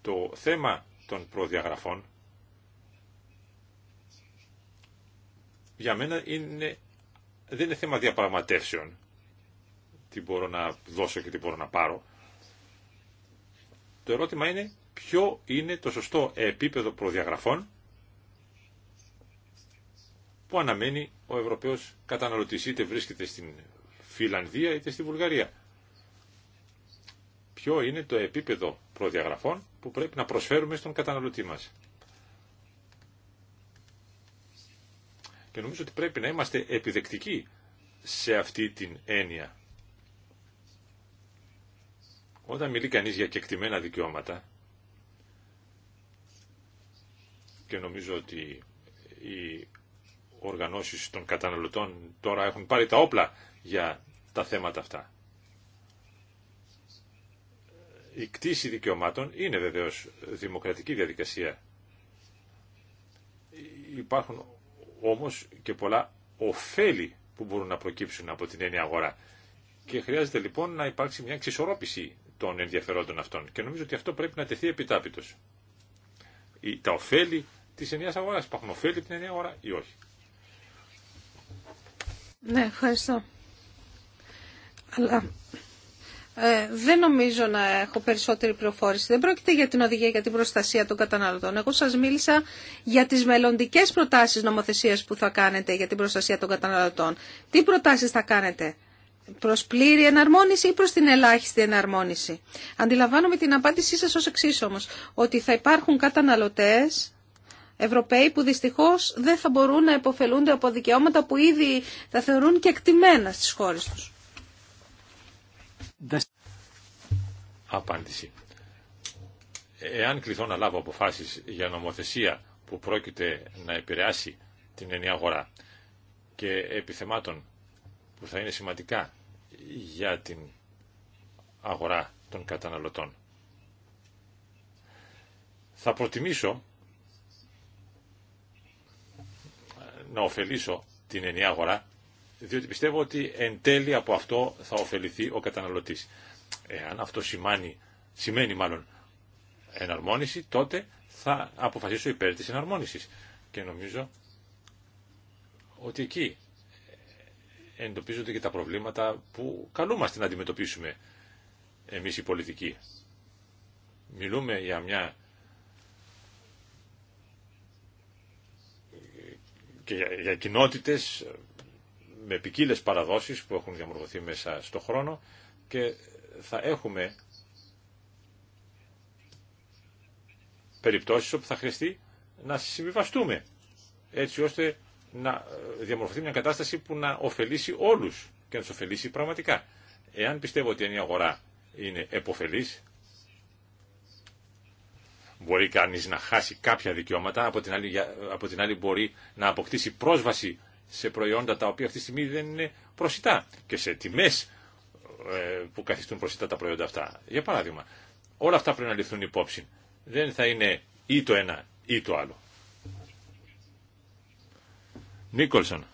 D: το θέμα των προδιαγραφών για μένα είναι, δεν είναι θέμα διαπραγματεύσεων τι μπορώ να δώσω και τι μπορώ να πάρω. Το ερώτημα είναι ποιο είναι το σωστό επίπεδο προδιαγραφών που αναμένει ο Ευρωπαίος καταναλωτής είτε βρίσκεται στην Φιλανδία είτε στη Βουλγαρία. Ποιο είναι το επίπεδο προδιαγραφών που πρέπει να προσφέρουμε στον καταναλωτή μας. Και νομίζω ότι πρέπει να είμαστε επιδεκτικοί σε αυτή την έννοια. Όταν μιλεί κανείς για κεκτημένα δικαιώματα και νομίζω ότι οι οργανώσεις των καταναλωτών τώρα έχουν πάρει τα όπλα για τα θέματα αυτά. Η κτήση δικαιωμάτων είναι βεβαίως δημοκρατική διαδικασία. Υπάρχουν όμως και πολλά ωφέλη που μπορούν να προκύψουν από την έννοια αγορά. Και χρειάζεται λοιπόν να υπάρξει μια εξισορρόπηση των ενδιαφερόντων αυτών. Και νομίζω ότι αυτό πρέπει να τεθεί επιτάπητο. Τα ωφέλη τη ενιαία αγορά, Υπάρχουν ωφέλη την ενιαία αγορά ή όχι.
A: Ναι, ευχαριστώ. Αλλά ε, δεν νομίζω να έχω περισσότερη πληροφόρηση. Δεν πρόκειται για την οδηγία για την προστασία των καταναλωτών. Εγώ σας μίλησα για τις μελλοντικέ προτάσεις νομοθεσίας που θα κάνετε για την προστασία των καταναλωτών. Τι προτάσεις θα κάνετε προς πλήρη εναρμόνιση ή προς την ελάχιστη εναρμόνιση. Αντιλαμβάνομαι την απάντησή σας ως εξής όμως, ότι θα υπάρχουν καταναλωτές Ευρωπαίοι που δυστυχώς δεν θα μπορούν να υποφελούνται από δικαιώματα που ήδη θα θεωρούν και εκτιμένα στις χώρες τους.
D: Απάντηση. Εάν κληθώ να λάβω αποφάσεις για νομοθεσία που πρόκειται να επηρεάσει την ενιαία αγορά και επιθεμάτων που θα είναι σημαντικά για την αγορά των καταναλωτών. Θα προτιμήσω να ωφελήσω την ενιαία αγορά, διότι πιστεύω ότι εν τέλει από αυτό θα ωφεληθεί ο καταναλωτής. Εάν αυτό σημαίνει, σημαίνει μάλλον εναρμόνιση, τότε θα αποφασίσω υπέρ της εναρμόνισης. Και νομίζω ότι εκεί εντοπίζονται και τα προβλήματα που καλούμαστε να αντιμετωπίσουμε εμείς οι πολιτικοί. Μιλούμε για μια και για, κοινότητες με ποικίλε παραδόσεις που έχουν διαμορφωθεί μέσα στο χρόνο και θα έχουμε περιπτώσεις όπου θα χρειαστεί να συμβιβαστούμε έτσι ώστε να διαμορφωθεί μια κατάσταση που να ωφελήσει όλους και να του ωφελήσει πραγματικά. Εάν πιστεύω ότι η αγορά είναι εποφελής, μπορεί κανείς να χάσει κάποια δικαιώματα, από την, άλλη, από την άλλη μπορεί να αποκτήσει πρόσβαση σε προϊόντα τα οποία αυτή τη στιγμή δεν είναι προσιτά και σε τιμές ε, που καθιστούν προσιτά τα προϊόντα αυτά. Για παράδειγμα, όλα αυτά πρέπει να ληφθούν υπόψη. Δεν θα είναι ή το ένα ή το άλλο. Νίκολσον.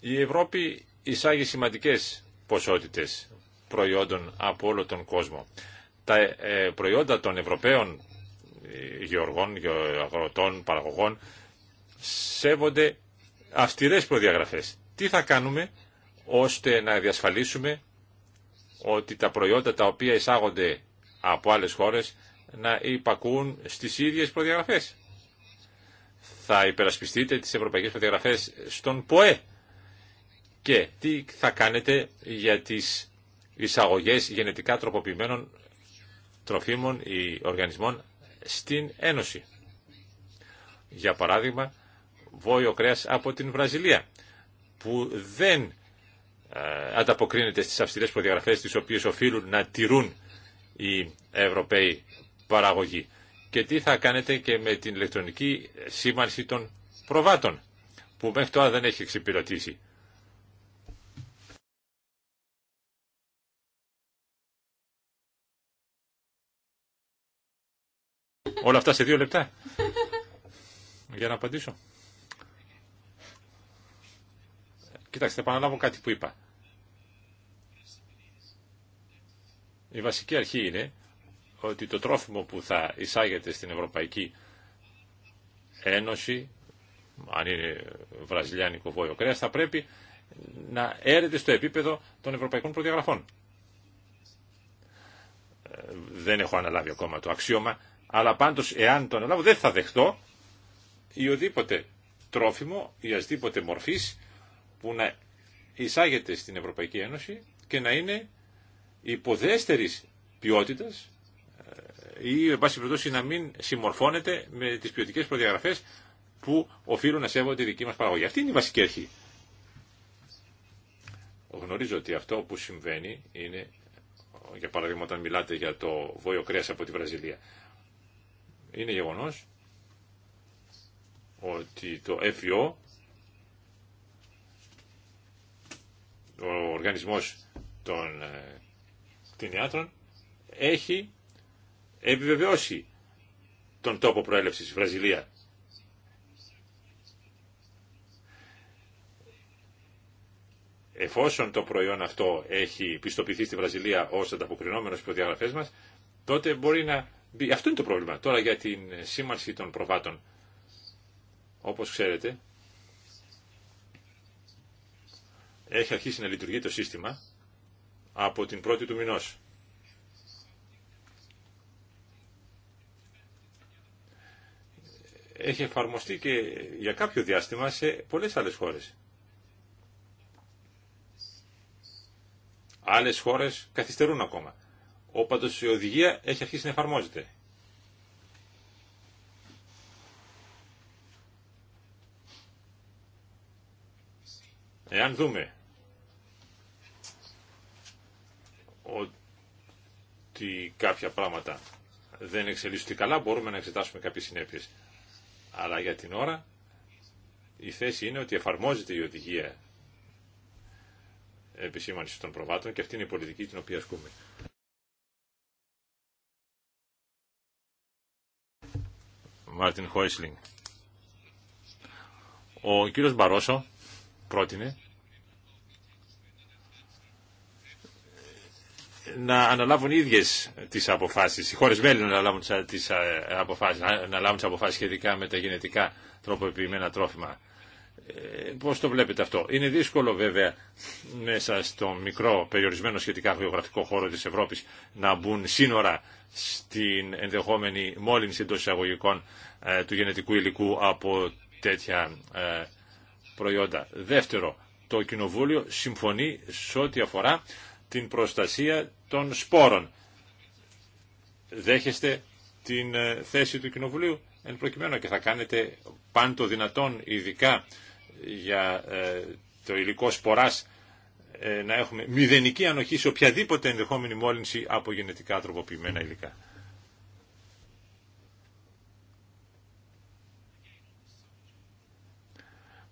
D: Η Ευρώπη εισάγει σημαντικές ποσότητες προϊόντων από όλο τον κόσμο. Τα ε, προϊόντα των Ευρωπαίων ε, γεωργών, αγροτών, παραγωγών σέβονται αυστηρές προδιαγραφές. Τι θα κάνουμε ώστε να διασφαλίσουμε ότι τα προϊόντα τα οποία εισάγονται από άλλες χώρες να υπακούν στις ίδιες προδιαγραφές θα υπερασπιστείτε τις ευρωπαϊκές προδιαγραφές στον ΠΟΕ και τι θα κάνετε για τις εισαγωγές γενετικά τροποποιημένων τροφίμων ή οργανισμών στην Ένωση. Για παράδειγμα, βόλιο κρέας από την Βραζιλία, που δεν ε, ανταποκρίνεται στις αυστηρές προδιαγραφές τις οποίες οφείλουν να τηρούν οι Ευρωπαίοι παραγωγοί και τι θα κάνετε και με την ηλεκτρονική σήμανση των προβάτων που μέχρι τώρα δεν έχει εξυπηρετήσει. Όλα αυτά σε δύο λεπτά. Για να απαντήσω. Κοιτάξτε, επαναλάβω κάτι που είπα. Η βασική αρχή είναι ότι το τρόφιμο που θα εισάγεται στην Ευρωπαϊκή Ένωση, αν είναι βραζιλιάνικο βόλιο κρέας, θα πρέπει να έρεται στο επίπεδο των ευρωπαϊκών προδιαγραφών. Ε, δεν έχω αναλάβει ακόμα το αξίωμα, αλλά πάντως εάν το αναλάβω δεν θα δεχτώ ή οδήποτε τρόφιμο ή ασδήποτε μορφής που να εισάγεται στην Ευρωπαϊκή Ένωση και να είναι υποδέστερης ποιότητας ή εν πάση να μην συμμορφώνεται με τις ποιοτικέ προδιαγραφές που οφείλουν να σέβονται τη δική μας παραγωγή. Αυτή είναι η βασική αρχή. Γνωρίζω ότι αυτό που συμβαίνει είναι, για παράδειγμα όταν μιλάτε για το βόλιο κρέας από τη Βραζιλία, είναι γεγονός ότι το FIO e ο οργανισμός των ε, κτηνιάτρων, έχει επιβεβαιώσει τον τόπο προέλευσης, Βραζιλία. Εφόσον το προϊόν αυτό έχει πιστοποιηθεί στη Βραζιλία ως ανταποκρινόμενος προδιαγραφές μας, τότε μπορεί να μπει. Αυτό είναι το πρόβλημα. Τώρα για την σήμανση των προβάτων. Όπως ξέρετε, έχει αρχίσει να λειτουργεί το σύστημα από την πρώτη του μηνός. έχει εφαρμοστεί και για κάποιο διάστημα σε πολλές άλλες χώρες. Άλλες χώρες καθυστερούν ακόμα. Όπαντος η οδηγία έχει αρχίσει να εφαρμόζεται. Εάν δούμε ότι κάποια πράγματα δεν εξελίσσονται καλά, μπορούμε να εξετάσουμε κάποιες συνέπειες. Αλλά για την ώρα η θέση είναι ότι εφαρμόζεται η οδηγία επισήμανση των προβάτων και αυτή είναι η πολιτική την οποία ασκούμε. Μάρτιν Χόισλινγκ. Ο κύριος Μπαρόσο πρότεινε να αναλάβουν οι ίδιες τις αποφάσεις, οι χώρες μέλη να αναλάβουν τις ε, αποφάσεις, να αναλάβουν τις αποφάσεις σχετικά με τα γενετικά τροποποιημένα τρόφιμα. Ε, πώς το βλέπετε αυτό. Είναι δύσκολο βέβαια μέσα στο μικρό περιορισμένο σχετικά γεωγραφικό χώρο της Ευρώπης να μπουν σύνορα στην ενδεχόμενη μόλυνση των εισαγωγικών ε, του γενετικού υλικού από τέτοια προϊόντα. Δεύτερο, το Κοινοβούλιο συμφωνεί σε ό,τι αφορά την προστασία των σπόρων. Δέχεστε την ε, θέση του Κοινοβουλίου εν προκειμένου και θα κάνετε πάντο δυνατόν ειδικά για ε, το υλικό σποράς ε, να έχουμε μηδενική ανοχή σε οποιαδήποτε ενδεχόμενη μόλυνση από γενετικά τροποποιημένα υλικά.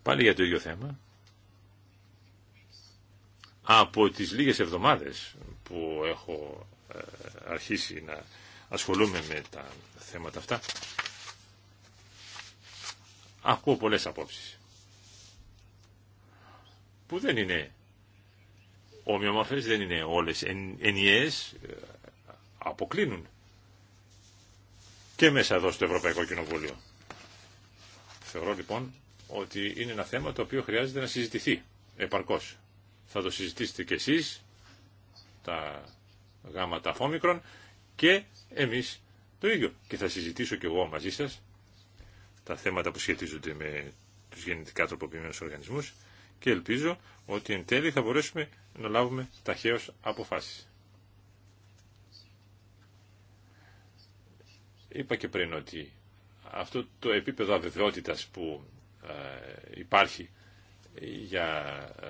D: Πάλι για το ίδιο θέμα από τις λίγες εβδομάδες που έχω ε, αρχίσει να ασχολούμαι με τα θέματα αυτά, ακούω πολλές απόψεις που δεν είναι ομοιομορφές, δεν είναι όλες εν, ενιαίες, ε, αποκλίνουν και μέσα εδώ στο Ευρωπαϊκό Κοινοβούλιο. Θεωρώ λοιπόν ότι είναι ένα θέμα το οποίο χρειάζεται να συζητηθεί επαρκώς θα το συζητήσετε κι εσείς, τα γάματα φόμικρον και εμείς το ίδιο. Και θα συζητήσω κι εγώ μαζί σας τα θέματα που σχετίζονται με τους γεννητικά τροποποιημένους οργανισμούς και ελπίζω ότι εν τέλει θα μπορέσουμε να λάβουμε ταχαίως αποφάσεις. Είπα και πριν ότι αυτό το επίπεδο αβεβαιότητας που ε, υπάρχει για ε,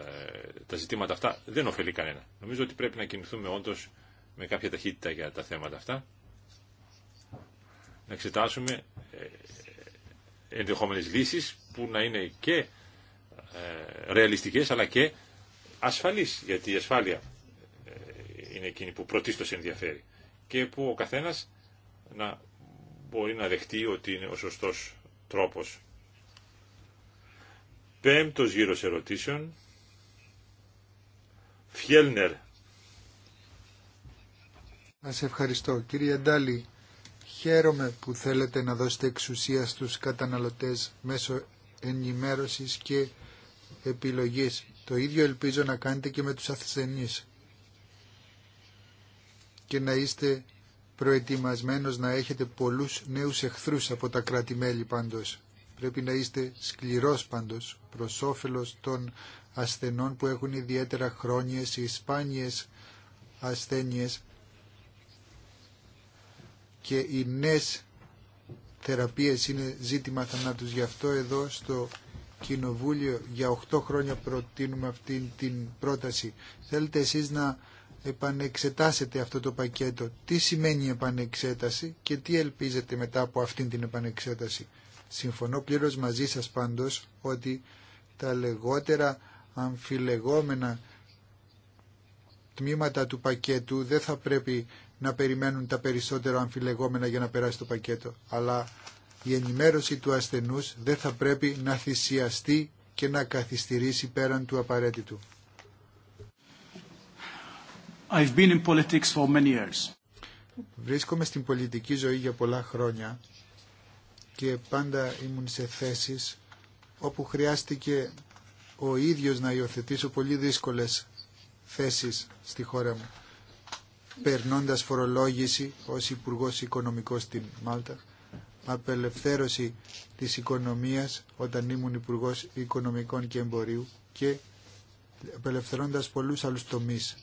D: τα ζητήματα αυτά δεν ωφελεί κανένα. Νομίζω ότι πρέπει να κινηθούμε όντως με κάποια ταχύτητα για τα θέματα αυτά, να εξετάσουμε ε, ε, ενδεχόμενες λύσεις που να είναι και ρεαλιστικές αλλά και ασφαλείς, γιατί η ασφάλεια είναι εκείνη που πρωτίστως ενδιαφέρει και που ο καθένας να μπορεί να δεχτεί ότι είναι ο σωστός τρόπος Πέμπτος γύρος ερωτήσεων. Φιέλνερ.
C: σε ευχαριστώ. Κύριε Ντάλη, χαίρομαι που θέλετε να δώσετε εξουσία στους καταναλωτές μέσω ενημέρωσης και επιλογής. Το ίδιο ελπίζω να κάνετε και με τους ασθενείς. Και να είστε προετοιμασμένος να έχετε πολλούς νέους εχθρούς από τα κράτη-μέλη πάντως. Πρέπει να είστε σκληρός πάντως προς όφελος των ασθενών που έχουν ιδιαίτερα χρόνιες ή σπάνιες ασθένειες και οι νέες θεραπείες είναι ζήτημα θανάτους. Γι' αυτό εδώ στο Κοινοβούλιο για 8 χρόνια προτείνουμε αυτή την πρόταση. Θέλετε εσείς να επανεξετάσετε αυτό το πακέτο. Τι σημαίνει επανεξέταση και τι ελπίζετε μετά από αυτή την επανεξέταση. Συμφωνώ πλήρως μαζί σας πάντως ότι τα λεγότερα αμφιλεγόμενα τμήματα του πακέτου δεν θα πρέπει να περιμένουν τα περισσότερα αμφιλεγόμενα για να περάσει το πακέτο. Αλλά η ενημέρωση του ασθενούς δεν θα πρέπει να θυσιαστεί και να καθυστερήσει πέραν του απαραίτητου. for Βρίσκομαι στην πολιτική ζωή για πολλά χρόνια και πάντα ήμουν σε θέσεις όπου χρειάστηκε ο ίδιος να υιοθετήσω πολύ δύσκολες θέσεις στη χώρα μου περνώντας φορολόγηση ως υπουργό Οικονομικός στην Μάλτα απελευθέρωση της οικονομίας όταν ήμουν υπουργό Οικονομικών και Εμπορίου και απελευθερώντας πολλούς άλλους τομείς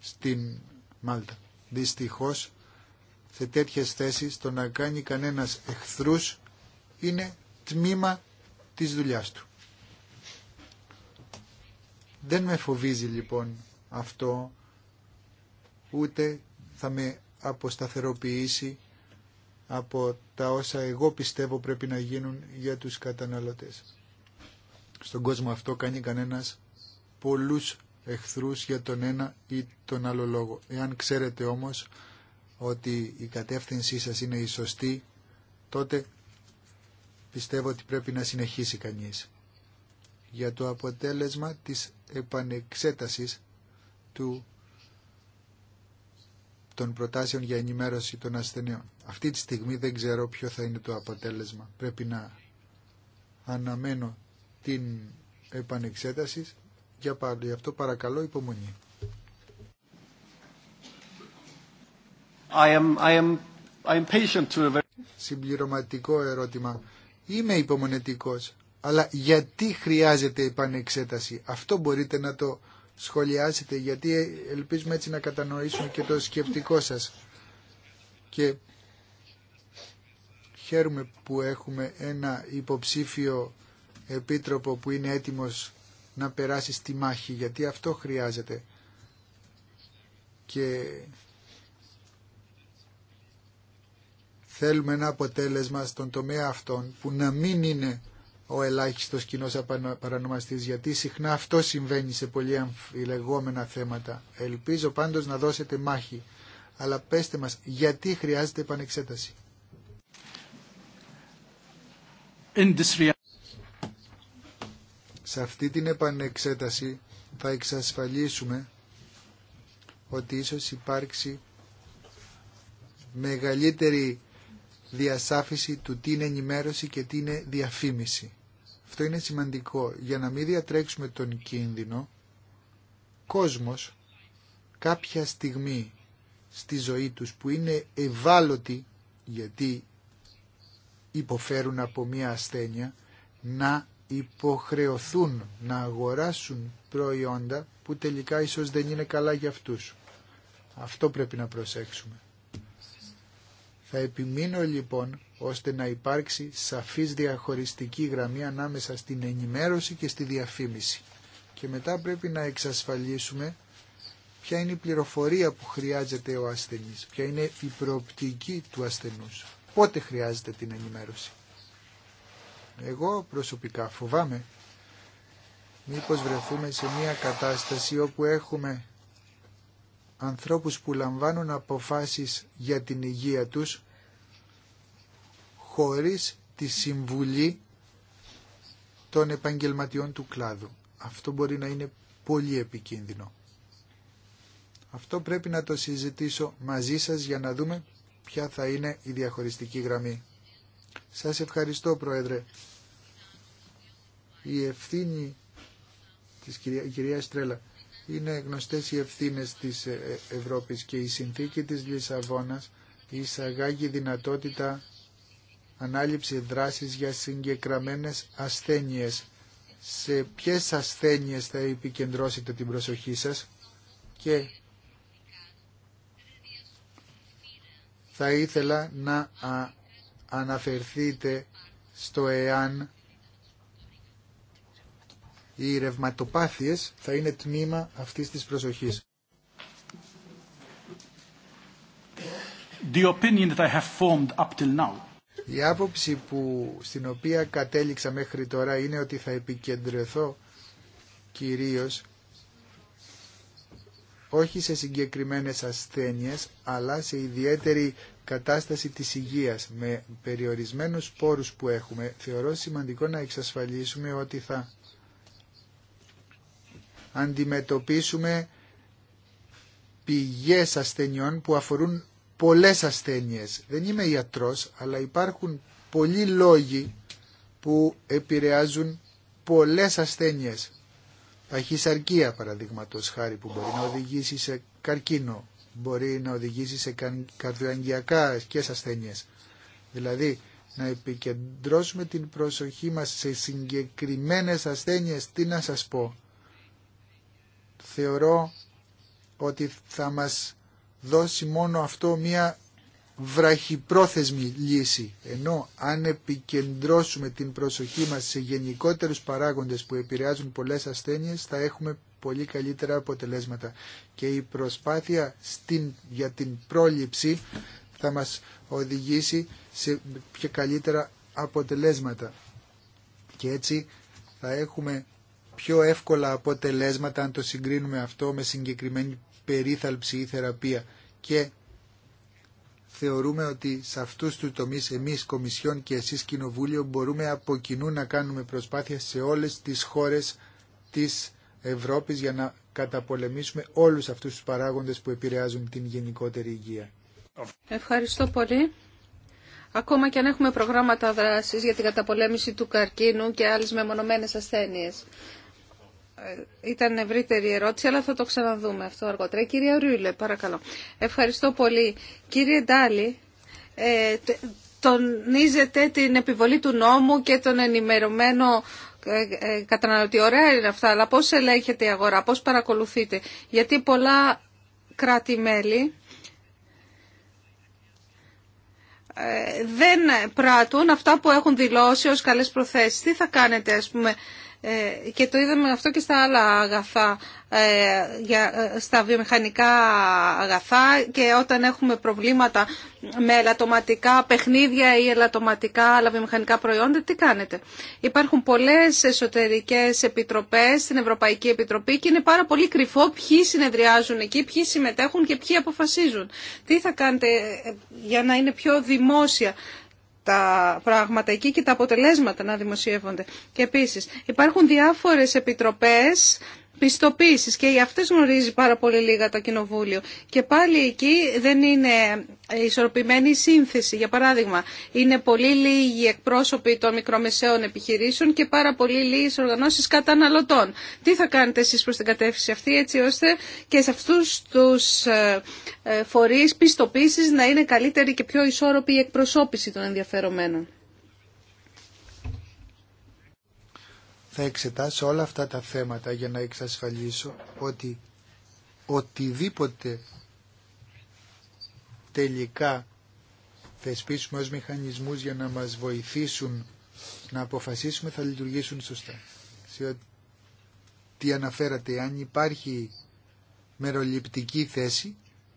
C: στην Μάλτα. Δυστυχώς σε τέτοιες θέσεις το να κάνει κανένας εχθρούς είναι τμήμα της δουλειάς του. Δεν με φοβίζει λοιπόν αυτό ούτε θα με αποσταθεροποιήσει από τα όσα εγώ πιστεύω πρέπει να γίνουν για τους καταναλωτές. Στον κόσμο αυτό κάνει κανένας πολλούς εχθρούς για τον ένα ή τον άλλο λόγο. Εάν ξέρετε όμως ότι η κατεύθυνσή σας είναι η σωστή, τότε πιστεύω ότι πρέπει να συνεχίσει κανείς. Για το αποτέλεσμα της επανεξέτασης του, των προτάσεων για ενημέρωση των ασθενείων. Αυτή τη στιγμή δεν ξέρω ποιο θα είναι το αποτέλεσμα. Πρέπει να αναμένω την επανεξέταση. Για πάλι, αυτό παρακαλώ υπομονή. Συμπληρωματικό ερώτημα. Είμαι υπομονετικός, αλλά γιατί χρειάζεται επανεξέταση. Αυτό μπορείτε να το σχολιάσετε, γιατί ελπίζουμε έτσι να κατανοήσουμε και το σκεπτικό σας. Και χαίρομαι που έχουμε ένα υποψήφιο επίτροπο που είναι έτοιμος να περάσει στη μάχη, γιατί αυτό χρειάζεται. Και Θέλουμε ένα αποτέλεσμα στον τομέα αυτών που να μην είναι ο ελάχιστος κοινός παρανομαστής, γιατί συχνά αυτό συμβαίνει σε πολύ αμφιλεγόμενα θέματα. Ελπίζω πάντως να δώσετε μάχη, αλλά πέστε μας γιατί χρειάζεται επανεξέταση. Σε αυτή την επανεξέταση θα εξασφαλίσουμε ότι ίσως υπάρξει μεγαλύτερη διασάφηση του τι είναι ενημέρωση και τι είναι διαφήμιση. Αυτό είναι σημαντικό για να μην διατρέξουμε τον κίνδυνο. Κόσμος κάποια στιγμή στη ζωή τους που είναι ευάλωτοι γιατί υποφέρουν από μία ασθένεια να υποχρεωθούν να αγοράσουν προϊόντα που τελικά ίσως δεν είναι καλά για αυτούς. Αυτό πρέπει να προσέξουμε. Θα επιμείνω λοιπόν ώστε να υπάρξει σαφής διαχωριστική γραμμή ανάμεσα στην ενημέρωση και στη διαφήμιση. Και μετά πρέπει να εξασφαλίσουμε ποια είναι η πληροφορία που χρειάζεται ο ασθενής, ποια είναι η προοπτική του ασθενούς, πότε χρειάζεται την ενημέρωση. Εγώ προσωπικά φοβάμαι μήπως βρεθούμε σε μια κατάσταση όπου έχουμε ανθρώπους που λαμβάνουν αποφάσεις για την υγεία τους χωρίς τη συμβουλή των επαγγελματιών του κλάδου. Αυτό μπορεί να είναι πολύ επικίνδυνο. Αυτό πρέπει να το συζητήσω μαζί σας για να δούμε ποια θα είναι η διαχωριστική γραμμή. Σας ευχαριστώ Πρόεδρε. Η ευθύνη της κυρία, Στρέλα είναι γνωστές οι ευθύνες της ε- ε- Ευρώπης και η συνθήκη της Λισαβόνας εισαγάγει δυνατότητα ανάληψη δράσης για συγκεκραμένες ασθένειες. Σε ποιες ασθένειες θα επικεντρώσετε την προσοχή σας και θα ήθελα να αναφερθείτε στο εάν οι ρευματοπάθειες θα είναι τμήμα αυτής της προσοχής.
B: The now.
C: Η άποψη που, στην οποία κατέληξα μέχρι τώρα είναι ότι θα επικεντρωθώ κυρίως όχι σε συγκεκριμένες ασθένειες, αλλά σε ιδιαίτερη κατάσταση της υγείας. Με περιορισμένους πόρους που έχουμε, θεωρώ σημαντικό να εξασφαλίσουμε ότι θα αντιμετωπίσουμε πηγές ασθενειών που αφορούν πολλές ασθένειες. Δεν είμαι ιατρός, αλλά υπάρχουν πολλοί λόγοι που επηρεάζουν πολλές ασθένειες. Παχυσαρκία παραδείγματος χάρη που μπορεί να οδηγήσει σε καρκίνο, μπορεί να οδηγήσει σε καρδιοαγγειακά και ασθένειες. Δηλαδή να επικεντρώσουμε την προσοχή μας σε συγκεκριμένες ασθένειες, τι να σας πω θεωρώ ότι θα μας δώσει μόνο αυτό μία βραχυπρόθεσμη λύση. Ενώ αν επικεντρώσουμε την προσοχή μας σε γενικότερους παράγοντες που επηρεάζουν πολλές ασθένειες θα έχουμε πολύ καλύτερα αποτελέσματα. Και η προσπάθεια στην, για την πρόληψη θα μας οδηγήσει σε πιο καλύτερα αποτελέσματα. Και έτσι θα έχουμε πιο εύκολα αποτελέσματα αν το συγκρίνουμε αυτό με συγκεκριμένη περίθαλψη ή θεραπεία και θεωρούμε ότι σε αυτούς τους τομείς εμείς Κομισιόν και εσείς Κοινοβούλιο μπορούμε από κοινού να κάνουμε προσπάθεια σε όλες τις χώρες της Ευρώπης για να καταπολεμήσουμε όλους αυτούς τους παράγοντες που επηρεάζουν την γενικότερη υγεία.
A: Ευχαριστώ πολύ. Ακόμα και αν έχουμε προγράμματα δράσης για την καταπολέμηση του καρκίνου και άλλες μεμονωμένες ασθένειες. Ε, ήταν ευρύτερη ερώτηση, αλλά θα το ξαναδούμε αυτό αργότερα. Ε, κυρία Ρούλε παρακαλώ. Ευχαριστώ πολύ. Κύριε Ντάλη, ε, τονίζετε την επιβολή του νόμου και τον ενημερωμένο ε, καταναλωτή. Ωραία είναι αυτά, αλλά πώς ελέγχετε η αγορά, πώς παρακολουθείτε. Γιατί πολλά κράτη-μέλη δεν πράττουν αυτά που έχουν δηλώσει ως καλές προθέσεις. Τι θα κάνετε, ας πούμε, ε, και το είδαμε αυτό και στα άλλα αγαθά, ε, ε, στα βιομηχανικά αγαθά και όταν έχουμε προβλήματα με ελαττωματικά παιχνίδια ή ελαττωματικά άλλα βιομηχανικά προϊόντα, τι κάνετε. Υπάρχουν πολλές εσωτερικές επιτροπές στην Ευρωπαϊκή Επιτροπή και είναι πάρα πολύ κρυφό ποιοι συνεδριάζουν εκεί, ποιοι συμμετέχουν και ποιοι αποφασίζουν. Τι θα κάνετε για να είναι πιο δημόσια τα πράγματα εκεί και τα αποτελέσματα να δημοσιεύονται. Και επίσης υπάρχουν διάφορες επιτροπές Πιστοποίηση, και για αυτές γνωρίζει πάρα πολύ λίγα το Κοινοβούλιο. Και πάλι εκεί δεν είναι ισορροπημένη η σύνθεση. Για παράδειγμα, είναι πολύ λίγοι εκπρόσωποι των μικρομεσαίων επιχειρήσεων και πάρα πολύ λίγε οργανώσει καταναλωτών. Τι θα κάνετε εσεί προ την κατεύθυνση αυτή έτσι ώστε και σε αυτούς τους ε, ε, φορείς πιστοποίηση να είναι καλύτερη και πιο ισόρροπη η εκπροσώπηση των ενδιαφερομένων.
C: θα εξετάσω όλα αυτά τα θέματα για να εξασφαλίσω ότι οτιδήποτε τελικά θεσπίσουμε ως μηχανισμούς για να μας βοηθήσουν να αποφασίσουμε θα λειτουργήσουν σωστά. Σε τι αναφέρατε, αν υπάρχει μεροληπτική θέση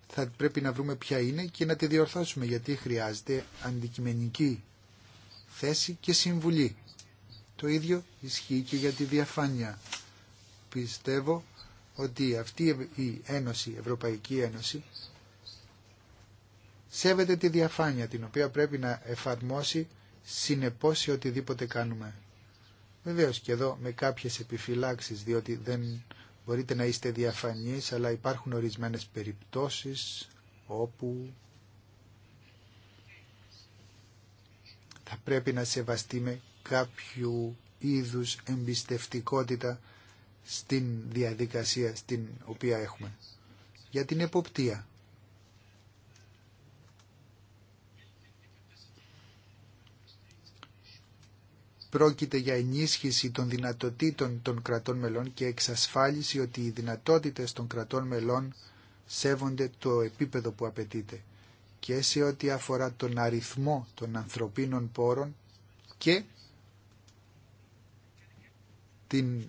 C: θα πρέπει να βρούμε ποια είναι και να τη διορθώσουμε γιατί χρειάζεται αντικειμενική θέση και συμβουλή το ίδιο ισχύει και για τη διαφάνεια. Πιστεύω ότι αυτή η Ένωση, η Ευρωπαϊκή Ένωση, σέβεται τη διαφάνεια την οποία πρέπει να εφαρμόσει συνεπώς σε οτιδήποτε κάνουμε. Βεβαίως και εδώ με κάποιες επιφυλάξεις, διότι δεν μπορείτε να είστε διαφανείς, αλλά υπάρχουν ορισμένες περιπτώσεις όπου θα πρέπει να σεβαστείμε κάποιου είδους εμπιστευτικότητα στην διαδικασία στην οποία έχουμε. Για την εποπτεία. Πρόκειται για ενίσχυση των δυνατοτήτων των κρατών μελών και εξασφάλιση ότι οι δυνατότητες των κρατών μελών σέβονται το επίπεδο που απαιτείται και σε ό,τι αφορά τον αριθμό των ανθρωπίνων πόρων και την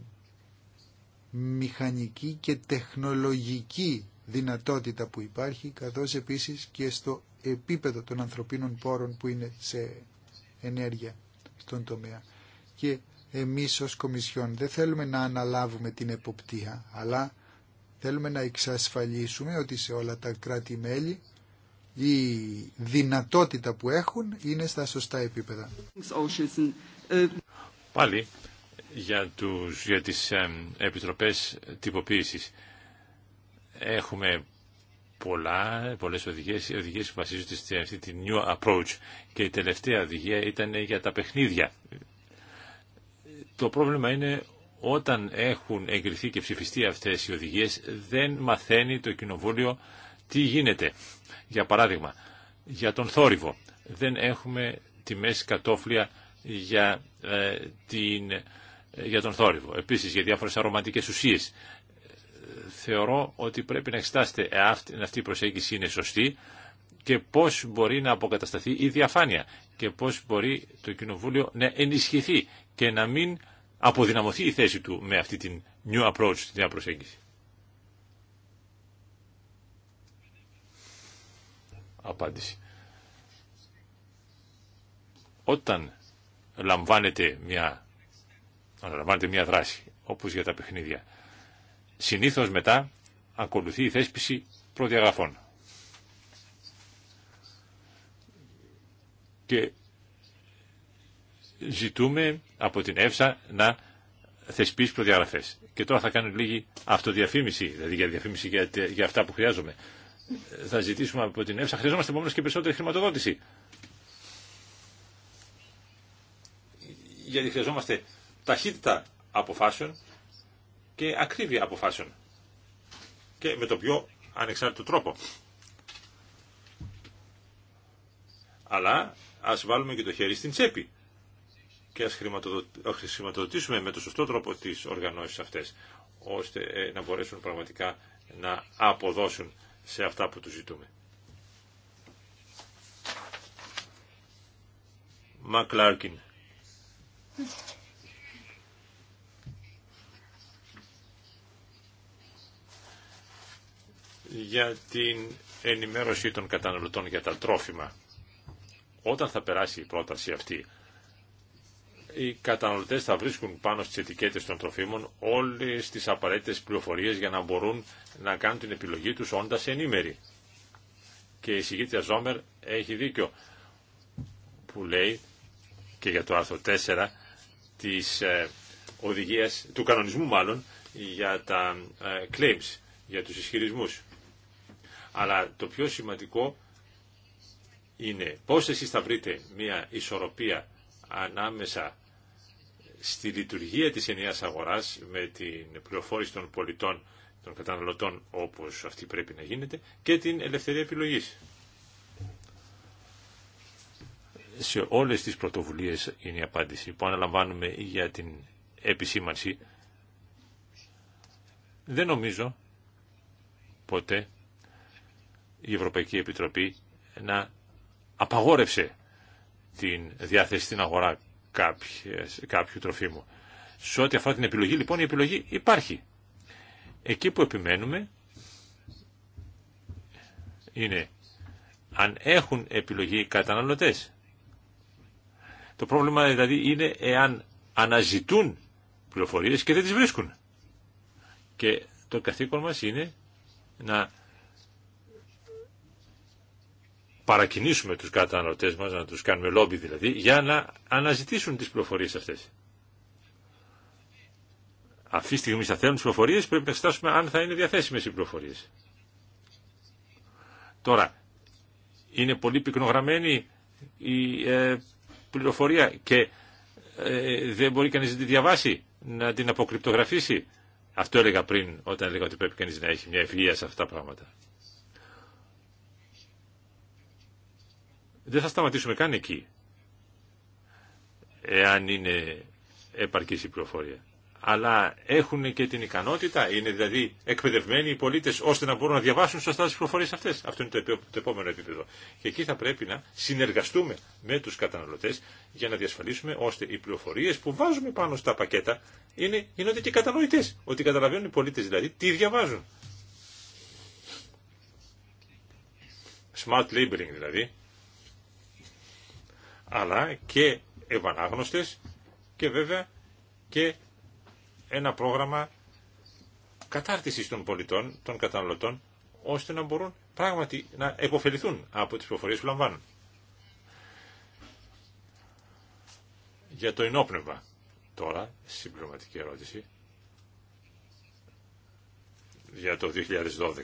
C: μηχανική και τεχνολογική δυνατότητα που υπάρχει, καθώς επίσης και στο επίπεδο των ανθρωπίνων πόρων που είναι σε ενέργεια στον τομέα. Και εμείς ως Κομισιόν δεν θέλουμε να αναλάβουμε την εποπτεία, αλλά θέλουμε να εξασφαλίσουμε ότι σε όλα τα κράτη-μέλη η δυνατότητα που έχουν είναι στα σωστά επίπεδα.
D: Ε, Πάλι για, τους, για τις επιτροπές τυποποίησης. Έχουμε πολλά, πολλές οδηγίες, οδηγίες που βασίζονται σε αυτή τη new approach και η τελευταία οδηγία ήταν για τα παιχνίδια. Το πρόβλημα είναι όταν έχουν εγκριθεί και ψηφιστεί αυτές οι οδηγίες δεν μαθαίνει το κοινοβούλιο τι γίνεται. Για παράδειγμα, για τον θόρυβο δεν έχουμε τιμές κατόφλια για ε, την ε, για τον θόρυβο, Επίση για διάφορε αρωματικές ουσίε. Ε, θεωρώ ότι πρέπει να εξετάσετε αν αυτή η προσέγγιση είναι σωστή και πώς μπορεί να αποκατασταθεί η διαφάνεια και πώς μπορεί το Κοινοβούλιο να ενισχυθεί και να μην αποδυναμωθεί η θέση του με αυτή την new approach, την νέα προσέγγιση. Απάντηση. Όταν λαμβάνεται μια αναλαμβάνεται μια δράση, όπως για τα παιχνίδια. Συνήθως μετά ακολουθεί η θέσπιση προδιαγραφών. Και ζητούμε από την ΕΦΣΑ να θεσπίσει προδιαγραφές. Και τώρα θα κάνω λίγη αυτοδιαφήμιση, δηλαδή για διαφήμιση για, για αυτά που χρειάζομαι. Θα ζητήσουμε από την ΕΦΣΑ, χρειαζόμαστε μόνο και περισσότερη χρηματοδότηση. Γιατί χρειαζόμαστε ταχύτητα αποφάσεων και ακρίβεια αποφάσεων και με το πιο ανεξάρτητο τρόπο. Αλλά ας βάλουμε και το χέρι στην τσέπη και ας χρηματοδοτήσουμε με το σωστό τρόπο τις οργανώσεις αυτές ώστε ε, να μπορέσουν πραγματικά να αποδώσουν σε αυτά που τους ζητούμε. Μακλάρκιν. για την ενημέρωση των καταναλωτών για τα τρόφιμα. Όταν θα περάσει η πρόταση αυτή, οι καταναλωτές θα βρίσκουν πάνω στις ετικέτες των τροφίμων όλες τις απαραίτητες πληροφορίες για να μπορούν να κάνουν την επιλογή τους όντας ενήμεροι. Και η συγκήτρια Ζόμερ έχει δίκιο που λέει και για το άρθρο 4 της ε, οδηγίας, του κανονισμού μάλλον, για τα ε, claims, για τους ισχυρισμούς. Αλλά το πιο σημαντικό είναι πώς εσείς θα βρείτε μια ισορροπία ανάμεσα στη λειτουργία της ενιαίας αγοράς με την πληροφόρηση των πολιτών, των καταναλωτών όπως αυτή πρέπει να γίνεται και την ελευθερία επιλογής. Σε όλες τις πρωτοβουλίες είναι η απάντηση που αναλαμβάνουμε για την επισήμανση. Δεν νομίζω ποτέ η Ευρωπαϊκή Επιτροπή να απαγόρευσε την διάθεση στην αγορά κάποιες, κάποιου τροφίμου. Σε ό,τι αφορά την επιλογή, λοιπόν, η επιλογή υπάρχει. Εκεί που επιμένουμε είναι αν έχουν επιλογή οι καταναλωτές. Το πρόβλημα δηλαδή είναι εάν αναζητούν πληροφορίες και δεν τις βρίσκουν. Και το καθήκον μας είναι να παρακινήσουμε τους καταναλωτές μας, να τους κάνουμε λόμπι δηλαδή, για να αναζητήσουν τις πληροφορίες αυτές. Αυτή τη στιγμή θα θέλουν τις πληροφορίες, πρέπει να εξετάσουμε αν θα είναι διαθέσιμες οι πληροφορίες. Τώρα, είναι πολύ πυκνογραμμένη η ε, πληροφορία και ε, δεν μπορεί κανείς να τη διαβάσει, να την αποκρυπτογραφήσει. Αυτό έλεγα πριν, όταν έλεγα ότι πρέπει κανείς να έχει μια ευγεία σε αυτά τα πράγματα. δεν θα σταματήσουμε καν εκεί, εάν είναι επαρκής η πληροφορία. Αλλά έχουν και την ικανότητα, είναι δηλαδή εκπαιδευμένοι οι πολίτε ώστε να μπορούν να διαβάσουν σωστά τι πληροφορίε αυτέ. Αυτό είναι το επόμενο επίπεδο. Και εκεί θα πρέπει να συνεργαστούμε με του καταναλωτέ για να διασφαλίσουμε ώστε οι πληροφορίε που βάζουμε πάνω στα πακέτα είναι, γίνονται και κατανοητέ, Ότι καταλαβαίνουν οι πολίτε, δηλαδή τι διαβάζουν. Smart labeling δηλαδή αλλά και ευανάγνωστες και βέβαια και ένα πρόγραμμα κατάρτισης των πολιτών, των καταναλωτών, ώστε να μπορούν πράγματι να επωφεληθούν από τις προφορίες που λαμβάνουν. Για το ενόπνευμα τώρα, συμπληρωματική ερώτηση, για το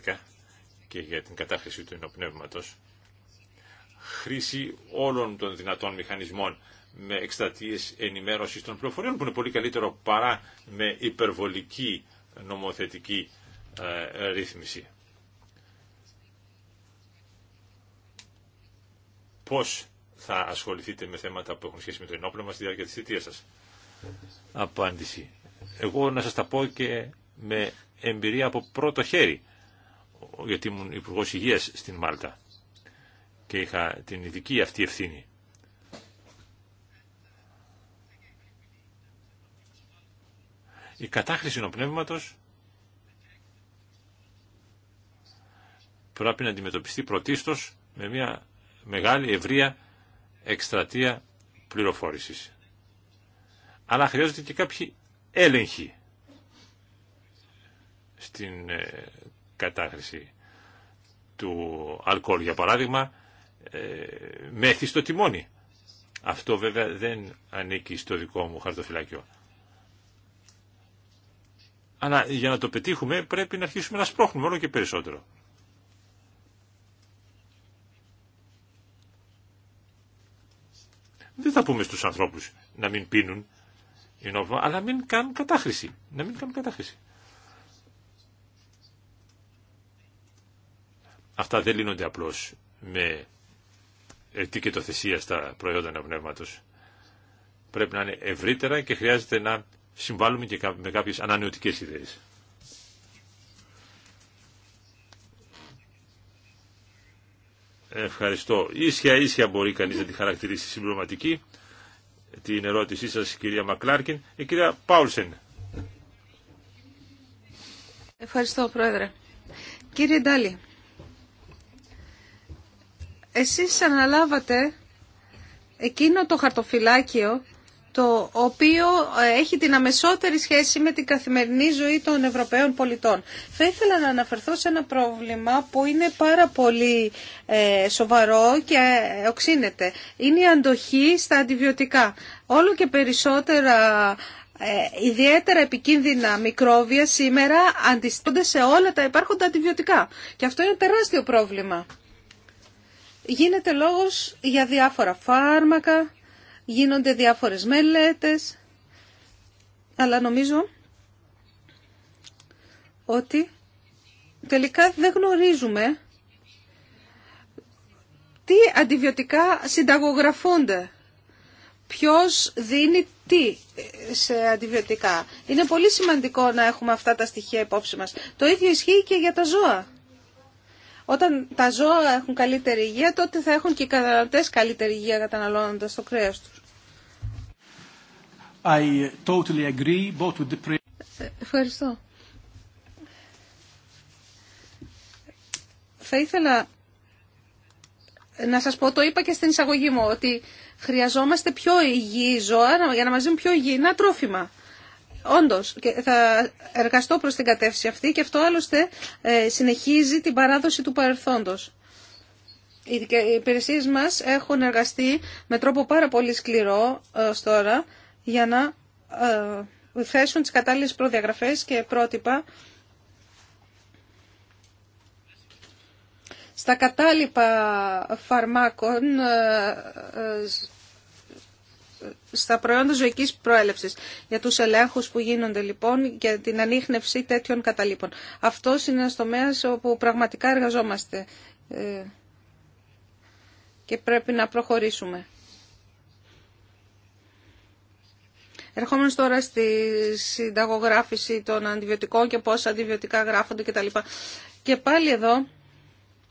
D: 2012 και για την κατάχρηση του ενοπνεύματος χρήση όλων των δυνατών μηχανισμών με εκστατείες ενημέρωσης των πληροφοριών που είναι πολύ καλύτερο παρά με υπερβολική νομοθετική ε, ρύθμιση. Πώς θα ασχοληθείτε με θέματα που έχουν σχέση με το ενόπλωμα στη διάρκεια της θητείας σας. Απάντηση. Εγώ να σας τα πω και με εμπειρία από πρώτο χέρι, γιατί ήμουν υπουργό υγεία στην Μάλτα και είχα την ειδική αυτή ευθύνη. Η κατάχρηση πνεύματος πρέπει να αντιμετωπιστεί πρωτίστως με μια μεγάλη ευρεία εκστρατεία πληροφόρησης. Αλλά χρειάζεται και κάποιοι έλεγχοι στην ε, κατάχρηση του αλκοόλ. Για παράδειγμα, ε, μέθη στο τιμόνι. Αυτό βέβαια δεν ανήκει στο δικό μου χαρτοφυλάκιο. Αλλά για να το πετύχουμε πρέπει να αρχίσουμε να σπρώχνουμε όλο και περισσότερο. Δεν θα πούμε στους ανθρώπους να μην πίνουν, αλλά μην κάνουν κατάχρηση. Να μην κάνουν κατάχρηση. Αυτά δεν λύνονται απλώς με ετικετοθεσία στα προϊόντα αναπνεύματο. Πρέπει να είναι ευρύτερα και χρειάζεται να συμβάλλουμε και με κάποιες ανανεωτικές ιδέες. Ευχαριστώ. Ίσια ίσια μπορεί κανείς να τη χαρακτηρίσει συμπληρωματική την ερώτησή σας κυρία Μακλάρκιν η ε, κυρία Πάουλσεν.
A: Ευχαριστώ πρόεδρε. Κύριε Ντάλη, εσείς αναλάβατε εκείνο το χαρτοφυλάκιο το οποίο ε, έχει την αμεσότερη σχέση με την καθημερινή ζωή των Ευρωπαίων πολιτών. Θα ήθελα να αναφερθώ σε ένα πρόβλημα που είναι πάρα πολύ ε, σοβαρό και οξύνεται. Είναι η αντοχή στα αντιβιωτικά. Όλο και περισσότερα ε, ιδιαίτερα επικίνδυνα μικρόβια σήμερα αντιστούνται σε όλα τα υπάρχοντα αντιβιωτικά. Και αυτό είναι τεράστιο πρόβλημα γίνεται λόγος για διάφορα φάρμακα, γίνονται διάφορες μελέτες, αλλά νομίζω ότι τελικά δεν γνωρίζουμε τι αντιβιωτικά συνταγογραφούνται. Ποιος δίνει τι σε αντιβιωτικά. Είναι πολύ σημαντικό να έχουμε αυτά τα στοιχεία υπόψη μας. Το ίδιο ισχύει και για τα ζώα. Όταν τα ζώα έχουν καλύτερη υγεία, τότε θα έχουν και οι καταναλωτέ καλύτερη υγεία καταναλώνοντας το κρέας τους.
B: totally agree,
A: Ευχαριστώ. Θα ήθελα να σας πω, το είπα και στην εισαγωγή μου, ότι χρειαζόμαστε πιο υγιή ζώα για να μας δίνουν πιο υγιεινά τρόφιμα. Όντω, θα εργαστώ προ την κατεύθυνση αυτή και αυτό άλλωστε ε, συνεχίζει την παράδοση του παρελθόντο. Οι υπηρεσίε μας έχουν εργαστεί με τρόπο πάρα πολύ σκληρό ε, ως τώρα για να ε, θέσουν τι κατάλληλε προδιαγραφές και πρότυπα στα κατάλοιπα φαρμάκων στα προϊόντα ζωικής πρόέλευση για τους ελέγχου που γίνονται λοιπόν και την ανείχνευση τέτοιων καταλήπων. Αυτό είναι ένα τομέα όπου πραγματικά εργαζόμαστε ε, και πρέπει να προχωρήσουμε. Ερχόμενος τώρα στη συνταγογράφηση των αντιβιωτικών και πόσα αντιβιωτικά γράφονται κτλ. Και πάλι εδώ,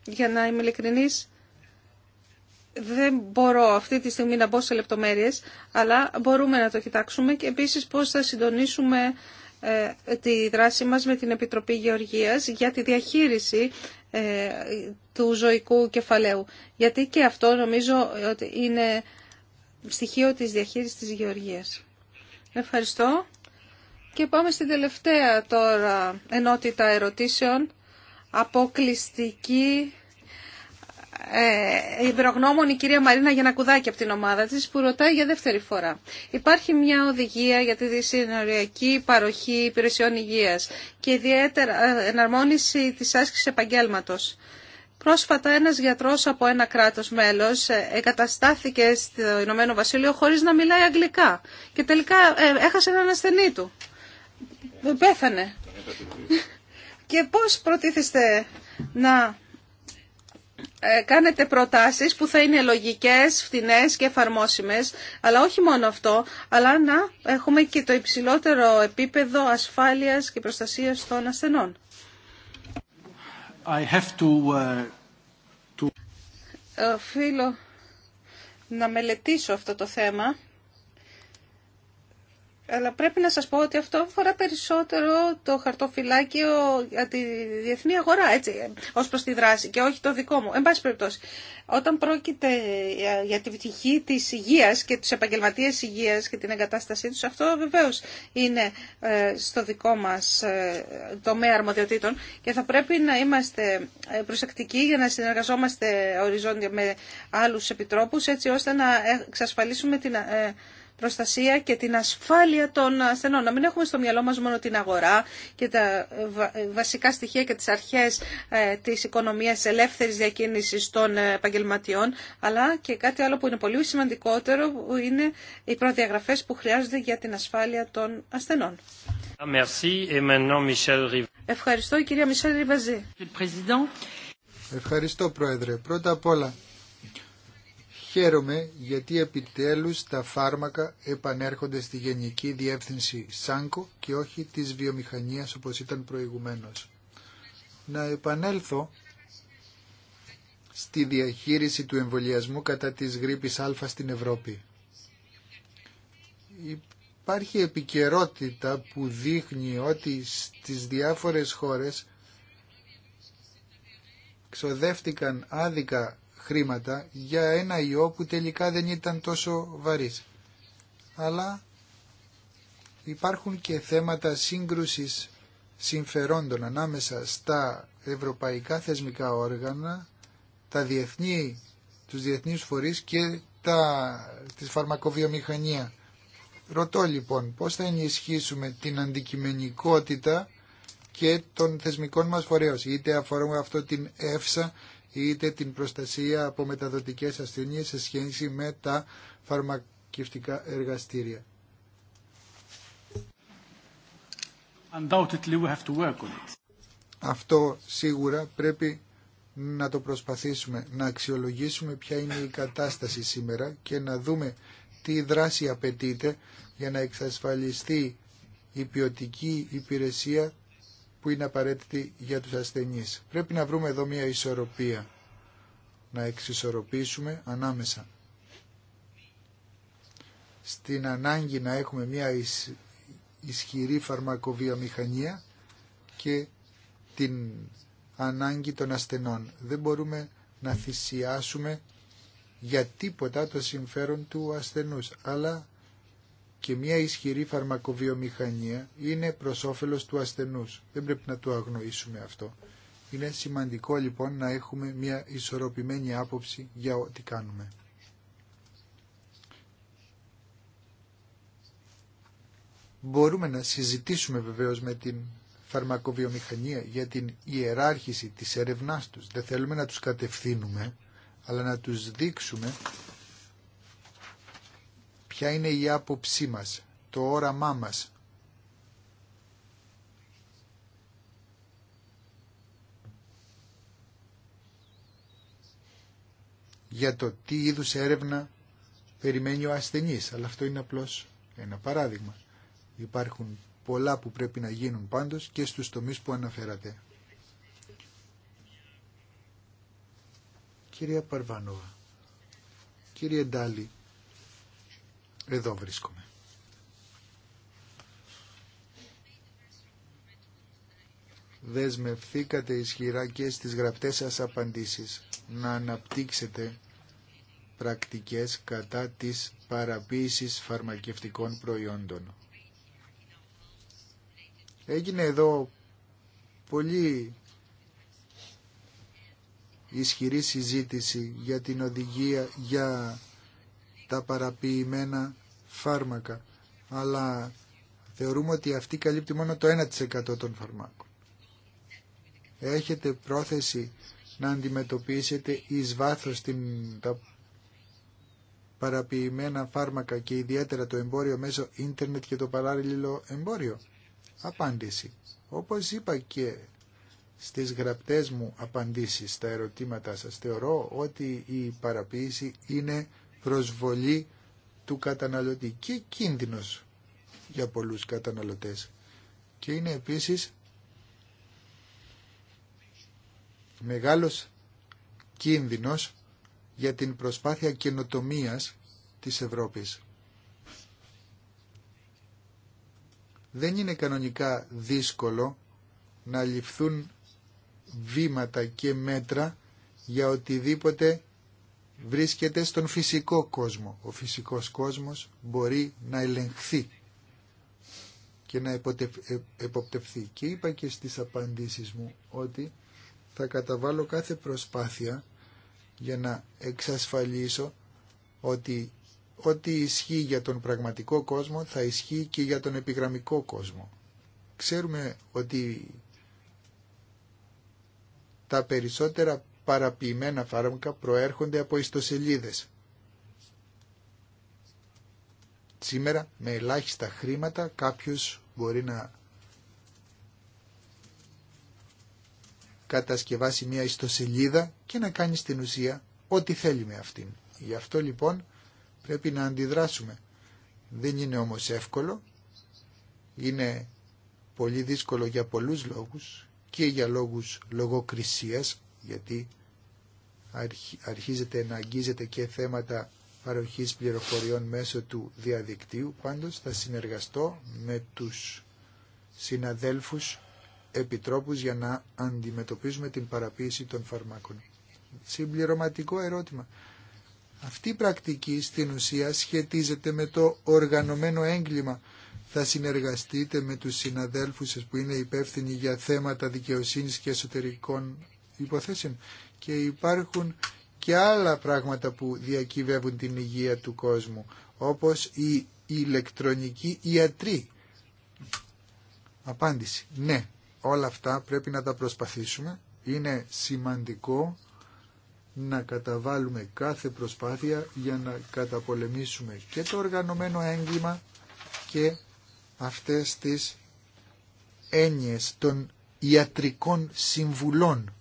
A: για να είμαι ειλικρινής, δεν μπορώ αυτή τη στιγμή να μπω σε λεπτομέρειες, αλλά μπορούμε να το κοιτάξουμε και επίσης πώς θα συντονίσουμε ε, τη δράση μας με την Επιτροπή Γεωργίας για τη διαχείριση ε, του ζωικού κεφαλαίου. Γιατί και αυτό νομίζω ότι είναι στοιχείο της διαχείρισης της Γεωργίας. Ευχαριστώ. Και πάμε στην τελευταία τώρα ενότητα ερωτήσεων. Αποκλειστική ε, η κυρία Μαρίνα Γιανακουδάκη από την ομάδα της που ρωτάει για δεύτερη φορά. Υπάρχει μια οδηγία για τη δυσυνοριακή παροχή υπηρεσιών υγεία και ιδιαίτερα ε, εναρμόνιση της άσκηση επαγγέλματος. Πρόσφατα ένας γιατρός από ένα κράτος μέλος ε, εγκαταστάθηκε στο Ηνωμένο Βασίλειο χωρίς να μιλάει αγγλικά και τελικά ε, έχασε έναν ασθενή του. Πέθανε. και πώς προτίθεστε να ε, κάνετε προτάσεις που θα είναι λογικές, φτηνές και εφαρμόσιμες, αλλά όχι μόνο αυτό, αλλά να έχουμε και το υψηλότερο επίπεδο ασφάλειας και προστασίας των ασθενών.
B: I have uh,
A: Οφείλω να μελετήσω αυτό το θέμα αλλά πρέπει να σας πω ότι αυτό αφορά περισσότερο το χαρτοφυλάκιο για τη διεθνή αγορά, έτσι, ως προς τη δράση και όχι το δικό μου. Εν πάση περιπτώσει, όταν πρόκειται για τη πτυχή της υγείας και τους επαγγελματίες υγείας και την εγκατάστασή τους, αυτό βεβαίως είναι ε, στο δικό μας ε, τομέα αρμοδιοτήτων και θα πρέπει να είμαστε ε, προσεκτικοί για να συνεργαζόμαστε οριζόντια με άλλους επιτρόπους, έτσι ώστε να εξασφαλίσουμε την προστασία και την ασφάλεια των ασθενών. Να μην έχουμε στο μυαλό μας μόνο την αγορά και τα βασικά στοιχεία και τις αρχές ε, της οικονομίας ελεύθερης διακίνησης των επαγγελματιών, αλλά και κάτι άλλο που είναι πολύ σημαντικότερο, που είναι οι προδιαγραφές που χρειάζονται για την ασφάλεια των ασθενών.
D: Ah,
A: Ευχαριστώ, κυρία Μισελ Ριβαζή.
C: Ευχαριστώ, Πρόεδρε. Πρώτα απ' όλα, Χαίρομαι γιατί επιτέλους τα φάρμακα επανέρχονται στη Γενική Διεύθυνση ΣΑΝΚΟ και όχι της βιομηχανίας όπως ήταν προηγουμένως. Να επανέλθω στη διαχείριση του εμβολιασμού κατά της γρήπης Α στην Ευρώπη. Υπάρχει επικαιρότητα που δείχνει ότι στις διάφορες χώρες ξοδεύτηκαν άδικα χρήματα για ένα ιό που τελικά δεν ήταν τόσο βαρύς. Αλλά υπάρχουν και θέματα σύγκρουσης συμφερόντων ανάμεσα στα ευρωπαϊκά θεσμικά όργανα, τα διεθνή, τους διεθνείς φορείς και τα, της φαρμακοβιομηχανία. Ρωτώ λοιπόν πώς θα ενισχύσουμε την αντικειμενικότητα και των θεσμικών μας φορέων, είτε αφορούμε αυτό την ΕΦΣΑ, είτε την προστασία από μεταδοτικές ασθένειες σε σχέση με τα φαρμακευτικά εργαστήρια. Αυτό σίγουρα πρέπει να το προσπαθήσουμε, να αξιολογήσουμε ποια είναι η κατάσταση σήμερα και να δούμε τι δράση απαιτείται για να εξασφαλιστεί η ποιοτική υπηρεσία που είναι απαραίτητη για τους ασθενείς. Πρέπει να βρούμε εδώ μια ισορροπία, να εξισορροπήσουμε ανάμεσα στην ανάγκη να έχουμε μια ισχυρή φαρμακοβιομηχανία και την ανάγκη των ασθενών. Δεν μπορούμε να θυσιάσουμε για τίποτα το συμφέρον του ασθενούς, αλλά και μια ισχυρή φαρμακοβιομηχανία είναι προς όφελος του ασθενούς. Δεν πρέπει να το αγνοήσουμε αυτό. Είναι σημαντικό λοιπόν να έχουμε μια ισορροπημένη άποψη για ό,τι κάνουμε. Μπορούμε να συζητήσουμε βεβαίως με την φαρμακοβιομηχανία για την ιεράρχηση της έρευνάς τους. Δεν θέλουμε να τους κατευθύνουμε, αλλά να τους δείξουμε Ποια είναι η άποψή μας, το όραμά μας. για το τι είδους έρευνα περιμένει ο ασθενής. Αλλά αυτό είναι απλώς ένα παράδειγμα. Υπάρχουν πολλά που πρέπει να γίνουν πάντως και στους τομείς που αναφέρατε. Κυρία Παρβάνοβα, κύριε Ντάλι, εδώ βρίσκομαι. Δεσμευθήκατε ισχυρά και στις γραπτές σας απαντήσεις να αναπτύξετε πρακτικές κατά της παραποίησης φαρμακευτικών προϊόντων. Έγινε εδώ πολύ ισχυρή συζήτηση για την οδηγία για τα παραποιημένα φάρμακα. Αλλά θεωρούμε ότι αυτή καλύπτει μόνο το 1% των φαρμάκων. Έχετε πρόθεση να αντιμετωπίσετε εις βάθος την, τα παραποιημένα φάρμακα και ιδιαίτερα το εμπόριο μέσω ίντερνετ και το παράλληλο εμπόριο. Απάντηση. Όπως είπα και στις γραπτές μου απαντήσεις στα ερωτήματα σας, θεωρώ ότι η παραποίηση είναι προσβολή του καταναλωτή και κίνδυνος για πολλούς καταναλωτές. Και είναι επίσης μεγάλος κίνδυνος για την προσπάθεια καινοτομίας της Ευρώπης. Δεν είναι κανονικά δύσκολο να ληφθούν βήματα και μέτρα για οτιδήποτε βρίσκεται στον φυσικό κόσμο. Ο φυσικός κόσμος μπορεί να ελεγχθεί και να ε, εποπτευθεί. Και είπα και στις απαντήσεις μου ότι θα καταβάλω κάθε προσπάθεια για να εξασφαλίσω ότι ό,τι ισχύει για τον πραγματικό κόσμο θα ισχύει και για τον επιγραμμικό κόσμο. Ξέρουμε ότι τα περισσότερα παραποιημένα φάρμακα προέρχονται από ιστοσελίδες. Σήμερα με ελάχιστα χρήματα κάποιος μπορεί να κατασκευάσει μια ιστοσελίδα και να κάνει στην ουσία ό,τι θέλει με αυτήν. Γι' αυτό λοιπόν πρέπει να αντιδράσουμε. Δεν είναι όμως εύκολο, είναι πολύ δύσκολο για πολλούς λόγους και για λόγους λογοκρισίας γιατί αρχίζεται να αγγίζεται και θέματα παροχής πληροφοριών μέσω του διαδικτύου. Πάντως θα συνεργαστώ με τους συναδέλφους επιτρόπους για να αντιμετωπίζουμε την παραποίηση των φαρμάκων. Συμπληρωματικό ερώτημα. Αυτή η πρακτική στην ουσία σχετίζεται με το οργανωμένο έγκλημα. Θα συνεργαστείτε με τους συναδέλφους σας που είναι υπεύθυνοι για θέματα δικαιοσύνης και εσωτερικών υποθέσεων και υπάρχουν και άλλα πράγματα που διακυβεύουν την υγεία του κόσμου όπως η ηλεκτρονική ιατρή. Απάντηση. Ναι, όλα αυτά πρέπει να τα προσπαθήσουμε. Είναι σημαντικό να καταβάλουμε κάθε προσπάθεια για να καταπολεμήσουμε και το οργανωμένο έγκλημα και αυτές τις έννοιες των ιατρικών συμβουλών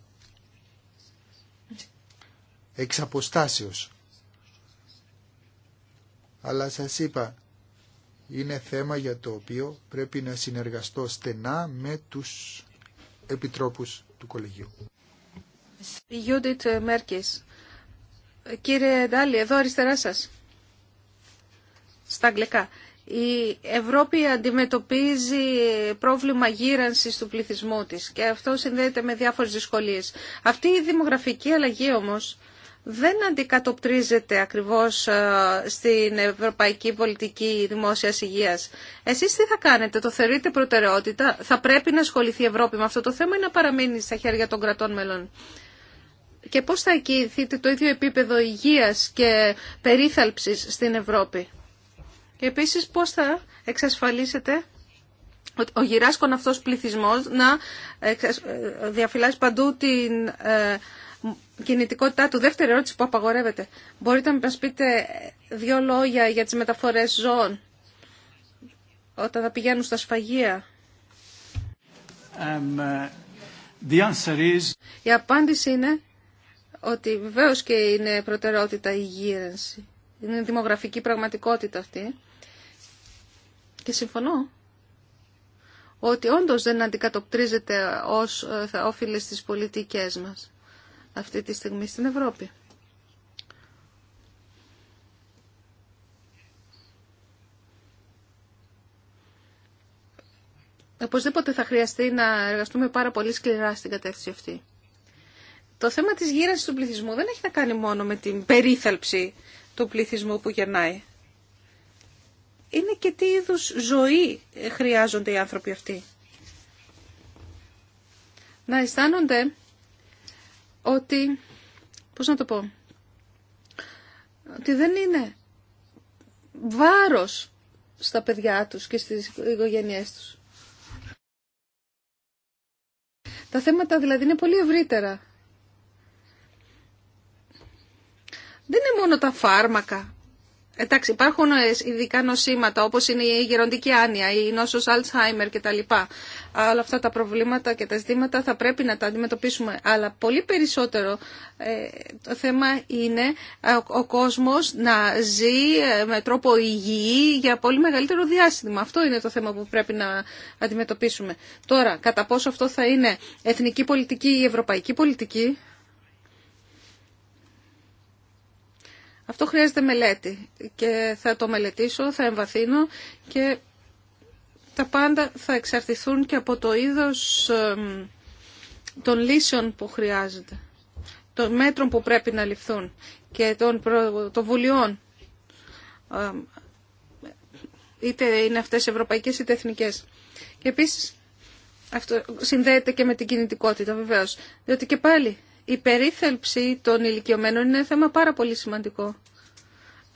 C: εξ αποστάσεως. Αλλά σας είπα, είναι θέμα για το οποίο πρέπει να συνεργαστώ στενά με τους επιτρόπους του κολεγίου.
A: Γιούντιτ Μέρκης. Κύριε Ντάλι, εδώ αριστερά σας. Στα αγγλικά. Η Ευρώπη αντιμετωπίζει πρόβλημα γύρανσης του πληθυσμού της και αυτό συνδέεται με διάφορες δυσκολίες. Αυτή η δημογραφική αλλαγή όμως δεν αντικατοπτρίζεται ακριβώς ε, στην ευρωπαϊκή πολιτική δημόσιας υγείας. Εσείς τι θα κάνετε, το θεωρείτε προτεραιότητα, θα πρέπει να ασχοληθεί η Ευρώπη με αυτό το θέμα ή να παραμείνει στα χέρια των κρατών μελών. Και πώς θα θείτε το ίδιο επίπεδο υγείας και περίθαλψης στην Ευρώπη. Και επίσης πώς θα εξασφαλίσετε ο γυράσκον αυτός πληθυσμός να διαφυλάσει παντού την ε, κινητικότητά του. Δεύτερη ερώτηση που απαγορεύεται. Μπορείτε να μας πείτε δύο λόγια για τις μεταφορές ζώων όταν θα πηγαίνουν στα σφαγεία.
B: Ε, the answer is...
A: Η απάντηση είναι ότι βεβαίως και είναι προτεραιότητα η γύρενση. Είναι δημογραφική πραγματικότητα αυτή. Και συμφωνώ ότι όντως δεν αντικατοπτρίζεται ως ε, θα όφιλε στις πολιτικές μας αυτή τη στιγμή στην Ευρώπη. Οπωσδήποτε θα χρειαστεί να εργαστούμε πάρα πολύ σκληρά στην κατεύθυνση αυτή. Το θέμα της γύρανσης του πληθυσμού δεν έχει να κάνει μόνο με την περίθαλψη του πληθυσμού που γεννάει. Είναι και τι είδους ζωή χρειάζονται οι άνθρωποι αυτοί. Να αισθάνονται ότι, πώς να το πω, ότι δεν είναι βάρος στα παιδιά τους και στις οικογένειές τους. Τα θέματα δηλαδή είναι πολύ ευρύτερα. Δεν είναι μόνο τα φάρμακα Εντάξει, υπάρχουν ε, ειδικά νοσήματα όπως είναι η γεροντική άνοια, η νόσος Alzheimer κτλ. Όλα αυτά τα προβλήματα και τα ζητήματα θα πρέπει να τα αντιμετωπίσουμε. Αλλά πολύ περισσότερο ε, το θέμα είναι ε, ο κόσμος να ζει με τρόπο υγιή για πολύ μεγαλύτερο διάστημα. Αυτό είναι το θέμα που πρέπει να αντιμετωπίσουμε. Τώρα, κατά πόσο αυτό θα είναι εθνική πολιτική ή ευρωπαϊκή πολιτική, Αυτό χρειάζεται μελέτη και θα το μελετήσω, θα εμβαθύνω και τα πάντα θα εξαρτηθούν και από το είδος των λύσεων που χρειάζεται, των μέτρων που πρέπει να ληφθούν και των βουλειών, είτε είναι αυτές ευρωπαϊκές είτε εθνικές. Και επίσης αυτό συνδέεται και με την κινητικότητα βεβαίως, διότι και πάλι η περίθελψη των ηλικιωμένων είναι θέμα πάρα πολύ σημαντικό.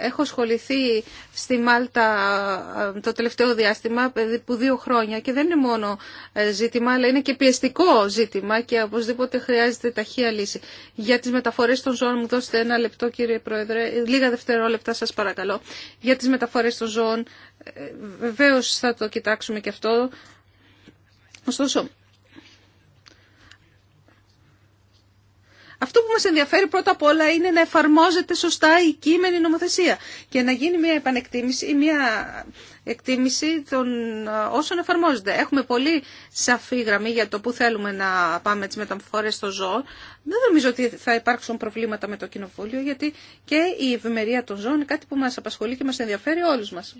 A: Έχω ασχοληθεί στη Μάλτα ε, το τελευταίο διάστημα, που δύο χρόνια, και δεν είναι μόνο ε, ζήτημα, αλλά είναι και πιεστικό ζήτημα και οπωσδήποτε χρειάζεται ταχεία λύση. Για τις μεταφορές των ζώων μου δώστε ένα λεπτό κύριε Πρόεδρε, λίγα δευτερόλεπτα σας παρακαλώ. Για τις μεταφορές των ζώων ε, βεβαίως θα το κοιτάξουμε και αυτό. Ωστόσο, Αυτό που μας ενδιαφέρει πρώτα απ' όλα είναι να εφαρμόζεται σωστά η κείμενη νομοθεσία και να γίνει μια επανεκτίμηση ή μια εκτίμηση των ε, όσων εφαρμόζεται. Έχουμε πολύ σαφή γραμμή για το που θέλουμε να πάμε τις μεταφορές στο ζώο. Δεν νομίζω ότι θα υπάρξουν προβλήματα με το κοινοβούλιο γιατί και η ευημερία των ζώων είναι κάτι που μας απασχολεί και μας ενδιαφέρει όλους μας.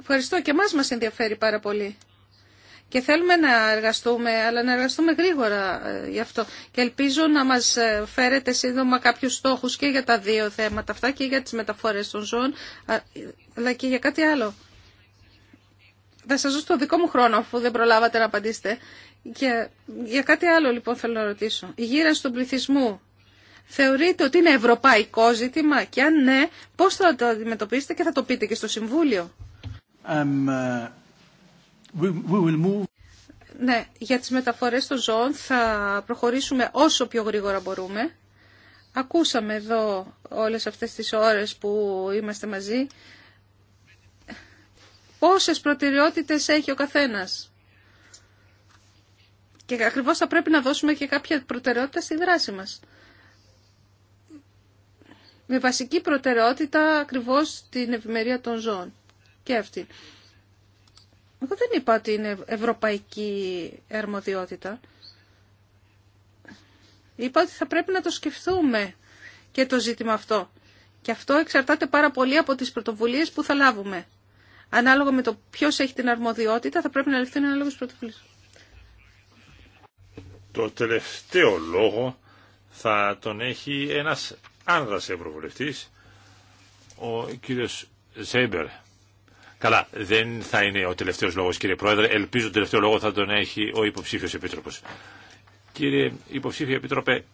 A: Ευχαριστώ και εμάς μας ενδιαφέρει πάρα πολύ και θέλουμε να εργαστούμε, αλλά να εργαστούμε γρήγορα ε, γι' αυτό. Και ελπίζω να μας ε, φέρετε σύντομα κάποιους στόχους και για τα δύο θέματα αυτά και για τις μεταφορές των ζώων, αλλά και για κάτι άλλο. Θα σας δώσω το δικό μου χρόνο, αφού δεν προλάβατε να απαντήσετε. Και για κάτι άλλο λοιπόν θέλω να ρωτήσω. Η γύρανση του πληθυσμού θεωρείτε ότι είναι ευρωπαϊκό ζήτημα και αν ναι, πώς θα το αντιμετωπίσετε και θα το πείτε και στο Συμβούλιο.
B: Ε, We,
A: Ναι, για τις μεταφορές των ζώων θα προχωρήσουμε όσο πιο γρήγορα μπορούμε. Ακούσαμε εδώ όλες αυτές τις ώρες που είμαστε μαζί πόσες προτεραιότητες έχει ο καθένας. Και ακριβώς θα πρέπει να δώσουμε και κάποια προτεραιότητα στη δράση μας. Με βασική προτεραιότητα ακριβώς την ευημερία των ζώων. Και αυτή. Εγώ δεν είπα ότι είναι ευρωπαϊκή αρμοδιότητα. Είπα ότι θα πρέπει να το σκεφτούμε και το ζήτημα αυτό. Και αυτό εξαρτάται πάρα πολύ από τις πρωτοβουλίες που θα λάβουμε. Ανάλογα με το ποιο έχει την αρμοδιότητα θα πρέπει να ληφθούν ανάλογες πρωτοβουλίες.
D: Το τελευταίο λόγο θα τον έχει ένας άνδρας ευρωβουλευτής, ο κύριος Ζέμπερ. Καλά, δεν θα είναι ο τελευταίος λόγος κύριε Πρόεδρε. Ελπίζω τον τελευταίο λόγο θα τον έχει ο υποψήφιος Επίτροπος. Κύριε υποψήφιο Επίτροπε,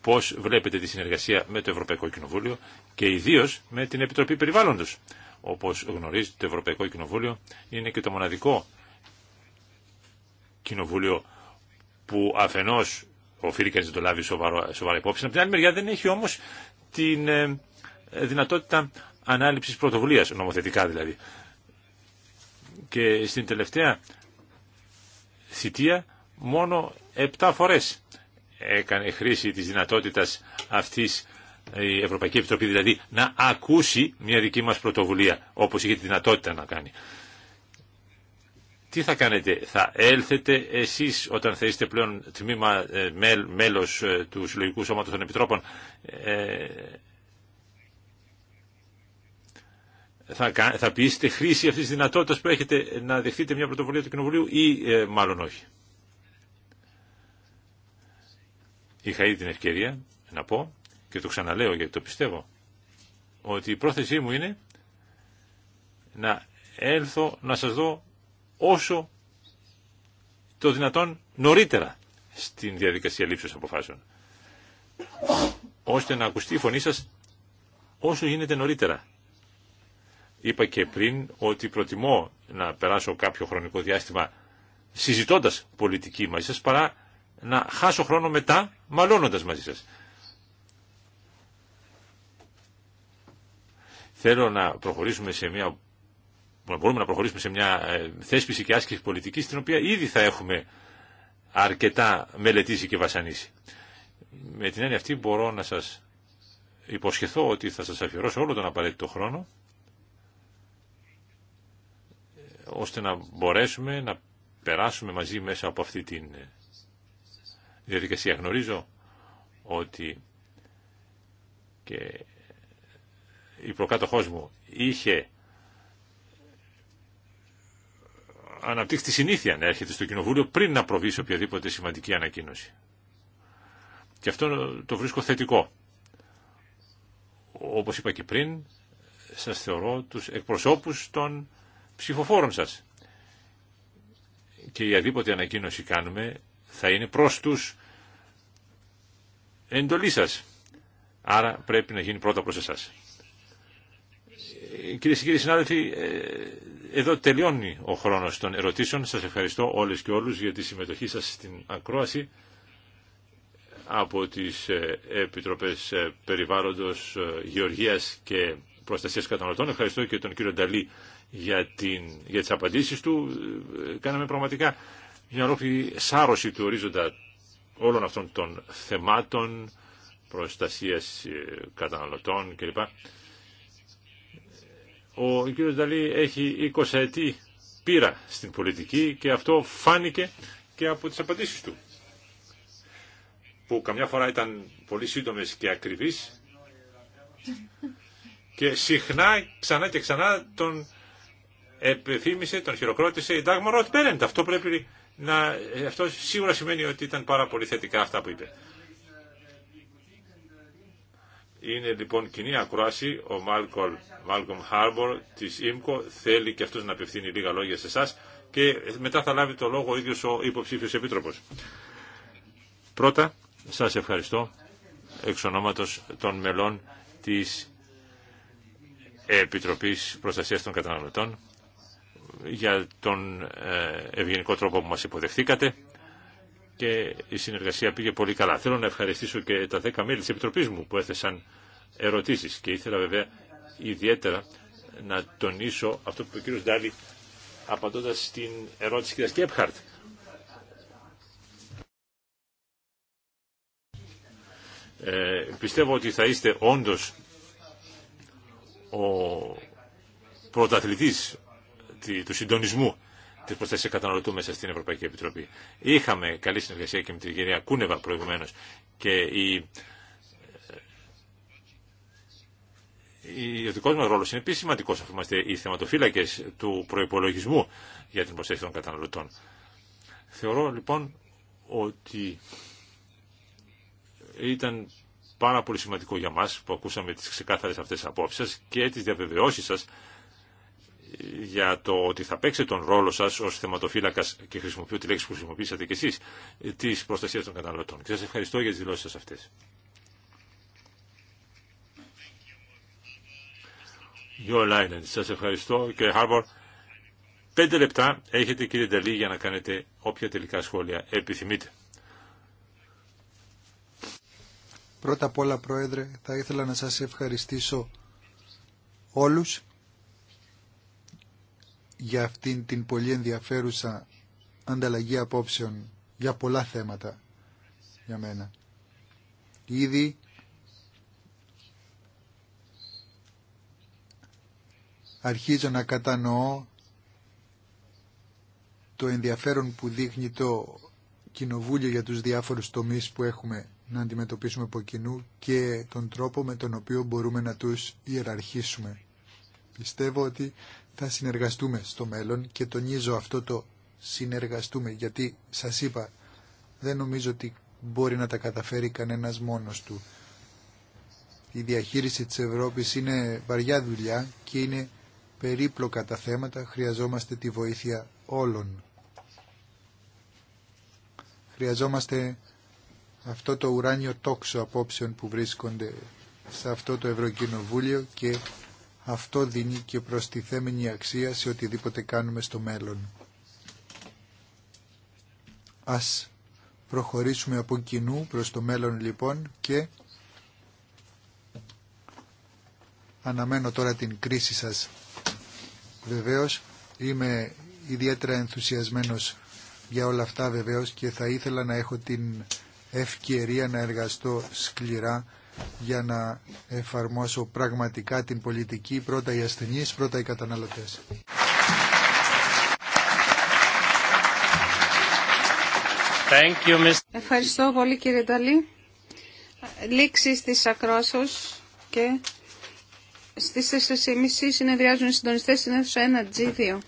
D: πώς βλέπετε τη συνεργασία με το Ευρωπαϊκό Κοινοβούλιο και ιδίως με την Επιτροπή Περιβάλλοντος. Όπως γνωρίζετε το Ευρωπαϊκό Κοινοβούλιο είναι και το μοναδικό κοινοβούλιο που αφενός οφείλει κανείς να το λάβει σοβαρά, υπόψη. Από την άλλη μεριά δεν έχει όμως την ε, δυνατότητα ανάληψης πρωτοβουλίας, νομοθετικά δηλαδή. Και στην τελευταία θητεία μόνο επτά φορές έκανε χρήση της δυνατότητας αυτής η Ευρωπαϊκή Επιτροπή δηλαδή να ακούσει μια δική μας πρωτοβουλία όπως είχε τη δυνατότητα να κάνει. Τι θα κάνετε, θα έλθετε εσείς όταν θα είστε πλέον τμήμα ε, μέλος ε, του Συλλογικού Σώματος των Επιτρόπων ε, θα, θα ποιήσετε χρήση αυτής της δυνατότητας που έχετε να δεχτείτε μια πρωτοβουλία του Κοινοβουλίου ή ε, μάλλον όχι. Είχα ήδη την ευκαιρία να πω και το ξαναλέω γιατί το πιστεύω ότι η πρόθεσή μου είναι να έλθω να σας δω όσο το δυνατόν νωρίτερα στην διαδικασία λήψης αποφάσεων ώστε να ακουστεί η φωνή σας όσο γίνεται νωρίτερα Είπα και πριν ότι προτιμώ να περάσω κάποιο χρονικό διάστημα συζητώντας πολιτική μαζί σας παρά να χάσω χρόνο μετά μαλώνοντας μαζί σας. Θέλω να προχωρήσουμε σε μια μπορούμε να προχωρήσουμε σε μια ε, θέσπιση και άσκηση πολιτικής την οποία ήδη θα έχουμε αρκετά μελετήσει και βασανίσει. Με την έννοια αυτή μπορώ να σας υποσχεθώ ότι θα σας αφιερώσω όλο τον απαραίτητο χρόνο ώστε να μπορέσουμε να περάσουμε μαζί μέσα από αυτή τη διαδικασία. Γνωρίζω ότι και η προκάτοχός μου είχε αναπτύξει τη συνήθεια να έρχεται στο Κοινοβούλιο πριν να προβεί σε οποιαδήποτε σημαντική ανακοίνωση. Και αυτό το βρίσκω θετικό. Όπως είπα και πριν, σας θεωρώ τους εκπροσώπους των ψηφοφόρων σας. Και η αδίποτε ανακοίνωση κάνουμε θα είναι προς τους εντολή σας. Άρα πρέπει να γίνει πρώτα προς εσάς. Ε, Κυρίε και κύριοι συνάδελφοι, ε, εδώ τελειώνει ο χρόνος των ερωτήσεων. Σας ευχαριστώ όλες και όλους για τη συμμετοχή σας στην ακρόαση από τις ε, Επιτροπές Περιβάλλοντος, Γεωργίας και Προστασίας Καταναλωτών. Ευχαριστώ και τον κύριο Νταλή για, την, για τις απαντήσεις του. Ε, κάναμε πραγματικά μια ροφή σάρωση του ορίζοντα όλων αυτών των θεμάτων προστασίας ε, καταναλωτών κλπ. Ο κύριος Νταλή έχει 20 ετή πείρα στην πολιτική και αυτό φάνηκε και από τις απαντήσεις του που καμιά φορά ήταν πολύ σύντομες και ακριβείς και συχνά ξανά και ξανά τον επιθύμησε, τον χειροκρότησε η Ντάγμα Ροτ ναι, ναι, Αυτό, πρέπει να, αυτό σίγουρα σημαίνει ότι ήταν πάρα πολύ θετικά αυτά που είπε. Είναι λοιπόν κοινή ακρόαση. Ο Μάλκομ Χάρμπορ της ΙΜΚΟ θέλει και αυτός να απευθύνει λίγα λόγια σε εσά και μετά θα λάβει το λόγο ο ίδιος ο υποψήφιος επίτροπος. Πρώτα, σας ευχαριστώ εξ ονόματος των μελών της Επιτροπής Προστασίας των Καταναλωτών για τον ε, ευγενικό τρόπο που μας υποδεχθήκατε και η συνεργασία πήγε πολύ καλά. Θέλω να ευχαριστήσω και τα 10 μέλη της Επιτροπής μου που έθεσαν ερωτήσεις και ήθελα βέβαια ιδιαίτερα να τονίσω αυτό που ο κύριος Ντάλι απαντώντας στην ερώτηση κ. Κέπχαρτ. Ε, πιστεύω ότι θα είστε όντως ο πρωταθλητής του συντονισμού τη προστασία καταναλωτού μέσα στην Ευρωπαϊκή Επιτροπή. Είχαμε καλή συνεργασία και με την κυρία Κούνεβα προηγουμένω και η ο δικό μα ρόλο είναι επίση σημαντικό αφού είμαστε οι θεματοφύλακε του προπολογισμού για την προστασία των καταναλωτών. Θεωρώ λοιπόν ότι ήταν πάρα πολύ σημαντικό για μα που ακούσαμε τις ξεκάθαρες αυτές σα και τι διαβεβαιώσει σα για το ότι θα παίξετε τον ρόλο σας ως θεματοφύλακας και χρησιμοποιώ τη λέξη που χρησιμοποίησατε κι εσείς της προστασίας των καταναλωτών. Και σας ευχαριστώ για τις δηλώσεις σας αυτές. Γιώργο σας ευχαριστώ και Χάρμπορ. Πέντε λεπτά έχετε κύριε Νταλή για να κάνετε όποια τελικά σχόλια επιθυμείτε.
C: Πρώτα απ' όλα Πρόεδρε θα ήθελα να σας ευχαριστήσω όλους για αυτήν την πολύ ενδιαφέρουσα ανταλλαγή απόψεων για πολλά θέματα για μένα. Ήδη αρχίζω να κατανοώ το ενδιαφέρον που δείχνει το Κοινοβούλιο για τους διάφορους τομείς που έχουμε να αντιμετωπίσουμε από κοινού και τον τρόπο με τον οποίο μπορούμε να τους ιεραρχήσουμε. Πιστεύω ότι θα συνεργαστούμε στο μέλλον και τονίζω αυτό το συνεργαστούμε γιατί σας είπα δεν νομίζω ότι μπορεί να τα καταφέρει κανένας μόνος του. Η διαχείριση της Ευρώπης είναι βαριά δουλειά και είναι περίπλοκα τα θέματα, χρειαζόμαστε τη βοήθεια όλων. Χρειαζόμαστε αυτό το ουράνιο τόξο απόψεων που βρίσκονται σε αυτό το Ευρωκοινοβούλιο και αυτό δίνει και προστιθέμενη αξία σε οτιδήποτε κάνουμε στο μέλλον. Ας προχωρήσουμε από κοινού προς το μέλλον λοιπόν και αναμένω τώρα την κρίση σας. Βεβαίως είμαι ιδιαίτερα ενθουσιασμένος για όλα αυτά βεβαίως και θα ήθελα να έχω την ευκαιρία να εργαστώ σκληρά για να εφαρμόσω πραγματικά την πολιτική πρώτα οι ασθενείς, πρώτα οι καταναλωτές.
D: Thank you, Mr.
A: Ευχαριστώ πολύ κύριε Νταλή. Λήξη στις ακρόσους και στις 4.30 συνεδριάζουν οι συντονιστές στην αίθουσα 1G2.